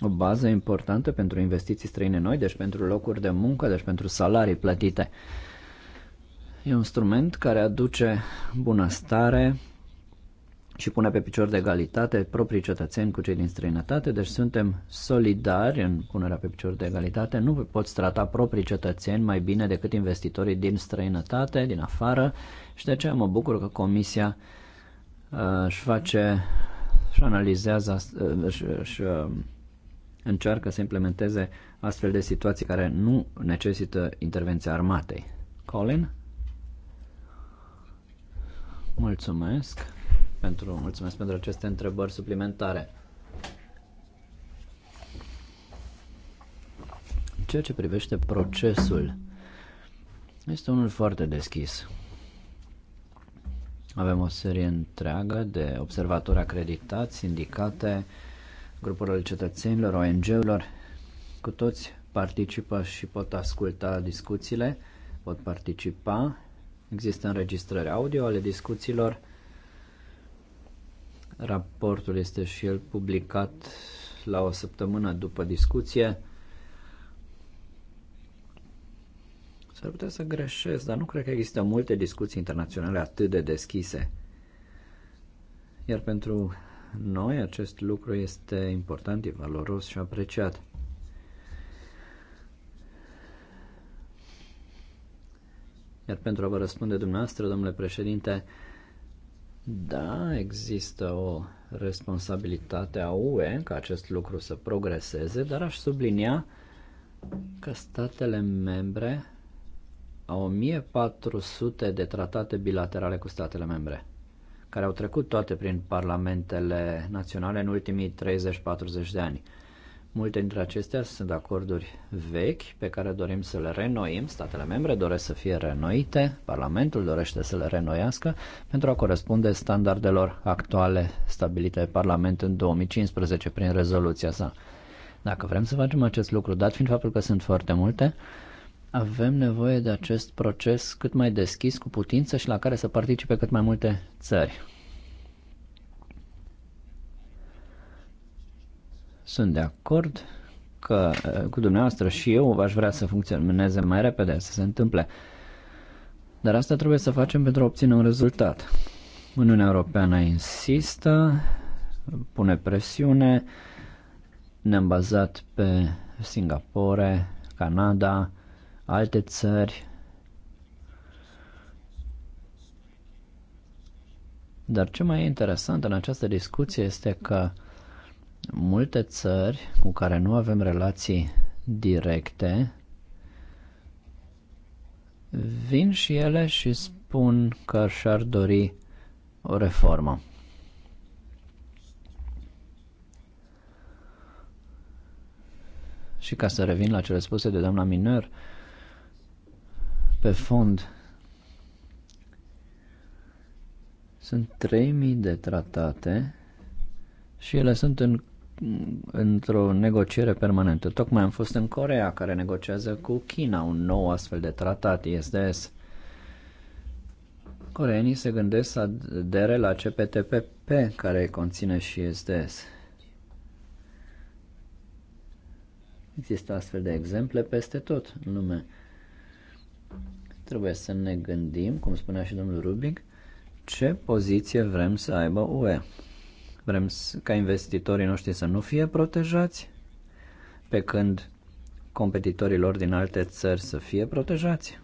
o bază importantă pentru investiții străine noi, deci pentru locuri de muncă, deci pentru salarii plătite. E un instrument care aduce bunăstare și pune pe picior de egalitate proprii cetățeni cu cei din străinătate, deci suntem solidari în punerea pe picior de egalitate. Nu poți trata proprii cetățeni mai bine decât investitorii din străinătate, din afară și de aceea mă bucur că Comisia uh, își face, și analizează, uh, și uh, încearcă să implementeze astfel de situații care nu necesită intervenția armatei. Colin? Mulțumesc pentru, mulțumesc pentru aceste întrebări suplimentare. Ceea ce privește procesul, este unul foarte deschis. Avem o serie întreagă de observatori acreditați, sindicate, grupurile cetățenilor, ONG-urilor. Cu toți participă și pot asculta discuțiile, pot participa. Există înregistrări audio ale discuțiilor Raportul este și el publicat la o săptămână după discuție. S-ar putea să greșesc, dar nu cred că există multe discuții internaționale atât de deschise. Iar pentru noi acest lucru este important, e valoros și apreciat. Iar pentru a vă răspunde dumneavoastră, domnule președinte, da, există o responsabilitate a UE ca acest lucru să progreseze, dar aș sublinia că statele membre au 1400 de tratate bilaterale cu statele membre, care au trecut toate prin parlamentele naționale în ultimii 30-40 de ani. Multe dintre acestea sunt acorduri vechi pe care dorim să le renoim, statele membre doresc să fie renoite, Parlamentul dorește să le renoiască pentru a corespunde standardelor actuale stabilite de Parlament în 2015 prin rezoluția sa. Dacă vrem să facem acest lucru, dat fiind faptul că sunt foarte multe, avem nevoie de acest proces cât mai deschis cu putință și la care să participe cât mai multe țări. Sunt de acord că uh, cu dumneavoastră și eu aș vrea să funcționeze mai repede, să se întâmple. Dar asta trebuie să facem pentru a obține un rezultat. Uniunea Europeană insistă, pune presiune, ne-am bazat pe Singapore, Canada, alte țări. Dar ce mai e interesant în această discuție este că Multe țări cu care nu avem relații directe vin și ele și spun că și-ar dori o reformă. Și ca să revin la cele spuse de doamna Miner, pe fond sunt 3000 de tratate și ele sunt în într-o negociere permanentă. Tocmai am fost în Corea, care negociază cu China un nou astfel de tratat, ISDS. Coreenii se gândesc să adere la CPTPP, care conține și ISDS. Există astfel de exemple peste tot în lume. Trebuie să ne gândim, cum spunea și domnul Rubic, ce poziție vrem să aibă UE. Vrem ca investitorii noștri să nu fie protejați, pe când competitorii lor din alte țări să fie protejați.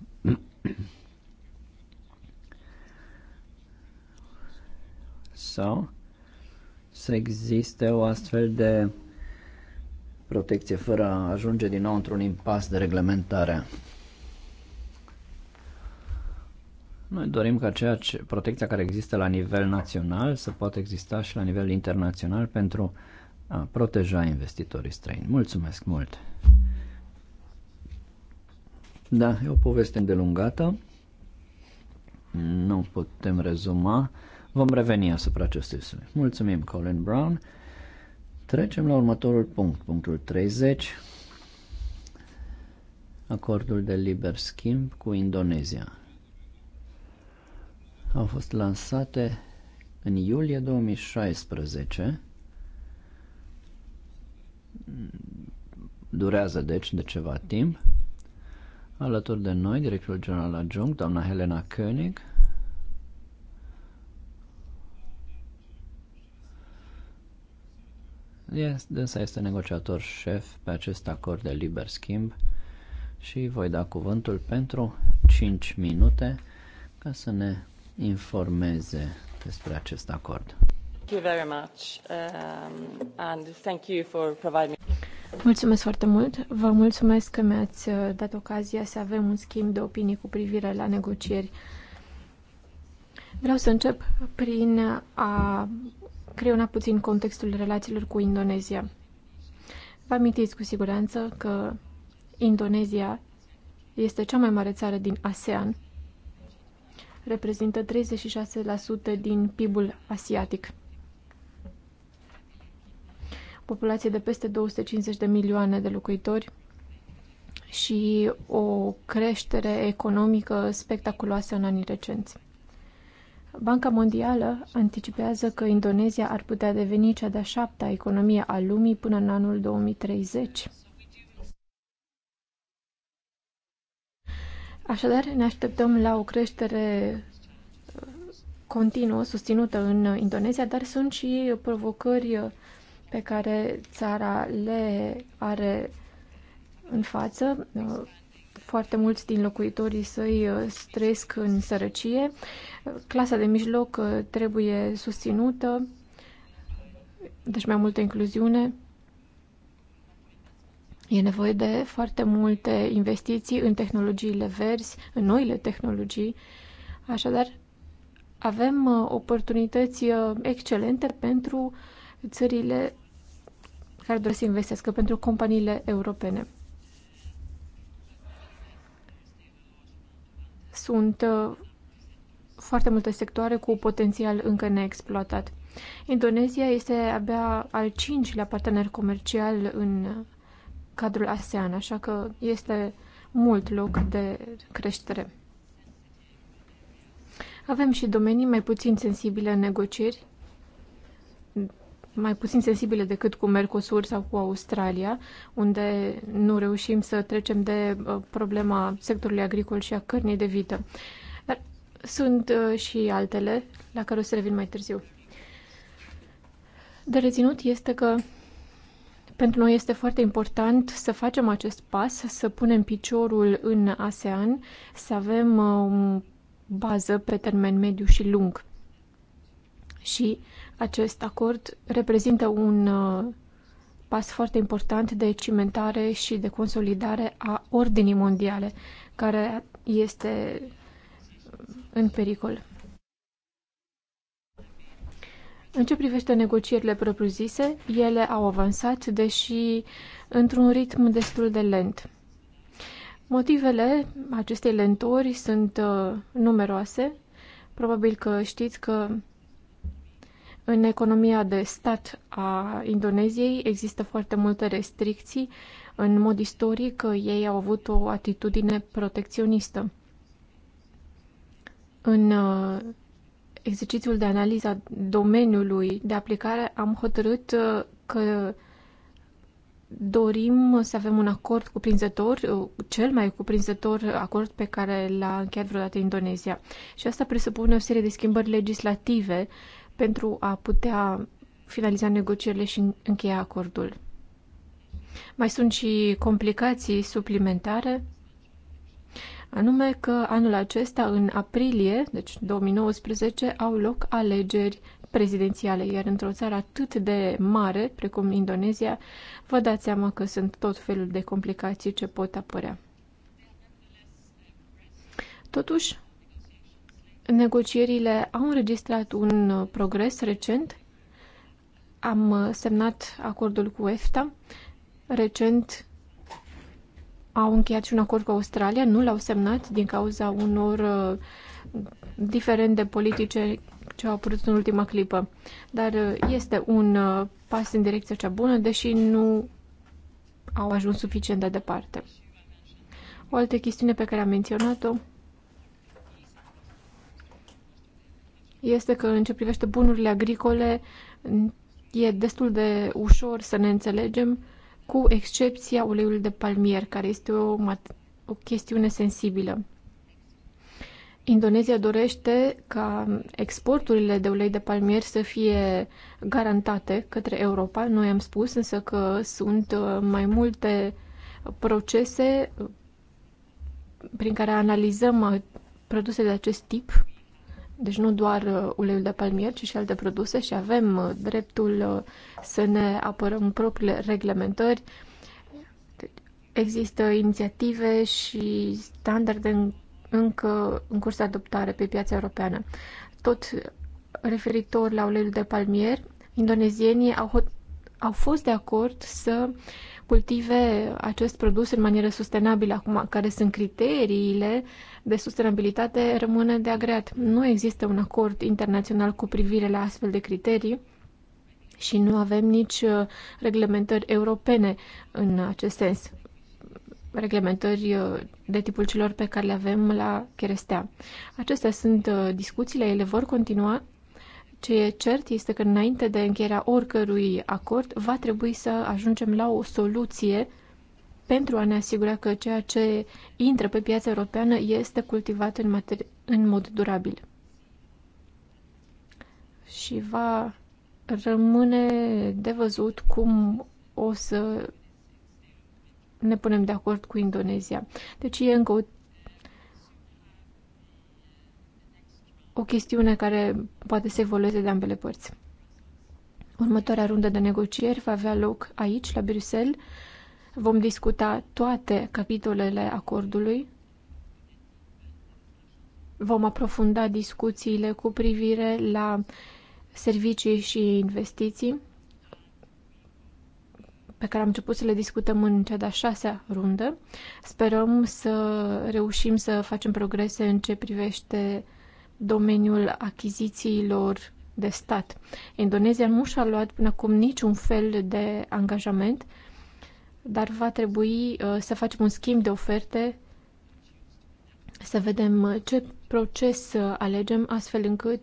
Sau să existe o astfel de protecție fără a ajunge din nou într-un impas de reglementare. Noi dorim ca ceea ce, protecția care există la nivel național să poată exista și la nivel internațional pentru a proteja investitorii străini. Mulțumesc mult! Da, e o poveste îndelungată. Nu putem rezuma. Vom reveni asupra acestui subiect. Mulțumim, Colin Brown. Trecem la următorul punct, punctul 30. Acordul de liber schimb cu Indonezia au fost lansate în iulie 2016. Durează deci de ceva timp. Alături de noi, directorul general adjunct, doamna Helena König, Dânsa este negociator șef pe acest acord de liber schimb și voi da cuvântul pentru 5 minute ca să ne informeze despre acest acord. Um, mulțumesc foarte mult. Vă mulțumesc că mi-ați uh, dat ocazia să avem un schimb de opinii cu privire la negocieri. Vreau să încep prin a creuna puțin contextul relațiilor cu Indonezia. Vă amintiți cu siguranță că Indonezia este cea mai mare țară din ASEAN reprezintă 36% din PIB-ul asiatic. Populație de peste 250 de milioane de locuitori și o creștere economică spectaculoasă în anii recenți. Banca Mondială anticipează că Indonezia ar putea deveni cea de-a șaptea economie a lumii până în anul 2030. Așadar, ne așteptăm la o creștere uh, continuă, susținută în Indonezia, dar sunt și provocări pe care țara le are în față. Uh, foarte mulți din locuitorii săi stresc uh, în sărăcie. Clasa de mijloc trebuie susținută, deci mai multă incluziune. E nevoie de foarte multe investiții în tehnologiile verzi, în noile tehnologii. Așadar, avem uh, oportunități uh, excelente pentru țările care doresc să investească, pentru companiile europene. Sunt uh, foarte multe sectoare cu potențial încă neexploatat. Indonezia este abia al cincilea partener comercial în cadrul ASEAN, așa că este mult loc de creștere. Avem și domenii mai puțin sensibile în negocieri, mai puțin sensibile decât cu Mercosur sau cu Australia, unde nu reușim să trecem de uh, problema sectorului agricol și a cărnii de vită. Dar sunt uh, și altele la care o să revin mai târziu. De reținut este că pentru noi este foarte important să facem acest pas, să punem piciorul în ASEAN, să avem o uh, bază pe termen mediu și lung. Și acest acord reprezintă un uh, pas foarte important de cimentare și de consolidare a ordinii mondiale, care este în pericol. În ce privește negocierile propriu-zise, ele au avansat, deși într-un ritm destul de lent. Motivele acestei lenturi sunt uh, numeroase. Probabil că știți că în economia de stat a Indoneziei există foarte multe restricții. În mod istoric, ei au avut o atitudine protecționistă. În uh, exercițiul de analiză a domeniului de aplicare, am hotărât uh, că dorim să avem un acord cuprinzător, uh, cel mai cuprinzător acord pe care l-a încheiat vreodată Indonezia. Și asta presupune o serie de schimbări legislative pentru a putea finaliza negocierile și încheia acordul. Mai sunt și complicații suplimentare anume că anul acesta, în aprilie, deci 2019, au loc alegeri prezidențiale, iar într-o țară atât de mare, precum Indonezia, vă dați seama că sunt tot felul de complicații ce pot apărea. Totuși, negocierile au înregistrat un progres recent. Am semnat acordul cu EFTA. Recent au încheiat și un acord cu Australia, nu l-au semnat din cauza unor uh, diferende politice ce au apărut în ultima clipă. Dar uh, este un uh, pas în direcția cea bună, deși nu au ajuns suficient de departe. O altă chestiune pe care am menționat-o este că în ce privește bunurile agricole e destul de ușor să ne înțelegem cu excepția uleiului de palmier, care este o, o chestiune sensibilă. Indonezia dorește ca exporturile de ulei de palmier să fie garantate către Europa. Noi am spus însă că sunt uh, mai multe procese uh, prin care analizăm uh, produse de acest tip deci nu doar uh, uleiul de palmier, ci și alte produse și avem uh, dreptul uh, să ne apărăm propriile reglementări. Există inițiative și standarde încă în curs de adoptare pe piața europeană. Tot referitor la uleiul de palmier, indonezienii au, au fost de acord să cultive acest produs în manieră sustenabilă. Acum, care sunt criteriile de sustenabilitate, rămâne de agreat. Nu există un acord internațional cu privire la astfel de criterii și nu avem nici uh, reglementări europene în acest sens. Reglementări uh, de tipul celor pe care le avem la cherestea. Acestea sunt uh, discuțiile, ele vor continua ce e cert este că înainte de încheierea oricărui acord va trebui să ajungem la o soluție pentru a ne asigura că ceea ce intră pe piața europeană este cultivat în, în mod durabil. Și va rămâne de văzut cum o să ne punem de acord cu Indonezia. Deci e încă o o chestiune care poate să evolueze de ambele părți. Următoarea rundă de negocieri va avea loc aici, la Bruxelles. Vom discuta toate capitolele acordului. Vom aprofunda discuțiile cu privire la servicii și investiții, pe care am început să le discutăm în cea de-a șasea rundă. Sperăm să reușim să facem progrese în ce privește uh, domeniul achizițiilor de stat. Indonezia nu și-a luat până acum niciun fel de angajament, dar va trebui uh, să facem un schimb de oferte, să vedem uh, ce proces uh, alegem, astfel încât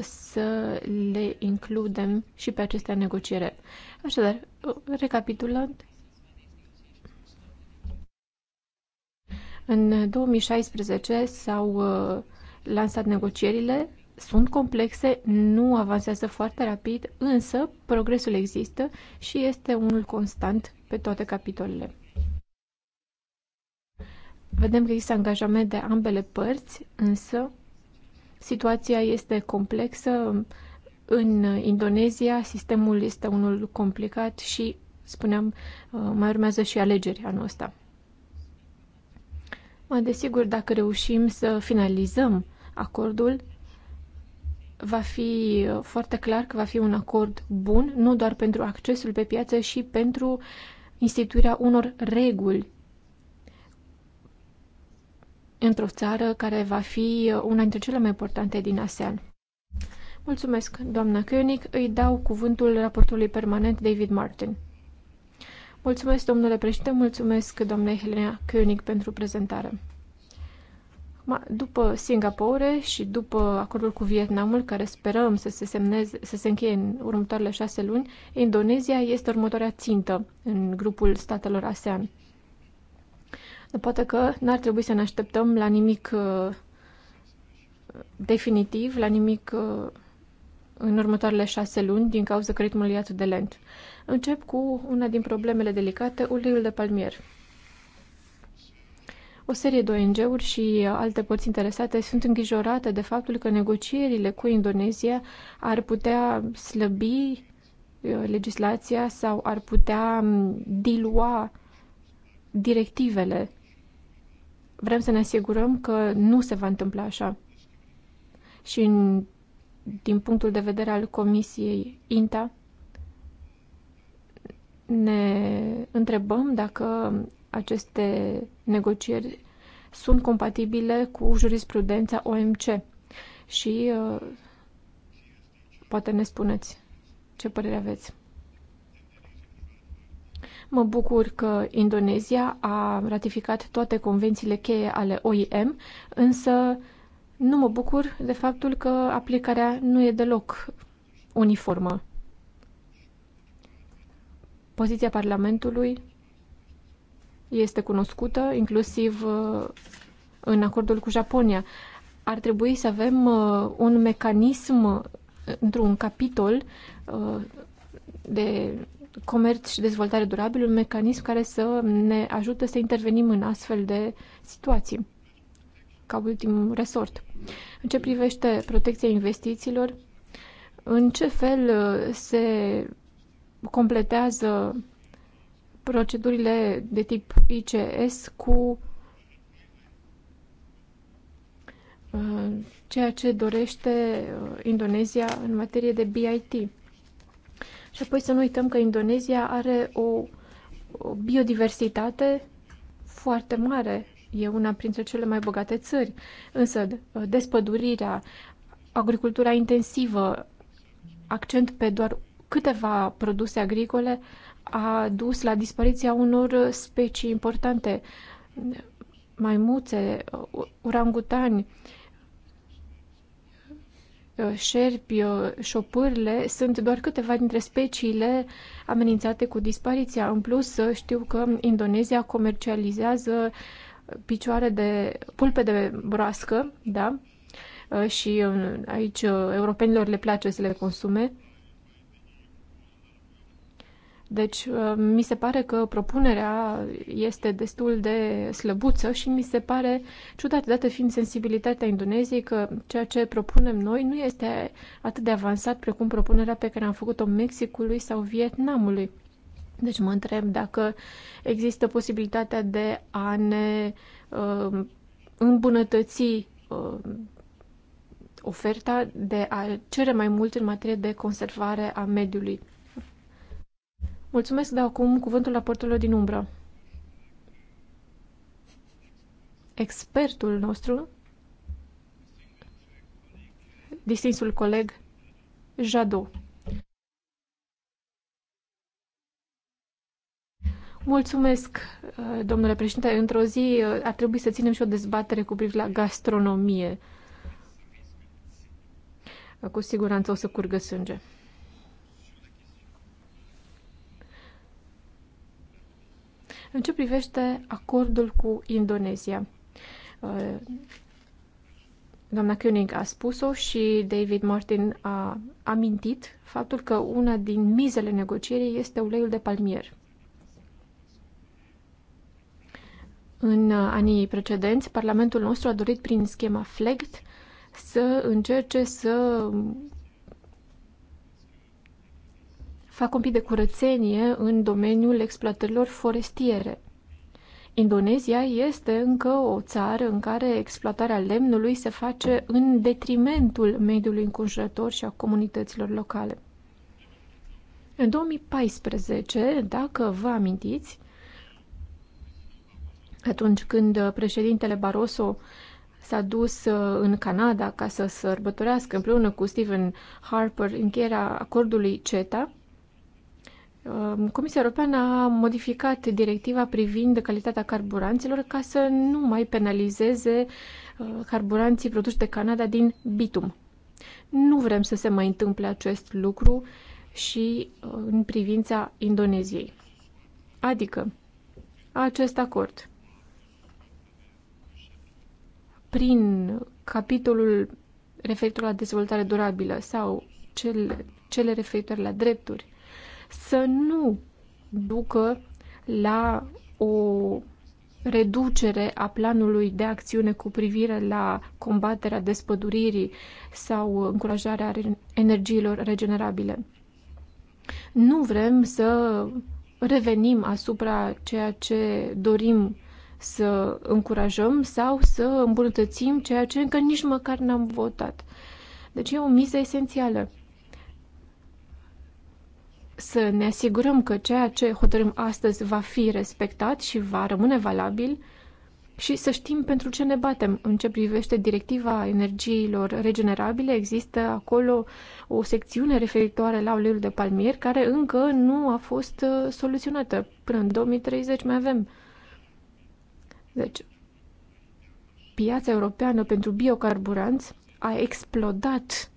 să le includem și pe acestea negociere. Așadar, recapitulând, în 2016 s-au lansat negocierile, sunt complexe, nu avansează foarte rapid, însă progresul există și este unul constant pe toate capitolele. Vedem că există angajament de ambele părți, însă situația este complexă. În Indonezia sistemul este unul complicat și, spuneam, uh, mai urmează și alegeri anul ăsta. Desigur, dacă reușim să finalizăm Acordul va fi foarte clar că va fi un acord bun, nu doar pentru accesul pe piață, și pentru instituirea unor reguli într-o țară care va fi una dintre cele mai importante din ASEAN. Mulțumesc, doamna Koenig. Îi dau cuvântul raportului permanent David Martin. Mulțumesc, domnule președinte, mulțumesc, doamnei Helena Koenig, pentru prezentare. După Singapore și după acordul cu Vietnamul, care sperăm să se, semneze, să se încheie în următoarele șase luni, Indonezia este următoarea țintă în grupul statelor ASEAN. Poate că n-ar trebui să ne așteptăm la nimic uh, definitiv, la nimic uh, în următoarele șase luni din cauza că ritmului e atât de lent. Încep cu una din problemele delicate, uleiul de palmier. O serie de ONG-uri și alte părți interesate sunt îngrijorate de faptul că negocierile cu Indonezia ar putea slăbi uh, legislația sau ar putea um, dilua directivele. Vrem să ne asigurăm că nu se va întâmpla așa. Și în, din punctul de vedere al Comisiei INTA, ne întrebăm dacă aceste negocieri sunt compatibile cu jurisprudența OMC. Și uh, poate ne spuneți ce părere aveți. Mă bucur că Indonezia a ratificat toate convențiile cheie ale OIM, însă nu mă bucur de faptul că aplicarea nu e deloc uniformă. Poziția Parlamentului este cunoscută, inclusiv uh, în acordul cu Japonia. Ar trebui să avem uh, un mecanism uh, într-un capitol de comerț și dezvoltare durabilă, un mecanism care să ne ajute să intervenim în astfel de situații, ca ultim resort. În ce privește protecția investițiilor, în ce fel se completează procedurile de tip ICS cu uh, ceea ce dorește uh, Indonezia în materie de BIT. Și apoi să nu uităm că Indonezia are o, o biodiversitate foarte mare. E una printre cele mai bogate țări. Însă uh, despădurirea, agricultura intensivă, accent pe doar câteva produse agricole, a dus la dispariția unor specii importante, maimuțe, urangutani, șerpi, șopârle, sunt doar câteva dintre speciile amenințate cu dispariția. În plus, știu că Indonezia comercializează picioare de pulpe de broască, da? Și aici europenilor le place să le consume. Deci, uh, mi se pare că propunerea este destul de slăbuță și mi se pare ciudat, dată fiind sensibilitatea Indoneziei, că ceea ce propunem noi nu este atât de avansat precum propunerea pe care am făcut-o Mexicului sau Vietnamului. Deci mă întreb dacă există posibilitatea de a ne uh, îmbunătăți uh, oferta, de a cere mai mult în materie de conservare a mediului. Mulțumesc de acum cuvântul raportului din umbră. Expertul nostru, distinsul coleg Jadot. Mulțumesc, domnule președinte. Într-o zi uh, ar trebui să ținem și o dezbatere cu privire la gastronomie. Cu siguranță o să curgă sânge. În ce privește acordul cu Indonezia, uh, doamna Koenig a spus-o și David Martin a amintit faptul că una din mizele negocierii este uleiul de palmier. În uh, anii precedenți, Parlamentul nostru a dorit prin schema FLEGT să încerce să fac un pic de curățenie în domeniul exploatărilor forestiere. Indonezia este încă o țară în care exploatarea lemnului se face în detrimentul mediului înconjurător și a comunităților locale. În 2014, dacă vă amintiți, atunci când președintele Barroso s-a dus uh, în Canada ca să sărbătorească împreună cu Stephen Harper încheierea acordului CETA, Um, Comisia Europeană a modificat directiva privind calitatea carburanților ca să nu mai penalizeze uh, carburanții produși de Canada din bitum. Nu vrem să se mai întâmple acest lucru și uh, în privința Indoneziei. Adică, acest acord, prin capitolul referitor la dezvoltare durabilă sau cel, cele referitoare la drepturi, să nu ducă la o reducere a planului de acțiune cu privire la combaterea despăduririi sau încurajarea energiilor regenerabile. Nu vrem să revenim asupra ceea ce dorim să încurajăm sau să îmbunătățim ceea ce încă nici măcar n-am votat. Deci e o miză esențială să ne asigurăm că ceea ce hotărâm astăzi va fi respectat și va rămâne valabil și să știm pentru ce ne batem. În ce privește directiva energiilor regenerabile, există acolo o secțiune referitoare la uleiul de palmier care încă nu a fost uh, soluționată. Până în 2030 mai avem. Deci, piața europeană pentru biocarburanți a explodat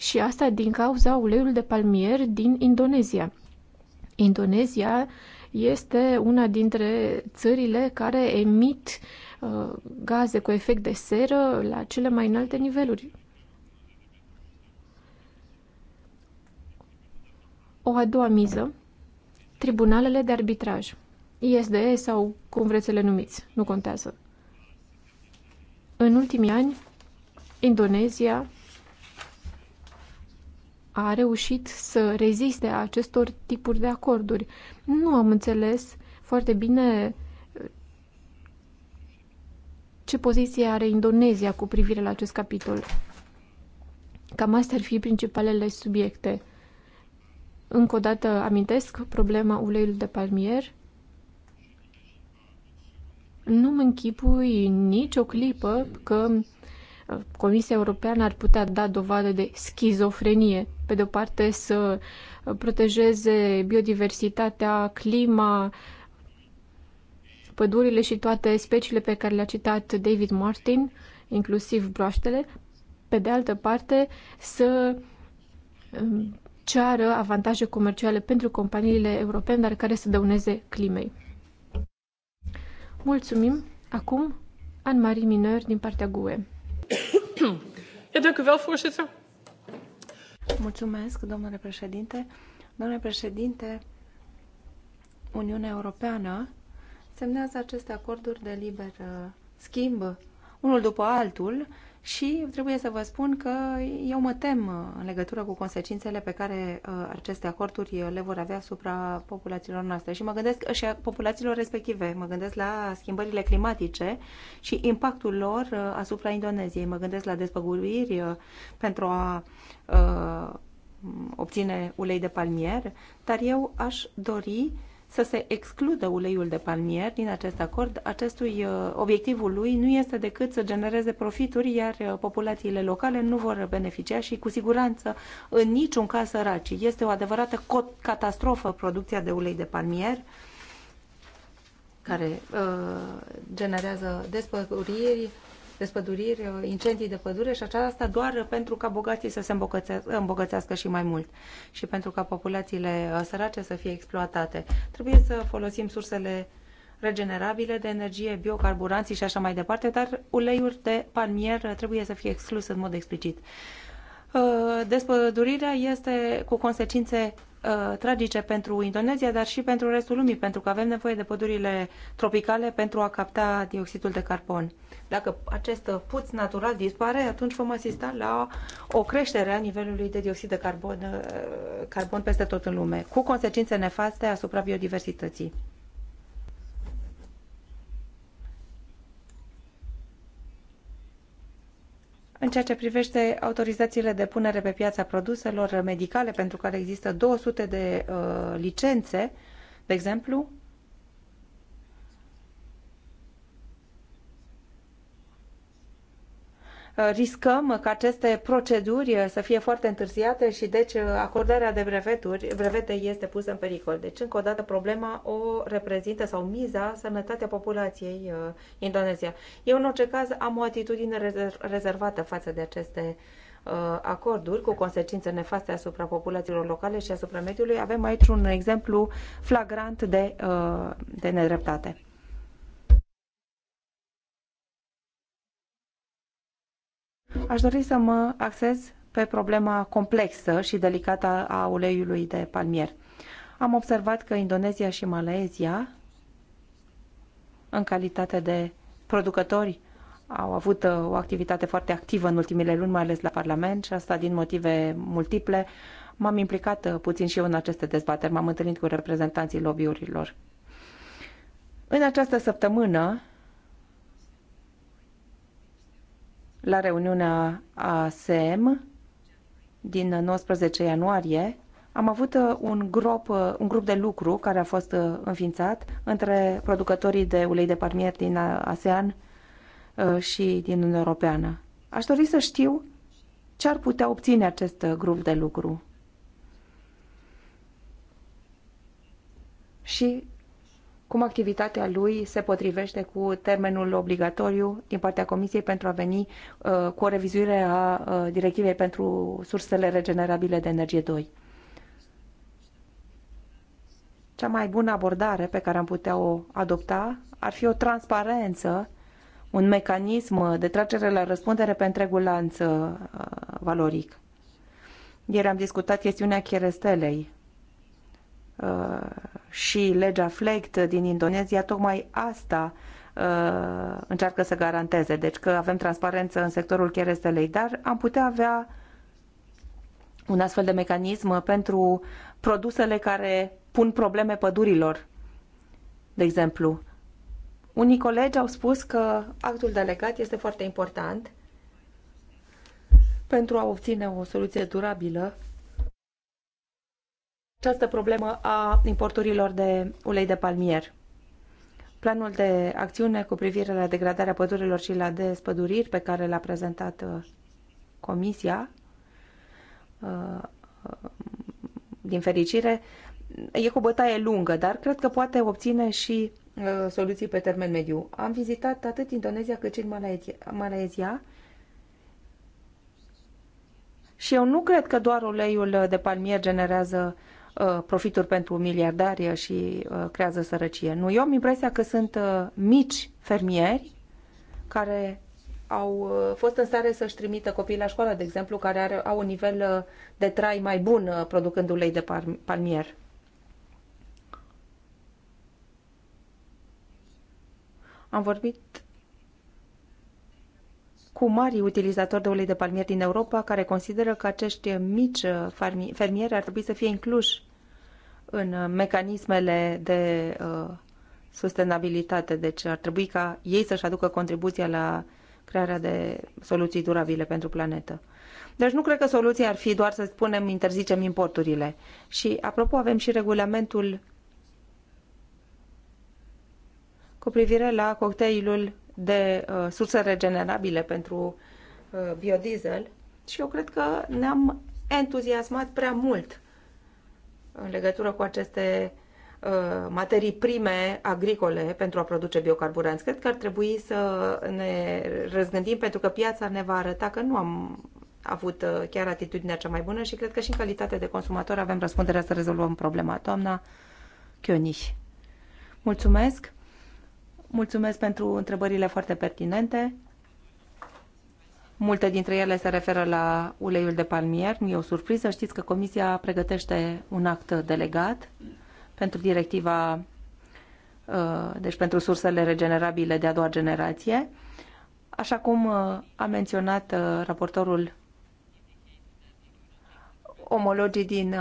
și asta din cauza uleiului de palmier din Indonezia. Indonezia este una dintre țările care emit uh, gaze cu efect de seră la cele mai înalte niveluri. O a doua miză, tribunalele de arbitraj, ISDE sau cum vreți să le numiți, nu contează. În ultimii ani, Indonezia a reușit să reziste acestor tipuri de acorduri. Nu am înțeles foarte bine uh, ce poziție are Indonezia cu privire la acest capitol. Cam astea ar fi principalele subiecte. Încă o dată amintesc problema uleiului de palmier. nu mă închipui nici o clipă că uh, Comisia Europeană ar putea da dovadă de schizofrenie pe de-o parte, să protejeze biodiversitatea, clima, pădurile și toate speciile pe care le-a citat David Martin, inclusiv broaștele, pe de altă parte, să um, ceară avantaje comerciale pentru companiile europene, dar care să dăuneze climei. Mulțumim! Acum, Anne-Marie Mineur din partea GUE. Ja, dank u wel, voorzitter. Mulțumesc, domnule președinte. Domnule președinte, Uniunea Europeană semnează aceste acorduri de liber uh, schimb, unul după altul, și trebuie să vă spun că eu mă tem uh, în legătură cu consecințele pe care uh, aceste acorduri uh, le vor avea asupra populațiilor noastre și mă gândesc și a populațiilor respective. Mă gândesc la schimbările climatice și impactul lor asupra Indoneziei. Mă gândesc la despăgubiri pentru a obține ulei de palmier, dar eu aș dori uh, să se excludă uleiul de palmier din acest acord. Acestui uh, obiectivul lui nu este decât să genereze profituri, iar uh, populațiile locale nu vor beneficia și cu siguranță în niciun caz săraci. Este o adevărată catastrofă producția de ulei de palmier care uh, generează despăguriri, despăduriri, uh, incendii de pădure și aceasta doar pentru ca bogații să se îmbogățească, îmbogățească și mai mult și pentru ca populațiile uh, sărace să fie exploatate. Trebuie să folosim sursele regenerabile de energie, biocarburanții și așa mai departe, dar uleiuri de palmier uh, trebuie să fie exclus în mod explicit. Despădurirea este cu consecințe Uh, tragice pentru Indonezia, dar și pentru restul lumii, pentru că avem nevoie de pădurile tropicale pentru a capta dioxidul de carbon. Dacă acest puț natural dispare, atunci vom asista la o creștere a nivelului de dioxid de carbon, uh, carbon peste tot în lume, cu consecințe nefaste asupra biodiversității. În ceea ce privește autorizațiile de punere pe piața produselor medicale, pentru care există 200 de uh, licențe, de exemplu, Uh, riscăm ca aceste proceduri uh, să fie foarte întârziate și deci uh, acordarea de breveturi, brevete este pusă în pericol. Deci, încă o dată, problema o reprezintă sau miza sănătatea populației Indonezia. Eu, în orice caz, am o atitudine rezervată față de aceste acorduri cu consecințe nefaste asupra populațiilor locale și asupra mediului. Avem aici un exemplu flagrant de, de nedreptate. Aș dori să mă axez pe problema complexă și delicată a uleiului de palmier. Am observat că Indonezia și Malezia, în calitate de producători, au avut uh, o activitate foarte activă în ultimile luni, mai ales la Parlament și asta din motive multiple. M-am implicat uh, puțin și eu în aceste dezbateri, m-am întâlnit cu reprezentanții lobbyurilor. În această săptămână, la reuniunea ASM din 19 ianuarie, am avut uh, un grup, uh, un grup de lucru care a fost uh, înființat între producătorii de ulei de parmier din ASEAN și din Uniunea Europeană. Aș dori să știu ce ar putea obține acest grup de lucru. Și cum activitatea lui se potrivește cu termenul obligatoriu din partea Comisiei pentru a veni uh, cu o revizuire a uh, directivei pentru sursele regenerabile de energie 2. Cea mai bună abordare pe care am putea o adopta ar fi o transparență, un mecanism de tragere la răspundere pe întregul lanț uh, valoric. Ieri am discutat chestiunea cherestelei și legea FLECT din Indonezia, tocmai asta uh, încearcă să garanteze. Deci că avem transparență în sectorul cherestelei, dar am putea avea un astfel de mecanism pentru produsele care pun probleme pădurilor. De exemplu, unii colegi au spus că actul delegat este foarte important pentru a obține o soluție durabilă această problemă a importurilor de ulei de palmier. Planul de acțiune cu privire la degradarea pădurilor și la despăduriri pe care l-a prezentat uh, Comisia, uh, din fericire, e cu bătaie lungă, dar cred că poate obține și uh, soluții pe termen mediu. Am vizitat atât Indonezia cât și în și eu nu cred că doar uleiul de palmier generează Uh, profituri pentru miliardari și uh, creează sărăcie. Nu, eu am impresia că sunt uh, mici fermieri care au fost în stare să-și trimită copiii la școală, de exemplu, care are, au un nivel de trai mai bun producând ulei de palmier. Am vorbit cu mari utilizatori de ulei de palmier din Europa care consideră că acești mici fermieri ar trebui să fie incluși în mecanismele de uh, sustenabilitate. Deci ar trebui ca ei să-și aducă contribuția la crearea de soluții durabile pentru planetă. Deci nu cred că soluția ar fi doar să spunem interzicem importurile. Și apropo avem și regulamentul cu privire la cocktailul de uh, surse regenerabile pentru uh, biodiesel și eu cred că ne-am entuziasmat prea mult în legătură cu aceste uh, materii prime agricole pentru a produce biocarburanți. Cred că ar trebui să ne răzgândim pentru că piața ne va arăta că nu am avut uh, chiar atitudinea cea mai bună și cred că și în calitate de consumator avem răspunderea să rezolvăm problema. Doamna Chioniș, mulțumesc! Mulțumesc pentru întrebările foarte pertinente. Multe dintre ele se referă la uleiul de palmier. Nu e o surpriză. Știți că Comisia pregătește un act delegat pentru directiva, uh, deci pentru sursele regenerabile de a doua generație. Așa cum uh, a menționat uh, raportorul omologii din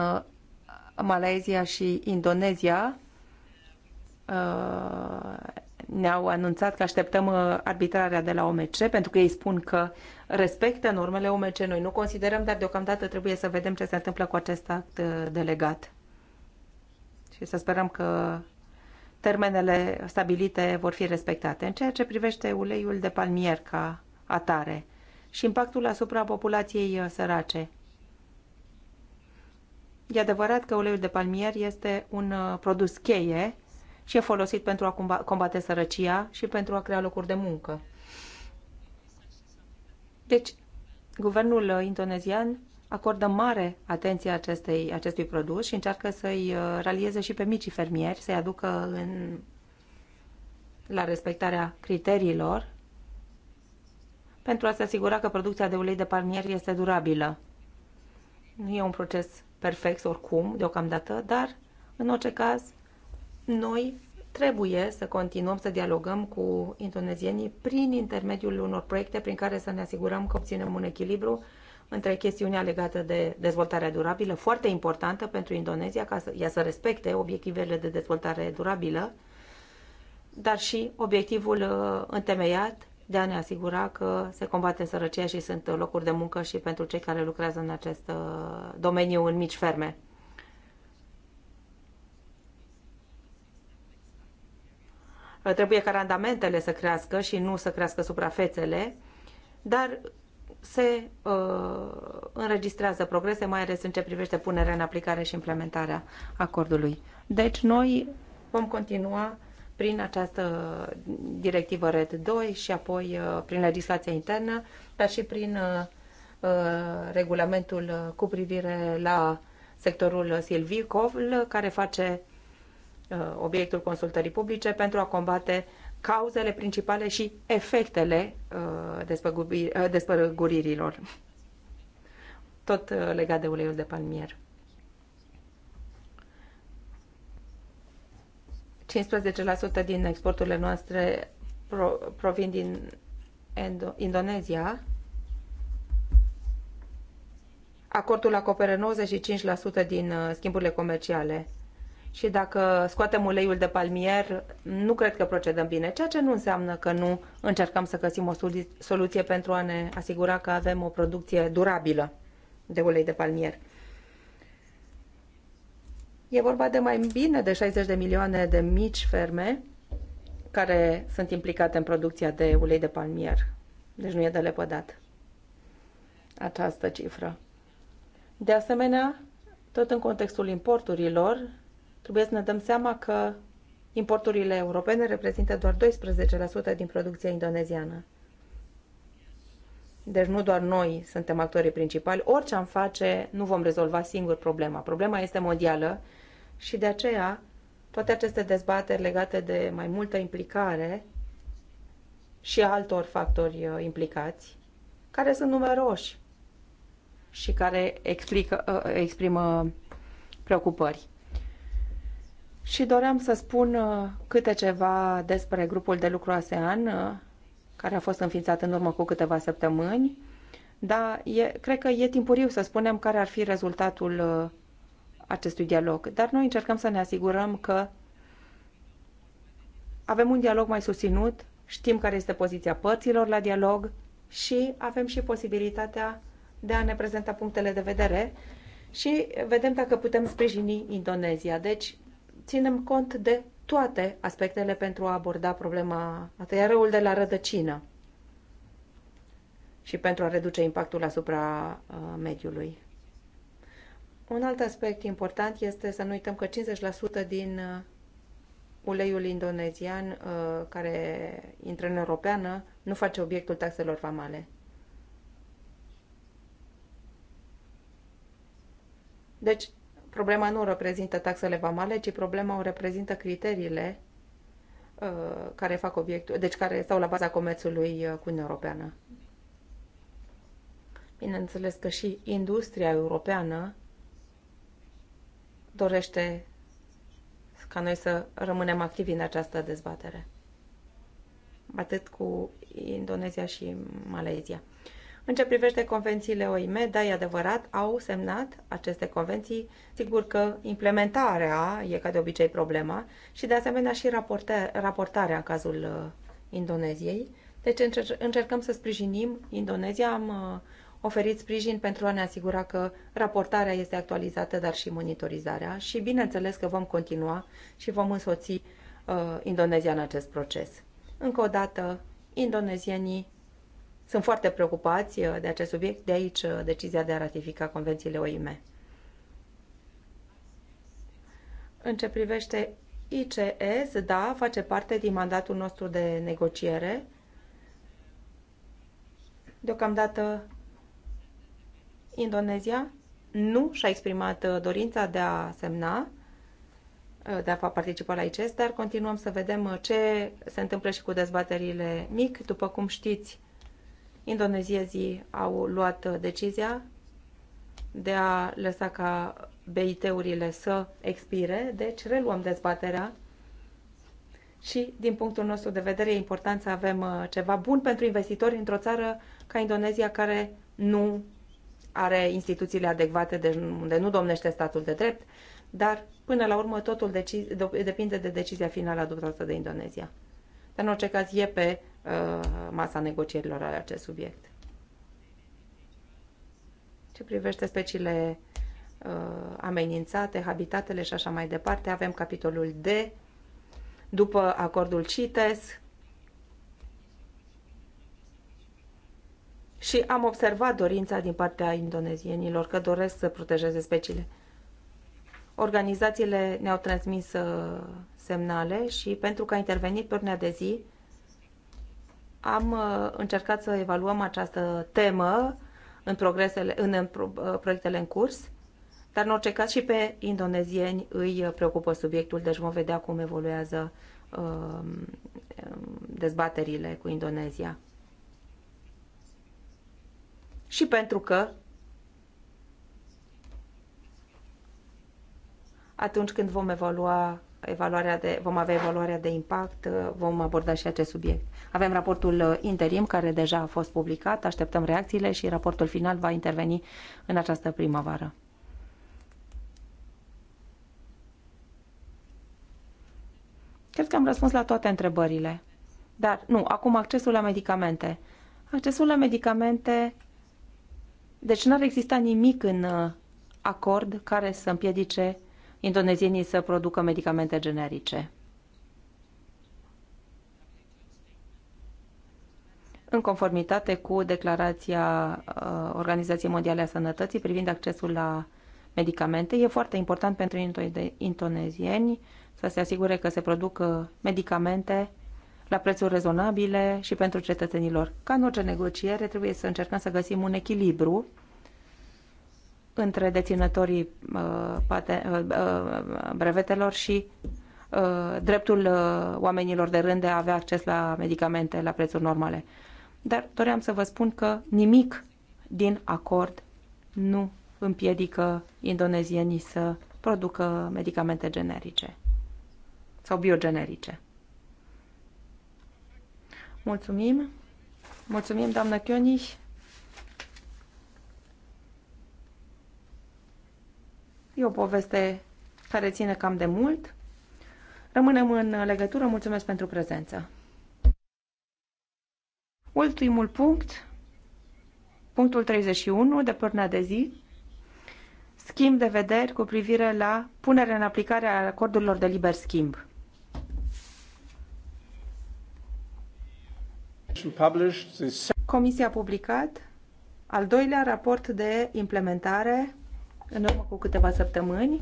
Malaezia și Indonezia, ne-au anunțat că așteptăm uh, arbitrarea de la OMC, pentru că ei spun că respectă normele OMC. Noi nu considerăm, dar deocamdată trebuie să vedem ce se întâmplă cu acest act uh, delegat. Și să sperăm că termenele stabilite vor fi respectate. În ceea ce privește uleiul de palmier ca atare și impactul asupra populației uh, sărace, E adevărat că uleiul de palmier este un produs cheie și e folosit pentru a combate sărăcia și pentru a crea locuri de muncă. Deci, guvernul indonezian acordă mare atenție acestei, acestui produs și încearcă să-i uh, ralieze și pe micii fermieri, să-i aducă în, la respectarea criteriilor pentru a se asigura că producția de ulei de palmier este durabilă. Nu e un proces perfect oricum, deocamdată, dar în orice caz noi trebuie să continuăm să dialogăm cu indonezienii prin intermediul unor proiecte prin care să ne asigurăm că obținem un echilibru între chestiunea legată de dezvoltarea durabilă, foarte importantă pentru Indonezia, ca să, ea să respecte obiectivele de dezvoltare durabilă, dar și obiectivul uh, întemeiat de a ne asigura că se combate sărăcia și sunt locuri de muncă și pentru cei care lucrează în acest uh, domeniu în mici ferme. Uh, trebuie ca randamentele să crească și nu să crească suprafețele, dar se uh, înregistrează progrese, mai ales în ce privește punerea în aplicare și implementarea acordului. Deci noi vom continua prin această directivă RED 2 și apoi uh, prin legislația internă, dar și prin uh, uh, regulamentul cu privire la sectorul Silvicov, care face Uh, obiectul consultării publice pentru a combate cauzele principale și efectele uh, uh, despăguririlor. Tot legat de uleiul de palmier. 15% din exporturile noastre provin din Indonezia. Acordul acoperă 95% din schimburile comerciale și dacă scoatem uleiul de palmier, nu cred că procedăm bine, ceea ce nu înseamnă că nu încercăm să găsim o soluție pentru a ne asigura că avem o producție durabilă de ulei de palmier. E vorba de mai bine de 60 de milioane de mici ferme care sunt implicate în producția de ulei de palmier. Deci nu e de lepădat această cifră. De asemenea, tot în contextul importurilor, Trebuie să ne dăm seama că importurile europene reprezintă doar 12% din producția indoneziană. Deci nu doar noi suntem actorii principali, orice am face nu vom rezolva singur problema. Problema este mondială și de aceea toate aceste dezbateri legate de mai multă implicare și altor factori uh, implicați, care sunt numeroși și care explică, uh, exprimă preocupări. Și doream să spun uh, câte ceva despre grupul de lucru ASEAN, uh, care a fost înființat în urmă cu câteva săptămâni, dar e, cred că e timpuriu să spunem care ar fi rezultatul uh, acestui dialog. Dar noi încercăm să ne asigurăm că avem un dialog mai susținut, știm care este poziția părților la dialog și avem și posibilitatea de a ne prezenta punctele de vedere și vedem dacă putem sprijini Indonezia. Deci ținem cont de toate aspectele pentru a aborda problema tăiarăul de la rădăcină și pentru a reduce impactul asupra uh, mediului. Un alt aspect important este să nu uităm că 50% din uh, uleiul indonezian uh, care intră în Europeană nu face obiectul taxelor vamale. Deci, problema nu reprezintă taxele vamale, ci problema o reprezintă criteriile uh, care fac obiectul, deci care stau la baza comerțului uh, cu Uniunea Europeană. Bineînțeles că și industria europeană dorește ca noi să rămânem activi în această dezbatere. Atât cu Indonezia și Malezia. În ce privește convențiile OIM, da, e adevărat, au semnat aceste convenții. Sigur că implementarea e ca de obicei problema și de asemenea și raportarea în cazul uh, Indoneziei. Deci încercăm să sprijinim Indonezia. Am uh, oferit sprijin pentru a ne asigura că raportarea este actualizată, dar și monitorizarea și bineînțeles că vom continua și vom însoți uh, Indonezia în acest proces. Încă o dată, indonezienii sunt foarte preocupați uh, de acest subiect, de aici uh, decizia de a ratifica convențiile OIM. În ce privește ICS, da, face parte din mandatul nostru de negociere. Deocamdată, Indonezia nu și-a exprimat uh, dorința de a semna, de a participa la ICS, dar continuăm să vedem ce se întâmplă și cu dezbaterile mic. După cum știți, Indoneziezii au luat uh, decizia de a lăsa ca BIT-urile să expire, deci reluăm dezbaterea și, din punctul nostru de vedere, e important să avem uh, ceva bun pentru investitori într-o țară ca Indonezia, care nu are instituțiile adecvate, de unde nu domnește statul de drept, dar, până la urmă, totul deci, depinde de decizia finală adoptată de Indonezia. Dar, în orice caz, e pe Uh, masa negocierilor ale acest subiect. Ce privește speciile uh, amenințate, habitatele și așa mai departe, avem capitolul D, după acordul CITES, și am observat dorința din partea indonezienilor că doresc să protejeze speciile. Organizațiile ne-au transmis uh, semnale și pentru că a intervenit pe ordinea de zi, am uh, încercat să evaluăm această temă în, progresele, în, uh, proiectele în curs, dar în orice caz și pe indonezieni îi uh, preocupă subiectul, deci vom vedea cum evoluează um, um, dezbaterile cu Indonezia. Și pentru că atunci când vom evalua evaluarea de, vom avea evaluarea de impact, vom aborda și acest subiect. Avem raportul uh, interim care deja a fost publicat, așteptăm reacțiile și raportul final va interveni în această primăvară. Cred că am răspuns la toate întrebările. Dar, nu, acum accesul la medicamente. Accesul la medicamente... Deci n-ar exista nimic în uh, acord care să împiedice indonezienii să producă medicamente generice. în conformitate cu declarația uh, Organizației Mondiale a Sănătății privind accesul la medicamente. E foarte important pentru indonezieni să se asigure că se produc uh, medicamente la prețuri rezonabile și pentru cetățenilor. Ca în orice negociere, trebuie să încercăm să găsim un echilibru între deținătorii uh, uh, uh, brevetelor și dreptul oamenilor de rând de a avea acces la medicamente la prețuri normale. Dar doream să vă spun că nimic din acord nu împiedică indonezienii să producă medicamente generice sau biogenerice. Mulțumim! Mulțumim, doamnă Chioniș! E o poveste care ține cam de mult. Rămânem în legătură. Mulțumesc pentru prezență. Ultimul punct, punctul 31 de pârna de zi, schimb de vederi cu privire la punerea în aplicare a acordurilor de liber schimb. Comisia a publicat al doilea raport de implementare în urmă cu câteva săptămâni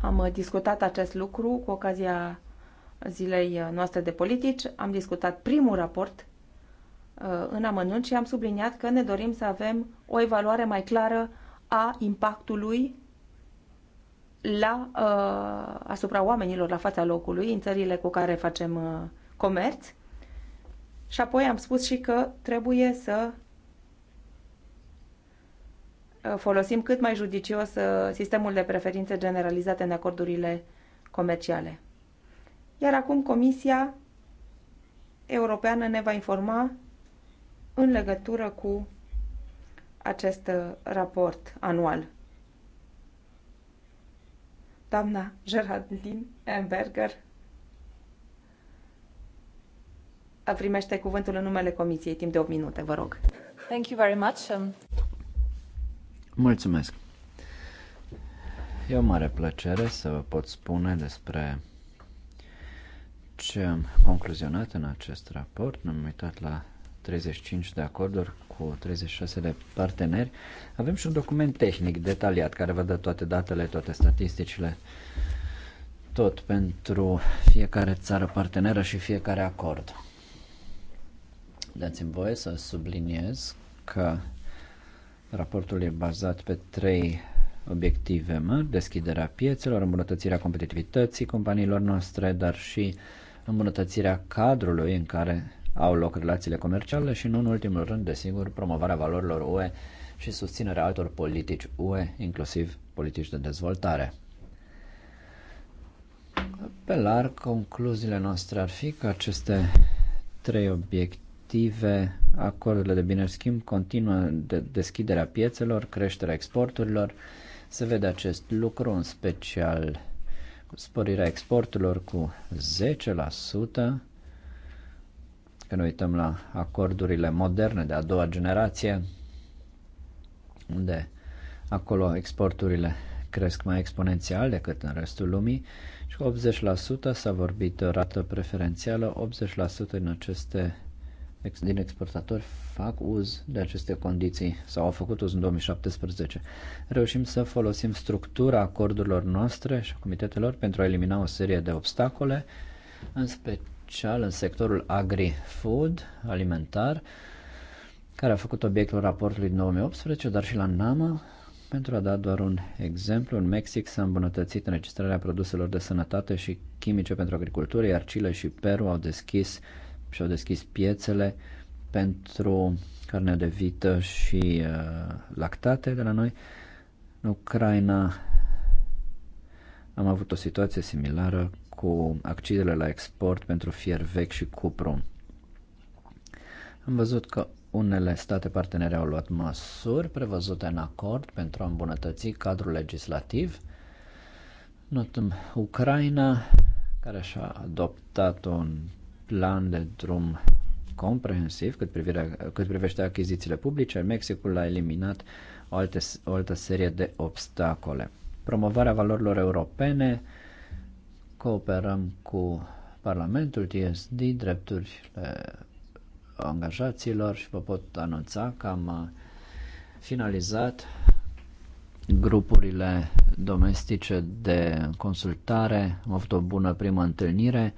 am discutat acest lucru cu ocazia zilei noastre de politici. Am discutat primul raport uh, în amănunt și am subliniat că ne dorim să avem o evaluare mai clară a impactului la, uh, asupra oamenilor la fața locului în țările cu care facem uh, comerț. Și apoi am spus și că trebuie să folosim cât mai judicios uh, sistemul de preferințe generalizate în acordurile comerciale. Iar acum Comisia Europeană ne va informa în legătură cu acest uh, raport anual. Doamna Geraldine Emberger primește cuvântul în numele Comisiei timp de 8 minute, vă rog. Thank you very much. Um, Mulțumesc! E o mare plăcere să vă pot spune despre ce am concluzionat în acest raport. Ne-am uitat la 35 de acorduri cu 36 de parteneri. Avem și un document tehnic detaliat care vă dă toate datele, toate statisticile, tot pentru fiecare țară parteneră și fiecare acord. Dați-mi voie să subliniez că Raportul e bazat pe trei obiective mari, deschiderea piețelor, îmbunătățirea competitivității companiilor noastre, dar și îmbunătățirea cadrului în care au loc relațiile comerciale și, nu în ultimul rând, desigur, promovarea valorilor UE și susținerea altor politici UE, inclusiv politici de dezvoltare. Pe larg, concluziile noastre ar fi că aceste trei obiective active, acordurile de bine schimb continuă de deschiderea piețelor, creșterea exporturilor. Se vede acest lucru în special cu sporirea exporturilor cu 10%, Când uităm la acordurile moderne de a doua generație, unde acolo exporturile cresc mai exponențial decât în restul lumii și 80% s-a vorbit de o rată preferențială, 80% în aceste din exportatori fac uz de aceste condiții sau au făcut uz în 2017. Reușim să folosim structura acordurilor noastre și a comitetelor pentru a elimina o serie de obstacole, în special în sectorul agri-food, alimentar, care a făcut obiectul raportului din 2018, dar și la NAMA, pentru a da doar un exemplu, în Mexic s-a îmbunătățit înregistrarea produselor de sănătate și chimice pentru agricultură, iar Chile și Peru au deschis uh, și-au deschis piețele pentru carne de vită și uh, lactate de la noi. În Ucraina am avut o situație similară cu accidele la export pentru fier vechi și cupru. Am văzut că unele state partenere au luat măsuri prevăzute în acord pentru a îmbunătăți cadrul legislativ. Notăm Ucraina, care și-a adoptat un plan de drum comprehensiv cât, privire, cât privește achizițiile publice, Mexicul a eliminat o, alte, o altă serie de obstacole. Promovarea valorilor europene, cooperăm cu Parlamentul TSD, drepturile angajaților și vă pot anunța că am uh, finalizat grupurile domestice de consultare, am avut o bună primă întâlnire,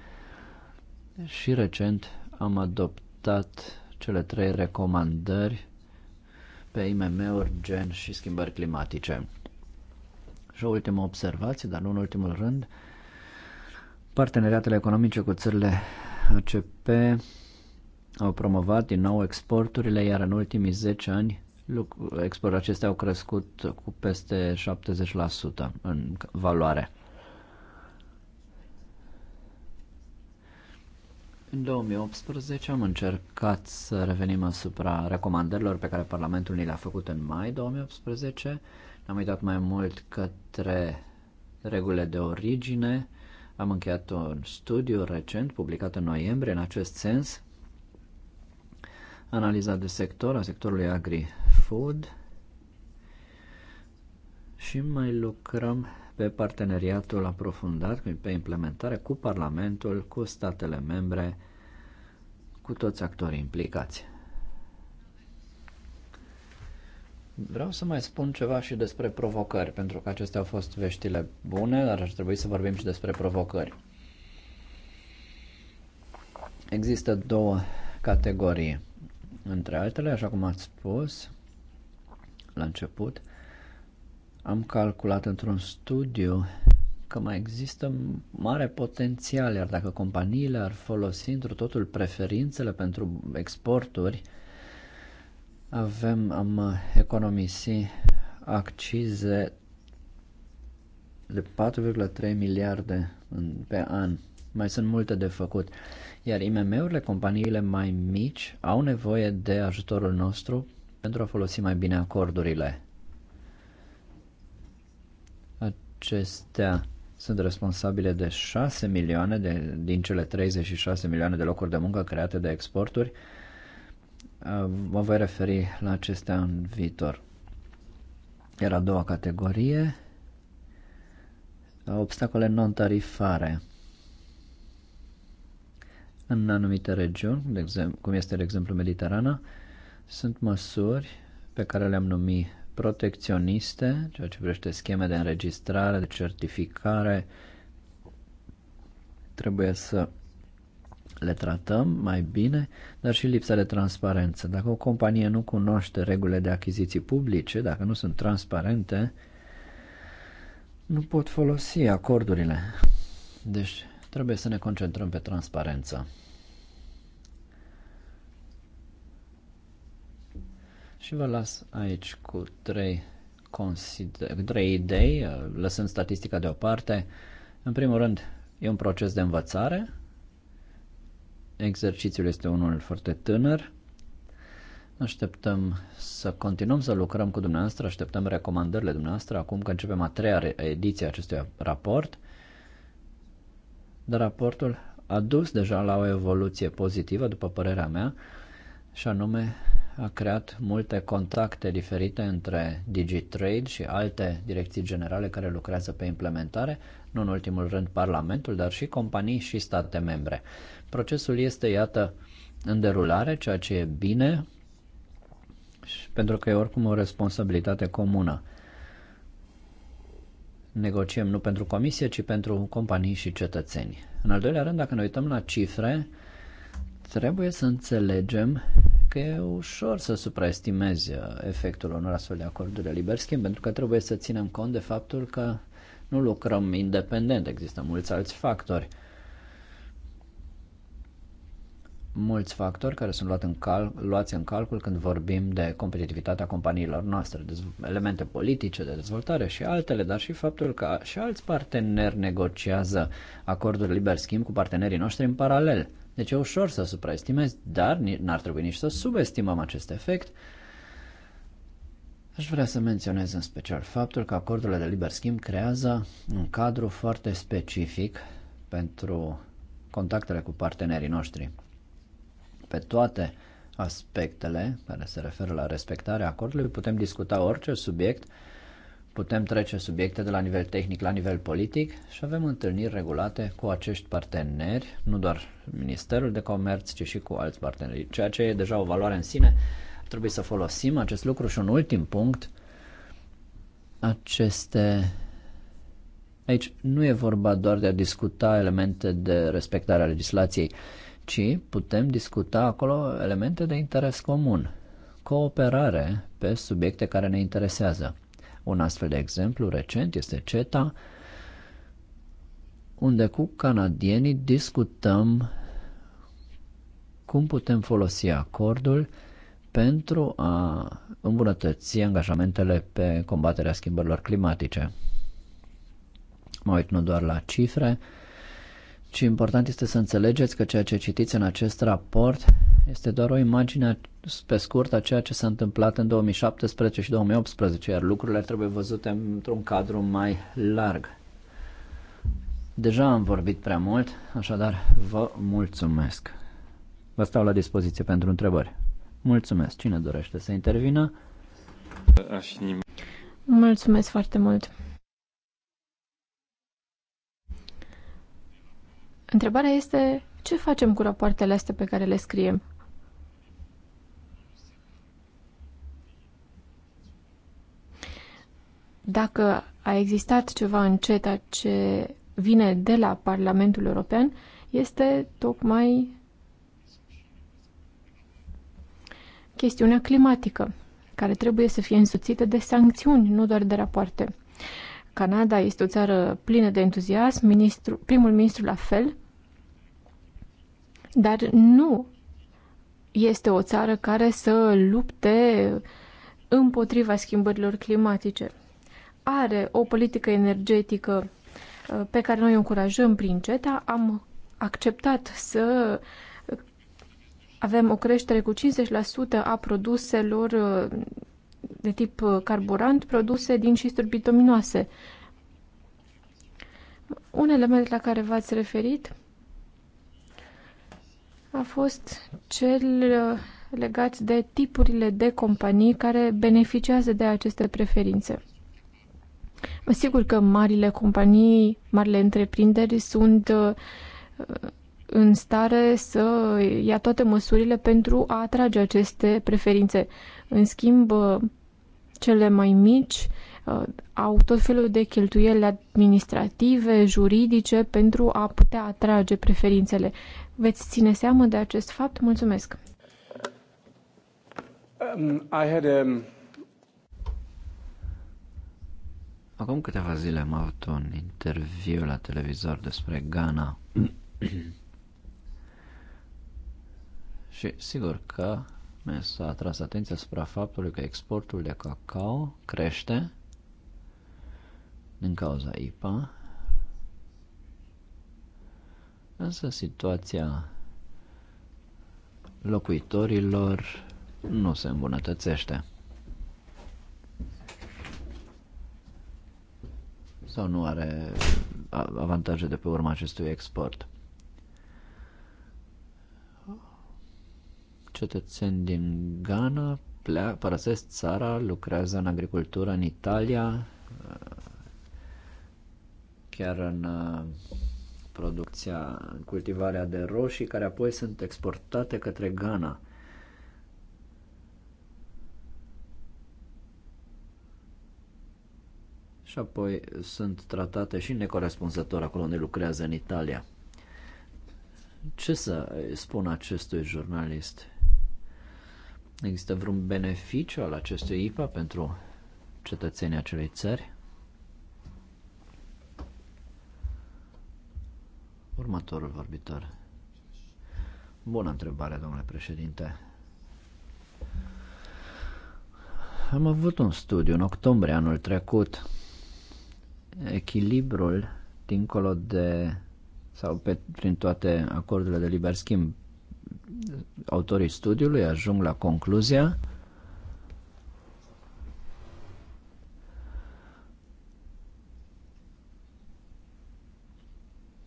și recent am adoptat cele trei recomandări pe IMM-uri, gen și schimbări climatice. Și o ultimă observație, dar nu în ultimul rând, parteneriatele economice cu țările ACP au promovat din nou exporturile, iar în ultimii 10 ani exporturile acestea au crescut cu peste 70% în valoare. În 2018 am încercat să revenim asupra recomandărilor pe care Parlamentul ni le-a făcut în mai 2018. Ne-am uitat mai mult către regulile de origine. Am încheiat un studiu recent publicat în noiembrie în acest sens. Analiza de sector a sectorului agri-food și mai lucrăm pe parteneriatul aprofundat, pe implementare cu Parlamentul, cu statele membre, cu toți actorii implicați. Vreau să mai spun ceva și despre provocări, pentru că acestea au fost veștile bune, dar ar trebui să vorbim și despre provocări. Există două categorii. Între altele, așa cum ați spus la început, uh, am calculat într-un studiu că mai există mare potențial, iar dacă companiile ar folosi într totul preferințele pentru exporturi, avem, am economisi accize de 4,3 miliarde în, pe an. Mai sunt multe de făcut. Iar IMM-urile, companiile mai mici, au nevoie de ajutorul nostru pentru a folosi mai bine acordurile. Acestea sunt responsabile de 6 milioane de, din cele 36 milioane de locuri de muncă create de exporturi. Uh, mă voi referi la acestea în viitor. Era a doua categorie, uh, obstacole non-tarifare. În anumite regiuni, de exemplu, cum este, de exemplu, Mediterana, sunt măsuri pe care le-am numit protecționiste, ceea ce privește scheme de înregistrare, de certificare, trebuie să le tratăm mai bine, dar și lipsa de transparență. Dacă o companie nu cunoaște regulile de achiziții publice, dacă nu sunt transparente, nu pot folosi acordurile. Deci trebuie să ne concentrăm pe transparență. Și vă las aici cu trei, consider, trei idei, uh, lăsând statistica deoparte. În primul rând, e un proces de învățare. Exercițiul este unul foarte tânăr. Așteptăm să continuăm să lucrăm cu dumneavoastră, așteptăm recomandările dumneavoastră acum că începem a treia ediție a acestui raport. Dar raportul a dus deja la o evoluție pozitivă, după părerea mea, și anume a creat multe contacte diferite între DigiTrade și alte direcții generale care lucrează pe implementare, nu în ultimul rând Parlamentul, dar și companii și state membre. Procesul este, iată, în derulare, ceea ce e bine, pentru că e oricum o responsabilitate comună. Negociem nu pentru comisie, ci pentru companii și cetățeni. În al doilea rând, dacă ne uităm la cifre, trebuie să înțelegem că e ușor să supraestimezi uh, efectul unor astfel de acorduri de liber schimb, pentru că trebuie să ținem cont de faptul că nu lucrăm independent, există mulți alți factori. Mulți factori care sunt luat în cal, luați în calcul când vorbim de competitivitatea companiilor noastre, de elemente politice de dezvoltare și altele, dar și faptul că și alți parteneri negociază acorduri liber schimb cu partenerii noștri în paralel. Deci e ușor să supraestimezi, dar n-ar trebui nici să subestimăm acest efect. Aș vrea să menționez în special faptul că acordurile de liber schimb creează un cadru foarte specific pentru contactele cu partenerii noștri. Pe toate aspectele care se referă la respectarea acordului putem discuta orice subiect Putem trece subiecte de la nivel tehnic la nivel politic și avem întâlniri regulate cu acești parteneri, nu doar Ministerul de Comerț, ci și cu alți parteneri. Ceea ce e deja o valoare în sine, trebuie să folosim acest lucru și un ultim punct, aceste... Aici nu e vorba doar de a discuta elemente de respectare a legislației, ci putem discuta acolo elemente de interes comun, cooperare pe subiecte care ne interesează. Un astfel de exemplu recent este CETA, unde cu canadienii discutăm cum putem folosi acordul pentru a îmbunătăți angajamentele pe combaterea schimbărilor climatice. Mă uit nu doar la cifre, ci important este să înțelegeți că ceea ce citiți în acest raport este doar o imagine pe scurt a ceea ce s-a întâmplat în 2017 și 2018, iar lucrurile trebuie văzute într-un cadru mai larg. Deja am vorbit prea mult, așadar vă mulțumesc. Vă stau la dispoziție pentru întrebări. Mulțumesc. Cine dorește să intervină? Mulțumesc foarte mult. Întrebarea este ce facem cu rapoartele astea pe care le scriem? Dacă a existat ceva în CETA ce vine de la Parlamentul European, este tocmai chestiunea climatică, care trebuie să fie însuțită de sancțiuni, nu doar de rapoarte. Canada este o țară plină de entuziasm, ministru, primul ministru la fel, dar nu este o țară care să lupte împotriva schimbărilor climatice. Are o politică energetică uh, pe care noi o încurajăm prin CETA. Am acceptat să avem o creștere cu 50% a produselor uh, de tip uh, carburant produse din șisturi bitominoase. Un element la care v-ați referit a fost cel uh, legat de tipurile de companii care beneficiază de aceste preferințe. Sigur că marile companii, marile întreprinderi sunt uh, în stare să ia toate măsurile pentru a atrage aceste preferințe. În schimb, uh, cele mai mici Uh, au tot felul de cheltuieli administrative, juridice, pentru a putea atrage preferințele. Veți ține seama de acest fapt? Mulțumesc! Um, I had, um... Acum câteva zile am avut un interviu la televizor despre Ghana. Și sigur că mi s-a atras atenția asupra faptului că exportul de cacao crește din cauza IPA. Însă situația locuitorilor nu se îmbunătățește. Sau nu are avantaje de pe urma acestui export. Cetățeni din Ghana părăsesc țara, lucrează în agricultură în Italia, chiar în uh, producția, în cultivarea de roșii, care apoi sunt exportate către Ghana. Și apoi sunt tratate și necorespunzător acolo unde lucrează în Italia. Ce să spun acestui jurnalist? Există vreun beneficiu al acestui IPA pentru cetățenii acelei țări? Următorul vorbitor. Bună întrebare, domnule președinte. Am avut un studiu în octombrie anul trecut. Echilibrul dincolo de sau pe, prin toate acordurile de liber schimb autorii studiului ajung la concluzia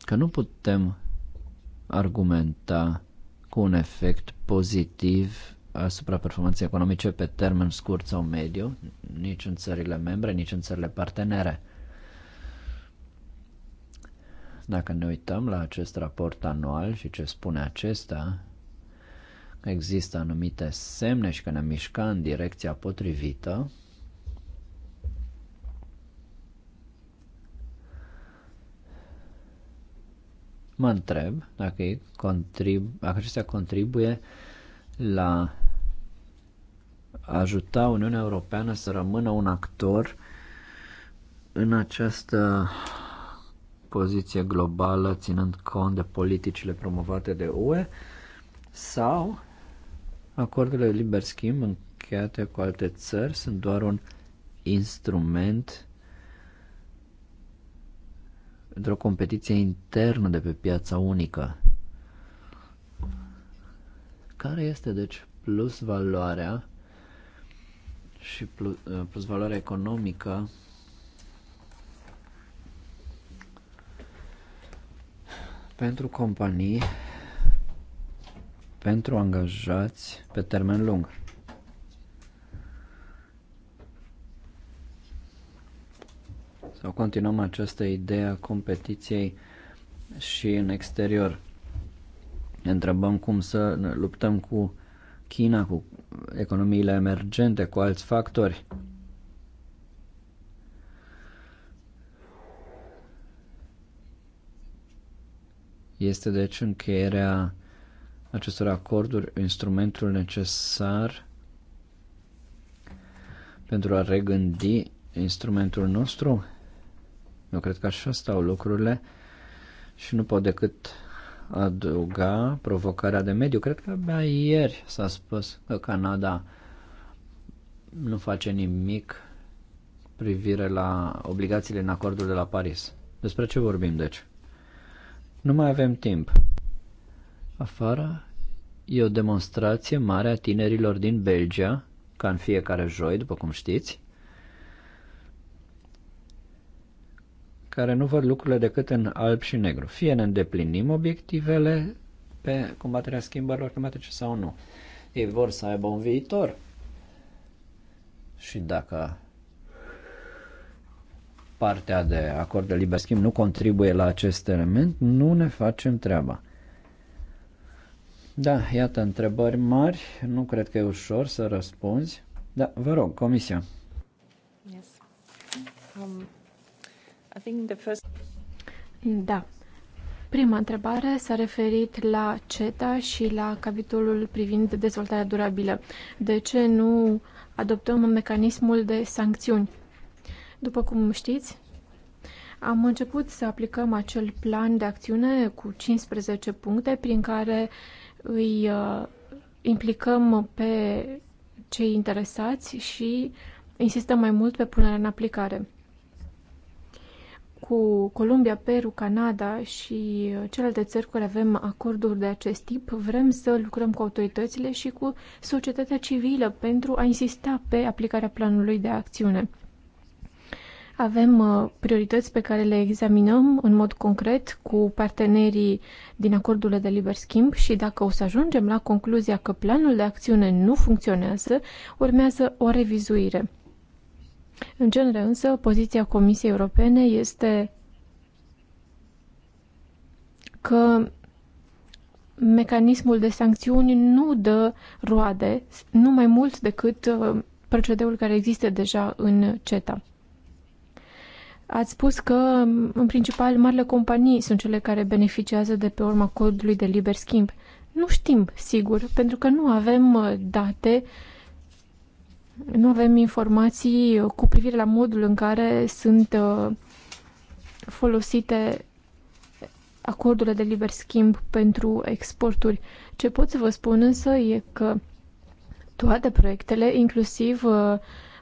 că nu putem argumenta cu un efect pozitiv asupra performanței economice pe termen scurt sau mediu, nici în țările membre, nici în țările partenere. Dacă ne uităm la acest raport anual și ce spune acesta, există anumite semne și că ne mișcăm în direcția potrivită, mă întreb dacă, ei contribu- dacă acestea contribuie la ajuta Uniunea Europeană să rămână un actor în această poziție globală, ținând cont de politicile promovate de UE, sau acordurile liber schimb încheiate cu alte țări sunt doar un instrument într-o competiție internă de pe piața unică. Care este, deci, plus valoarea și plus, uh, plus valoarea economică pentru companii, pentru angajați pe termen lung? sau continuăm această idee a competiției și în exterior. Ne întrebăm cum să ne luptăm cu China, cu economiile emergente, cu alți factori. Este deci încheierea acestor acorduri instrumentul necesar pentru a regândi instrumentul nostru? Eu cred că așa stau lucrurile și nu pot decât adăuga provocarea de mediu. Cred că abia ieri s-a spus că Canada nu face nimic privire la obligațiile în acordul de la Paris. Despre ce vorbim, deci? Nu mai avem timp. Afară e o demonstrație mare a tinerilor din Belgia, ca în fiecare joi, după cum știți. care nu văd lucrurile decât în alb și negru. Fie ne îndeplinim obiectivele pe combaterea schimbărilor climatice sau nu. Ei vor să aibă un viitor. Și dacă partea de acord de liber schimb nu contribuie la acest element, nu ne facem treaba. Da, iată întrebări mari, nu cred că e ușor să răspunzi. Da, vă rog, comisia. Yes. Um... Da. Prima întrebare s-a referit la CETA și la capitolul privind dezvoltarea durabilă. De ce nu adoptăm mecanismul de sancțiuni? După cum știți, am început să aplicăm acel plan de acțiune cu 15 puncte prin care îi uh, implicăm pe cei interesați și insistăm mai mult pe punerea în aplicare cu Columbia, Peru, Canada și uh, celelalte țări cu care avem acorduri de acest tip, vrem să lucrăm cu autoritățile și cu societatea civilă pentru a insista pe aplicarea planului de acțiune. Avem uh, priorități pe care le examinăm în mod concret cu partenerii din acordurile de liber schimb și dacă o să ajungem la concluzia că planul de acțiune nu funcționează, urmează o revizuire. În genere însă, poziția Comisiei Europene este că mecanismul de sancțiuni nu dă roade, nu mai mult decât uh, procedeul care există deja în CETA. Ați spus că, în principal, marile companii sunt cele care beneficiază de pe urma codului de liber schimb. Nu știm, sigur, pentru că nu avem uh, date uh, nu avem informații cu privire la modul în care sunt uh, folosite acordurile de liber schimb pentru exporturi. Ce pot să vă spun însă e că toate proiectele, inclusiv uh,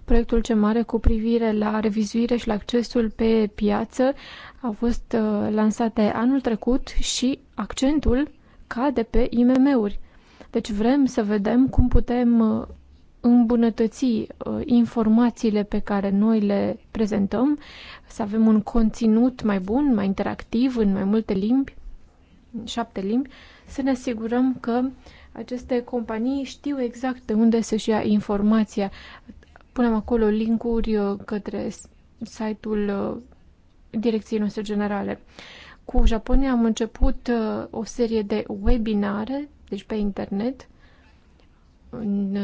proiectul ce mare cu privire la revizuire și la accesul pe piață, au fost uh, lansate anul trecut și accentul cade pe IMM-uri. Deci vrem să vedem cum putem îmbunătăți uh, informațiile pe care noi le prezentăm, să avem un conținut mai bun, mai interactiv, în mai multe limbi, în șapte limbi, să ne asigurăm că aceste companii știu exact de unde să-și ia informația. Punem acolo linkuri uh, către site-ul uh, direcției noastre generale. Cu Japonia am început o serie de webinare, deci pe internet, în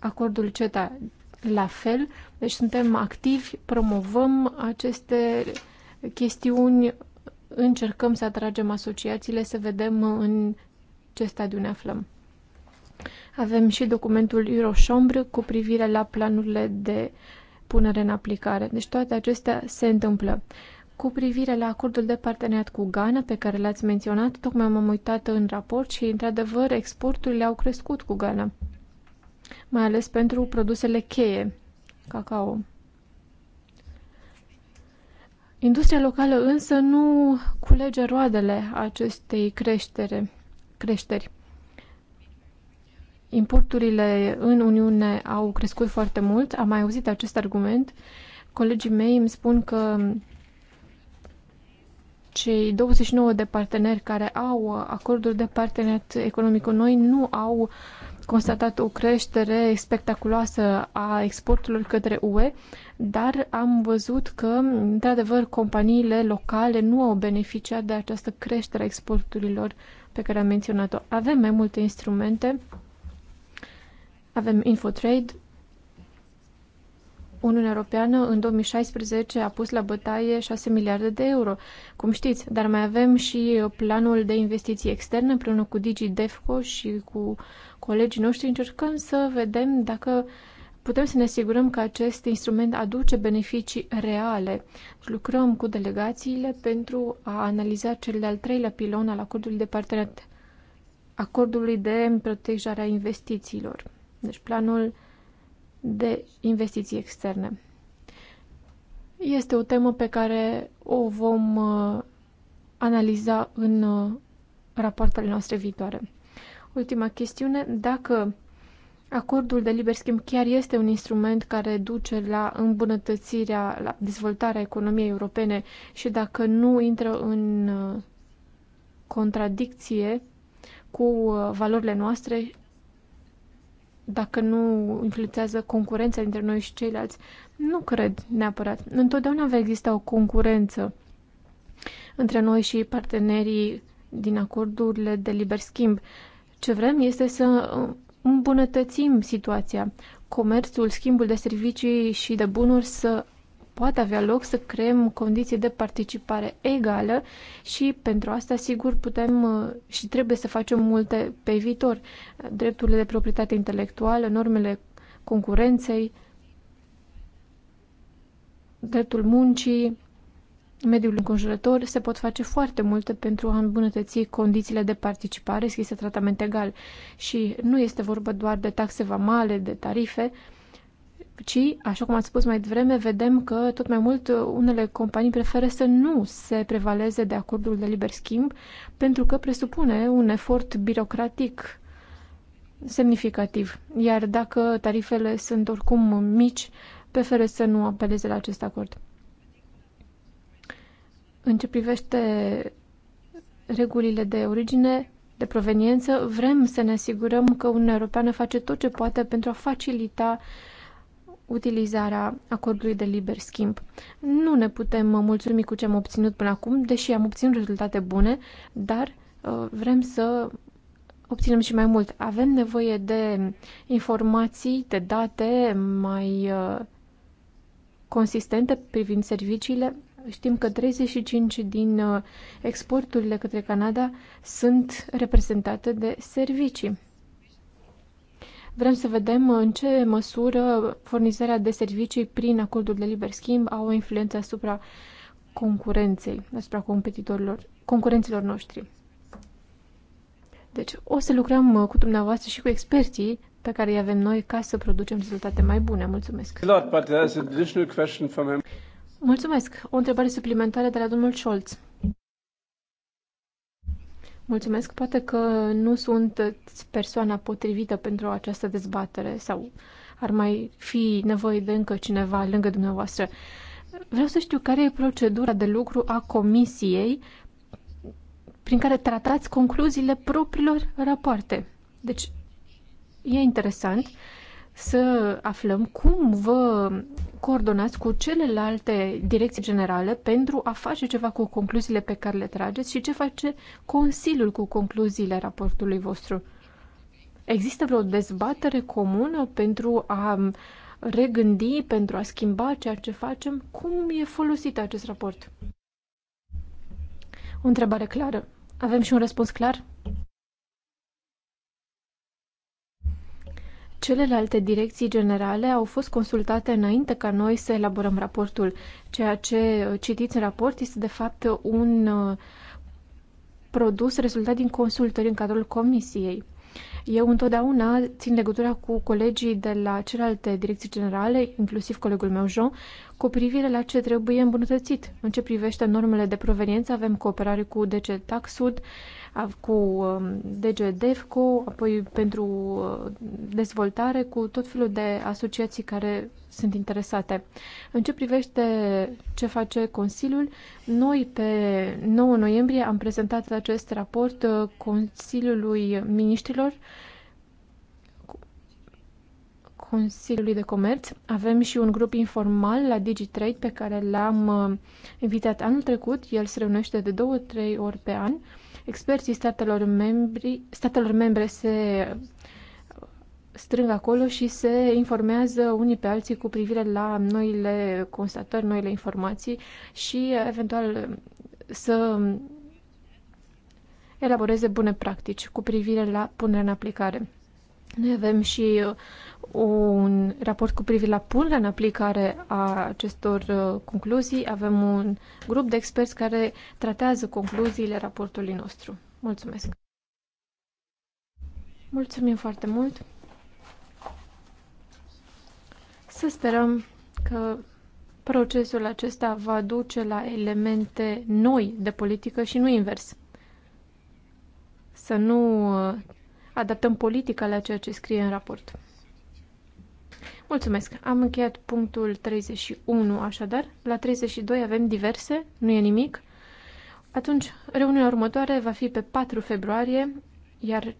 acordul CETA la fel. Deci suntem activi, promovăm aceste chestiuni, încercăm să atragem asociațiile, să vedem în ce stadiu ne aflăm. Avem și documentul Eurochambre cu privire la planurile de punere în aplicare. Deci toate acestea se întâmplă. Cu privire la acordul de parteneriat cu Ghana, pe care l-ați menționat, tocmai m-am uitat în raport și, într-adevăr, exporturile au crescut cu Ghana mai ales pentru produsele cheie, cacao. Industria locală însă nu culege roadele acestei creștere, creșteri. Importurile în Uniune au crescut foarte mult, am mai auzit acest argument. Colegii mei îmi spun că cei 29 de parteneri care au acorduri de parteneriat economic cu noi nu au uh, constatat o creștere spectaculoasă a exporturilor către UE, dar am văzut că, într-adevăr, companiile locale nu au beneficiat de această creștere a exporturilor pe care am menționat-o. Avem mai multe instrumente, avem Infotrade, Uniunea Europeană în 2016 a pus la bătaie 6 miliarde de euro, cum știți, dar mai avem și planul de investiții externe împreună cu DigiDefco și cu uh, colegii noștri, încercăm să vedem dacă putem să ne asigurăm că acest instrument aduce beneficii reale. Lucrăm cu delegațiile pentru a analiza cel de-al treilea pilon al acordului de parteneriat, acordului de protejare a investițiilor, deci planul de investiții externe. Este o temă pe care o vom uh, analiza în uh, rapoartele noastre viitoare. Ultima chestiune, dacă acordul de liber schimb chiar este un instrument care duce la îmbunătățirea, la dezvoltarea economiei europene și dacă nu intră în uh, contradicție cu uh, valorile noastre, dacă nu influențează concurența dintre noi și ceilalți, nu cred neapărat. Întotdeauna va exista o concurență între noi și partenerii din acordurile de liber schimb, ce vrem este să îmbunătățim situația. Comerțul, schimbul de servicii și de bunuri să poate avea loc să creăm condiții de participare egală și pentru asta, sigur, putem uh, și trebuie să facem multe pe viitor. Drepturile de proprietate intelectuală, normele concurenței, dreptul muncii, mediul înconjurător se pot face foarte multe pentru a îmbunătăți condițiile de participare scrise tratament egal. Și nu este vorba doar de taxe vamale, de tarife, ci, așa cum ați spus mai devreme, vedem că tot mai mult unele companii preferă să nu se prevaleze de acordul de liber schimb pentru că presupune un efort birocratic semnificativ. Iar dacă tarifele sunt oricum mici, preferă să nu apeleze la acest acord. În ce privește regulile de origine, de proveniență, vrem să ne asigurăm că Uniunea Europeană face tot ce poate pentru a facilita utilizarea acordului de liber schimb. Nu ne putem mulțumi cu ce am obținut până acum, deși am obținut rezultate bune, dar uh, vrem să obținem și mai mult. Avem nevoie de informații, de date mai uh, consistente privind serviciile, Știm că 35 din uh, exporturile către Canada sunt reprezentate de servicii. Vrem să vedem în ce măsură furnizarea de servicii prin acordul de liber schimb au o influență asupra concurenței, asupra competitorilor, concurenților noștri. Deci o să lucrăm uh, cu dumneavoastră și cu experții pe care îi avem noi ca să producem rezultate mai bune. Mulțumesc! Mulțumesc. O întrebare suplimentară de la domnul Scholz. Mulțumesc. Poate că nu sunt persoana potrivită pentru această dezbatere sau ar mai fi nevoie de încă cineva lângă dumneavoastră. Vreau să știu care e procedura de lucru a comisiei prin care tratați concluziile propriilor rapoarte. Deci, e interesant. Uh, să aflăm cum vă coordonați cu celelalte direcții generale pentru a face ceva cu concluziile pe care le trageți și ce face Consiliul cu concluziile raportului vostru. Există vreo dezbatere comună pentru a regândi, pentru a schimba ceea ce facem? Cum e folosit acest raport? O întrebare clară. Avem și un răspuns clar? Celelalte direcții generale au fost consultate înainte ca noi să elaborăm raportul. Ceea ce uh, citiți în raport este de fapt un uh, produs rezultat din consultări în cadrul comisiei. Eu întotdeauna țin legătura cu colegii de la celelalte direcții generale, inclusiv colegul meu Jean, cu privire la ce trebuie îmbunătățit. În ce privește normele de proveniență, avem cooperare cu DC Taxud, Sud, cu um, DGDEFCO, apoi pentru uh, dezvoltare, cu tot felul de asociații care sunt interesate. În ce privește ce face Consiliul, noi pe 9 noiembrie am prezentat acest raport uh, Consiliului Ministrilor Consiliului de Comerț. Avem și un grup informal la DigiTrade pe care l-am uh, invitat anul trecut. El se reunește de două, trei ori pe an Experții statelor, membri, statelor membre se strâng acolo și se informează unii pe alții cu privire la noile constatări, noile informații și eventual să elaboreze bune practici cu privire la punerea în aplicare. Noi avem și uh, un raport cu privire la punerea în aplicare a acestor uh, concluzii. Avem un grup de experți care tratează concluziile raportului nostru. Mulțumesc! Mulțumim foarte mult! Să sperăm că procesul acesta va duce la elemente noi de politică și nu invers. Să nu uh, adaptăm politica la ceea ce scrie în raport. Mulțumesc. Am încheiat punctul 31, așadar. La 32 avem diverse, nu e nimic. Atunci, reuniunea următoare va fi pe 4 februarie, iar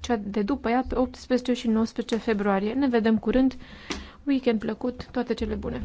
cea de după ea pe 18 și 19 februarie. Ne vedem curând. Weekend plăcut, toate cele bune!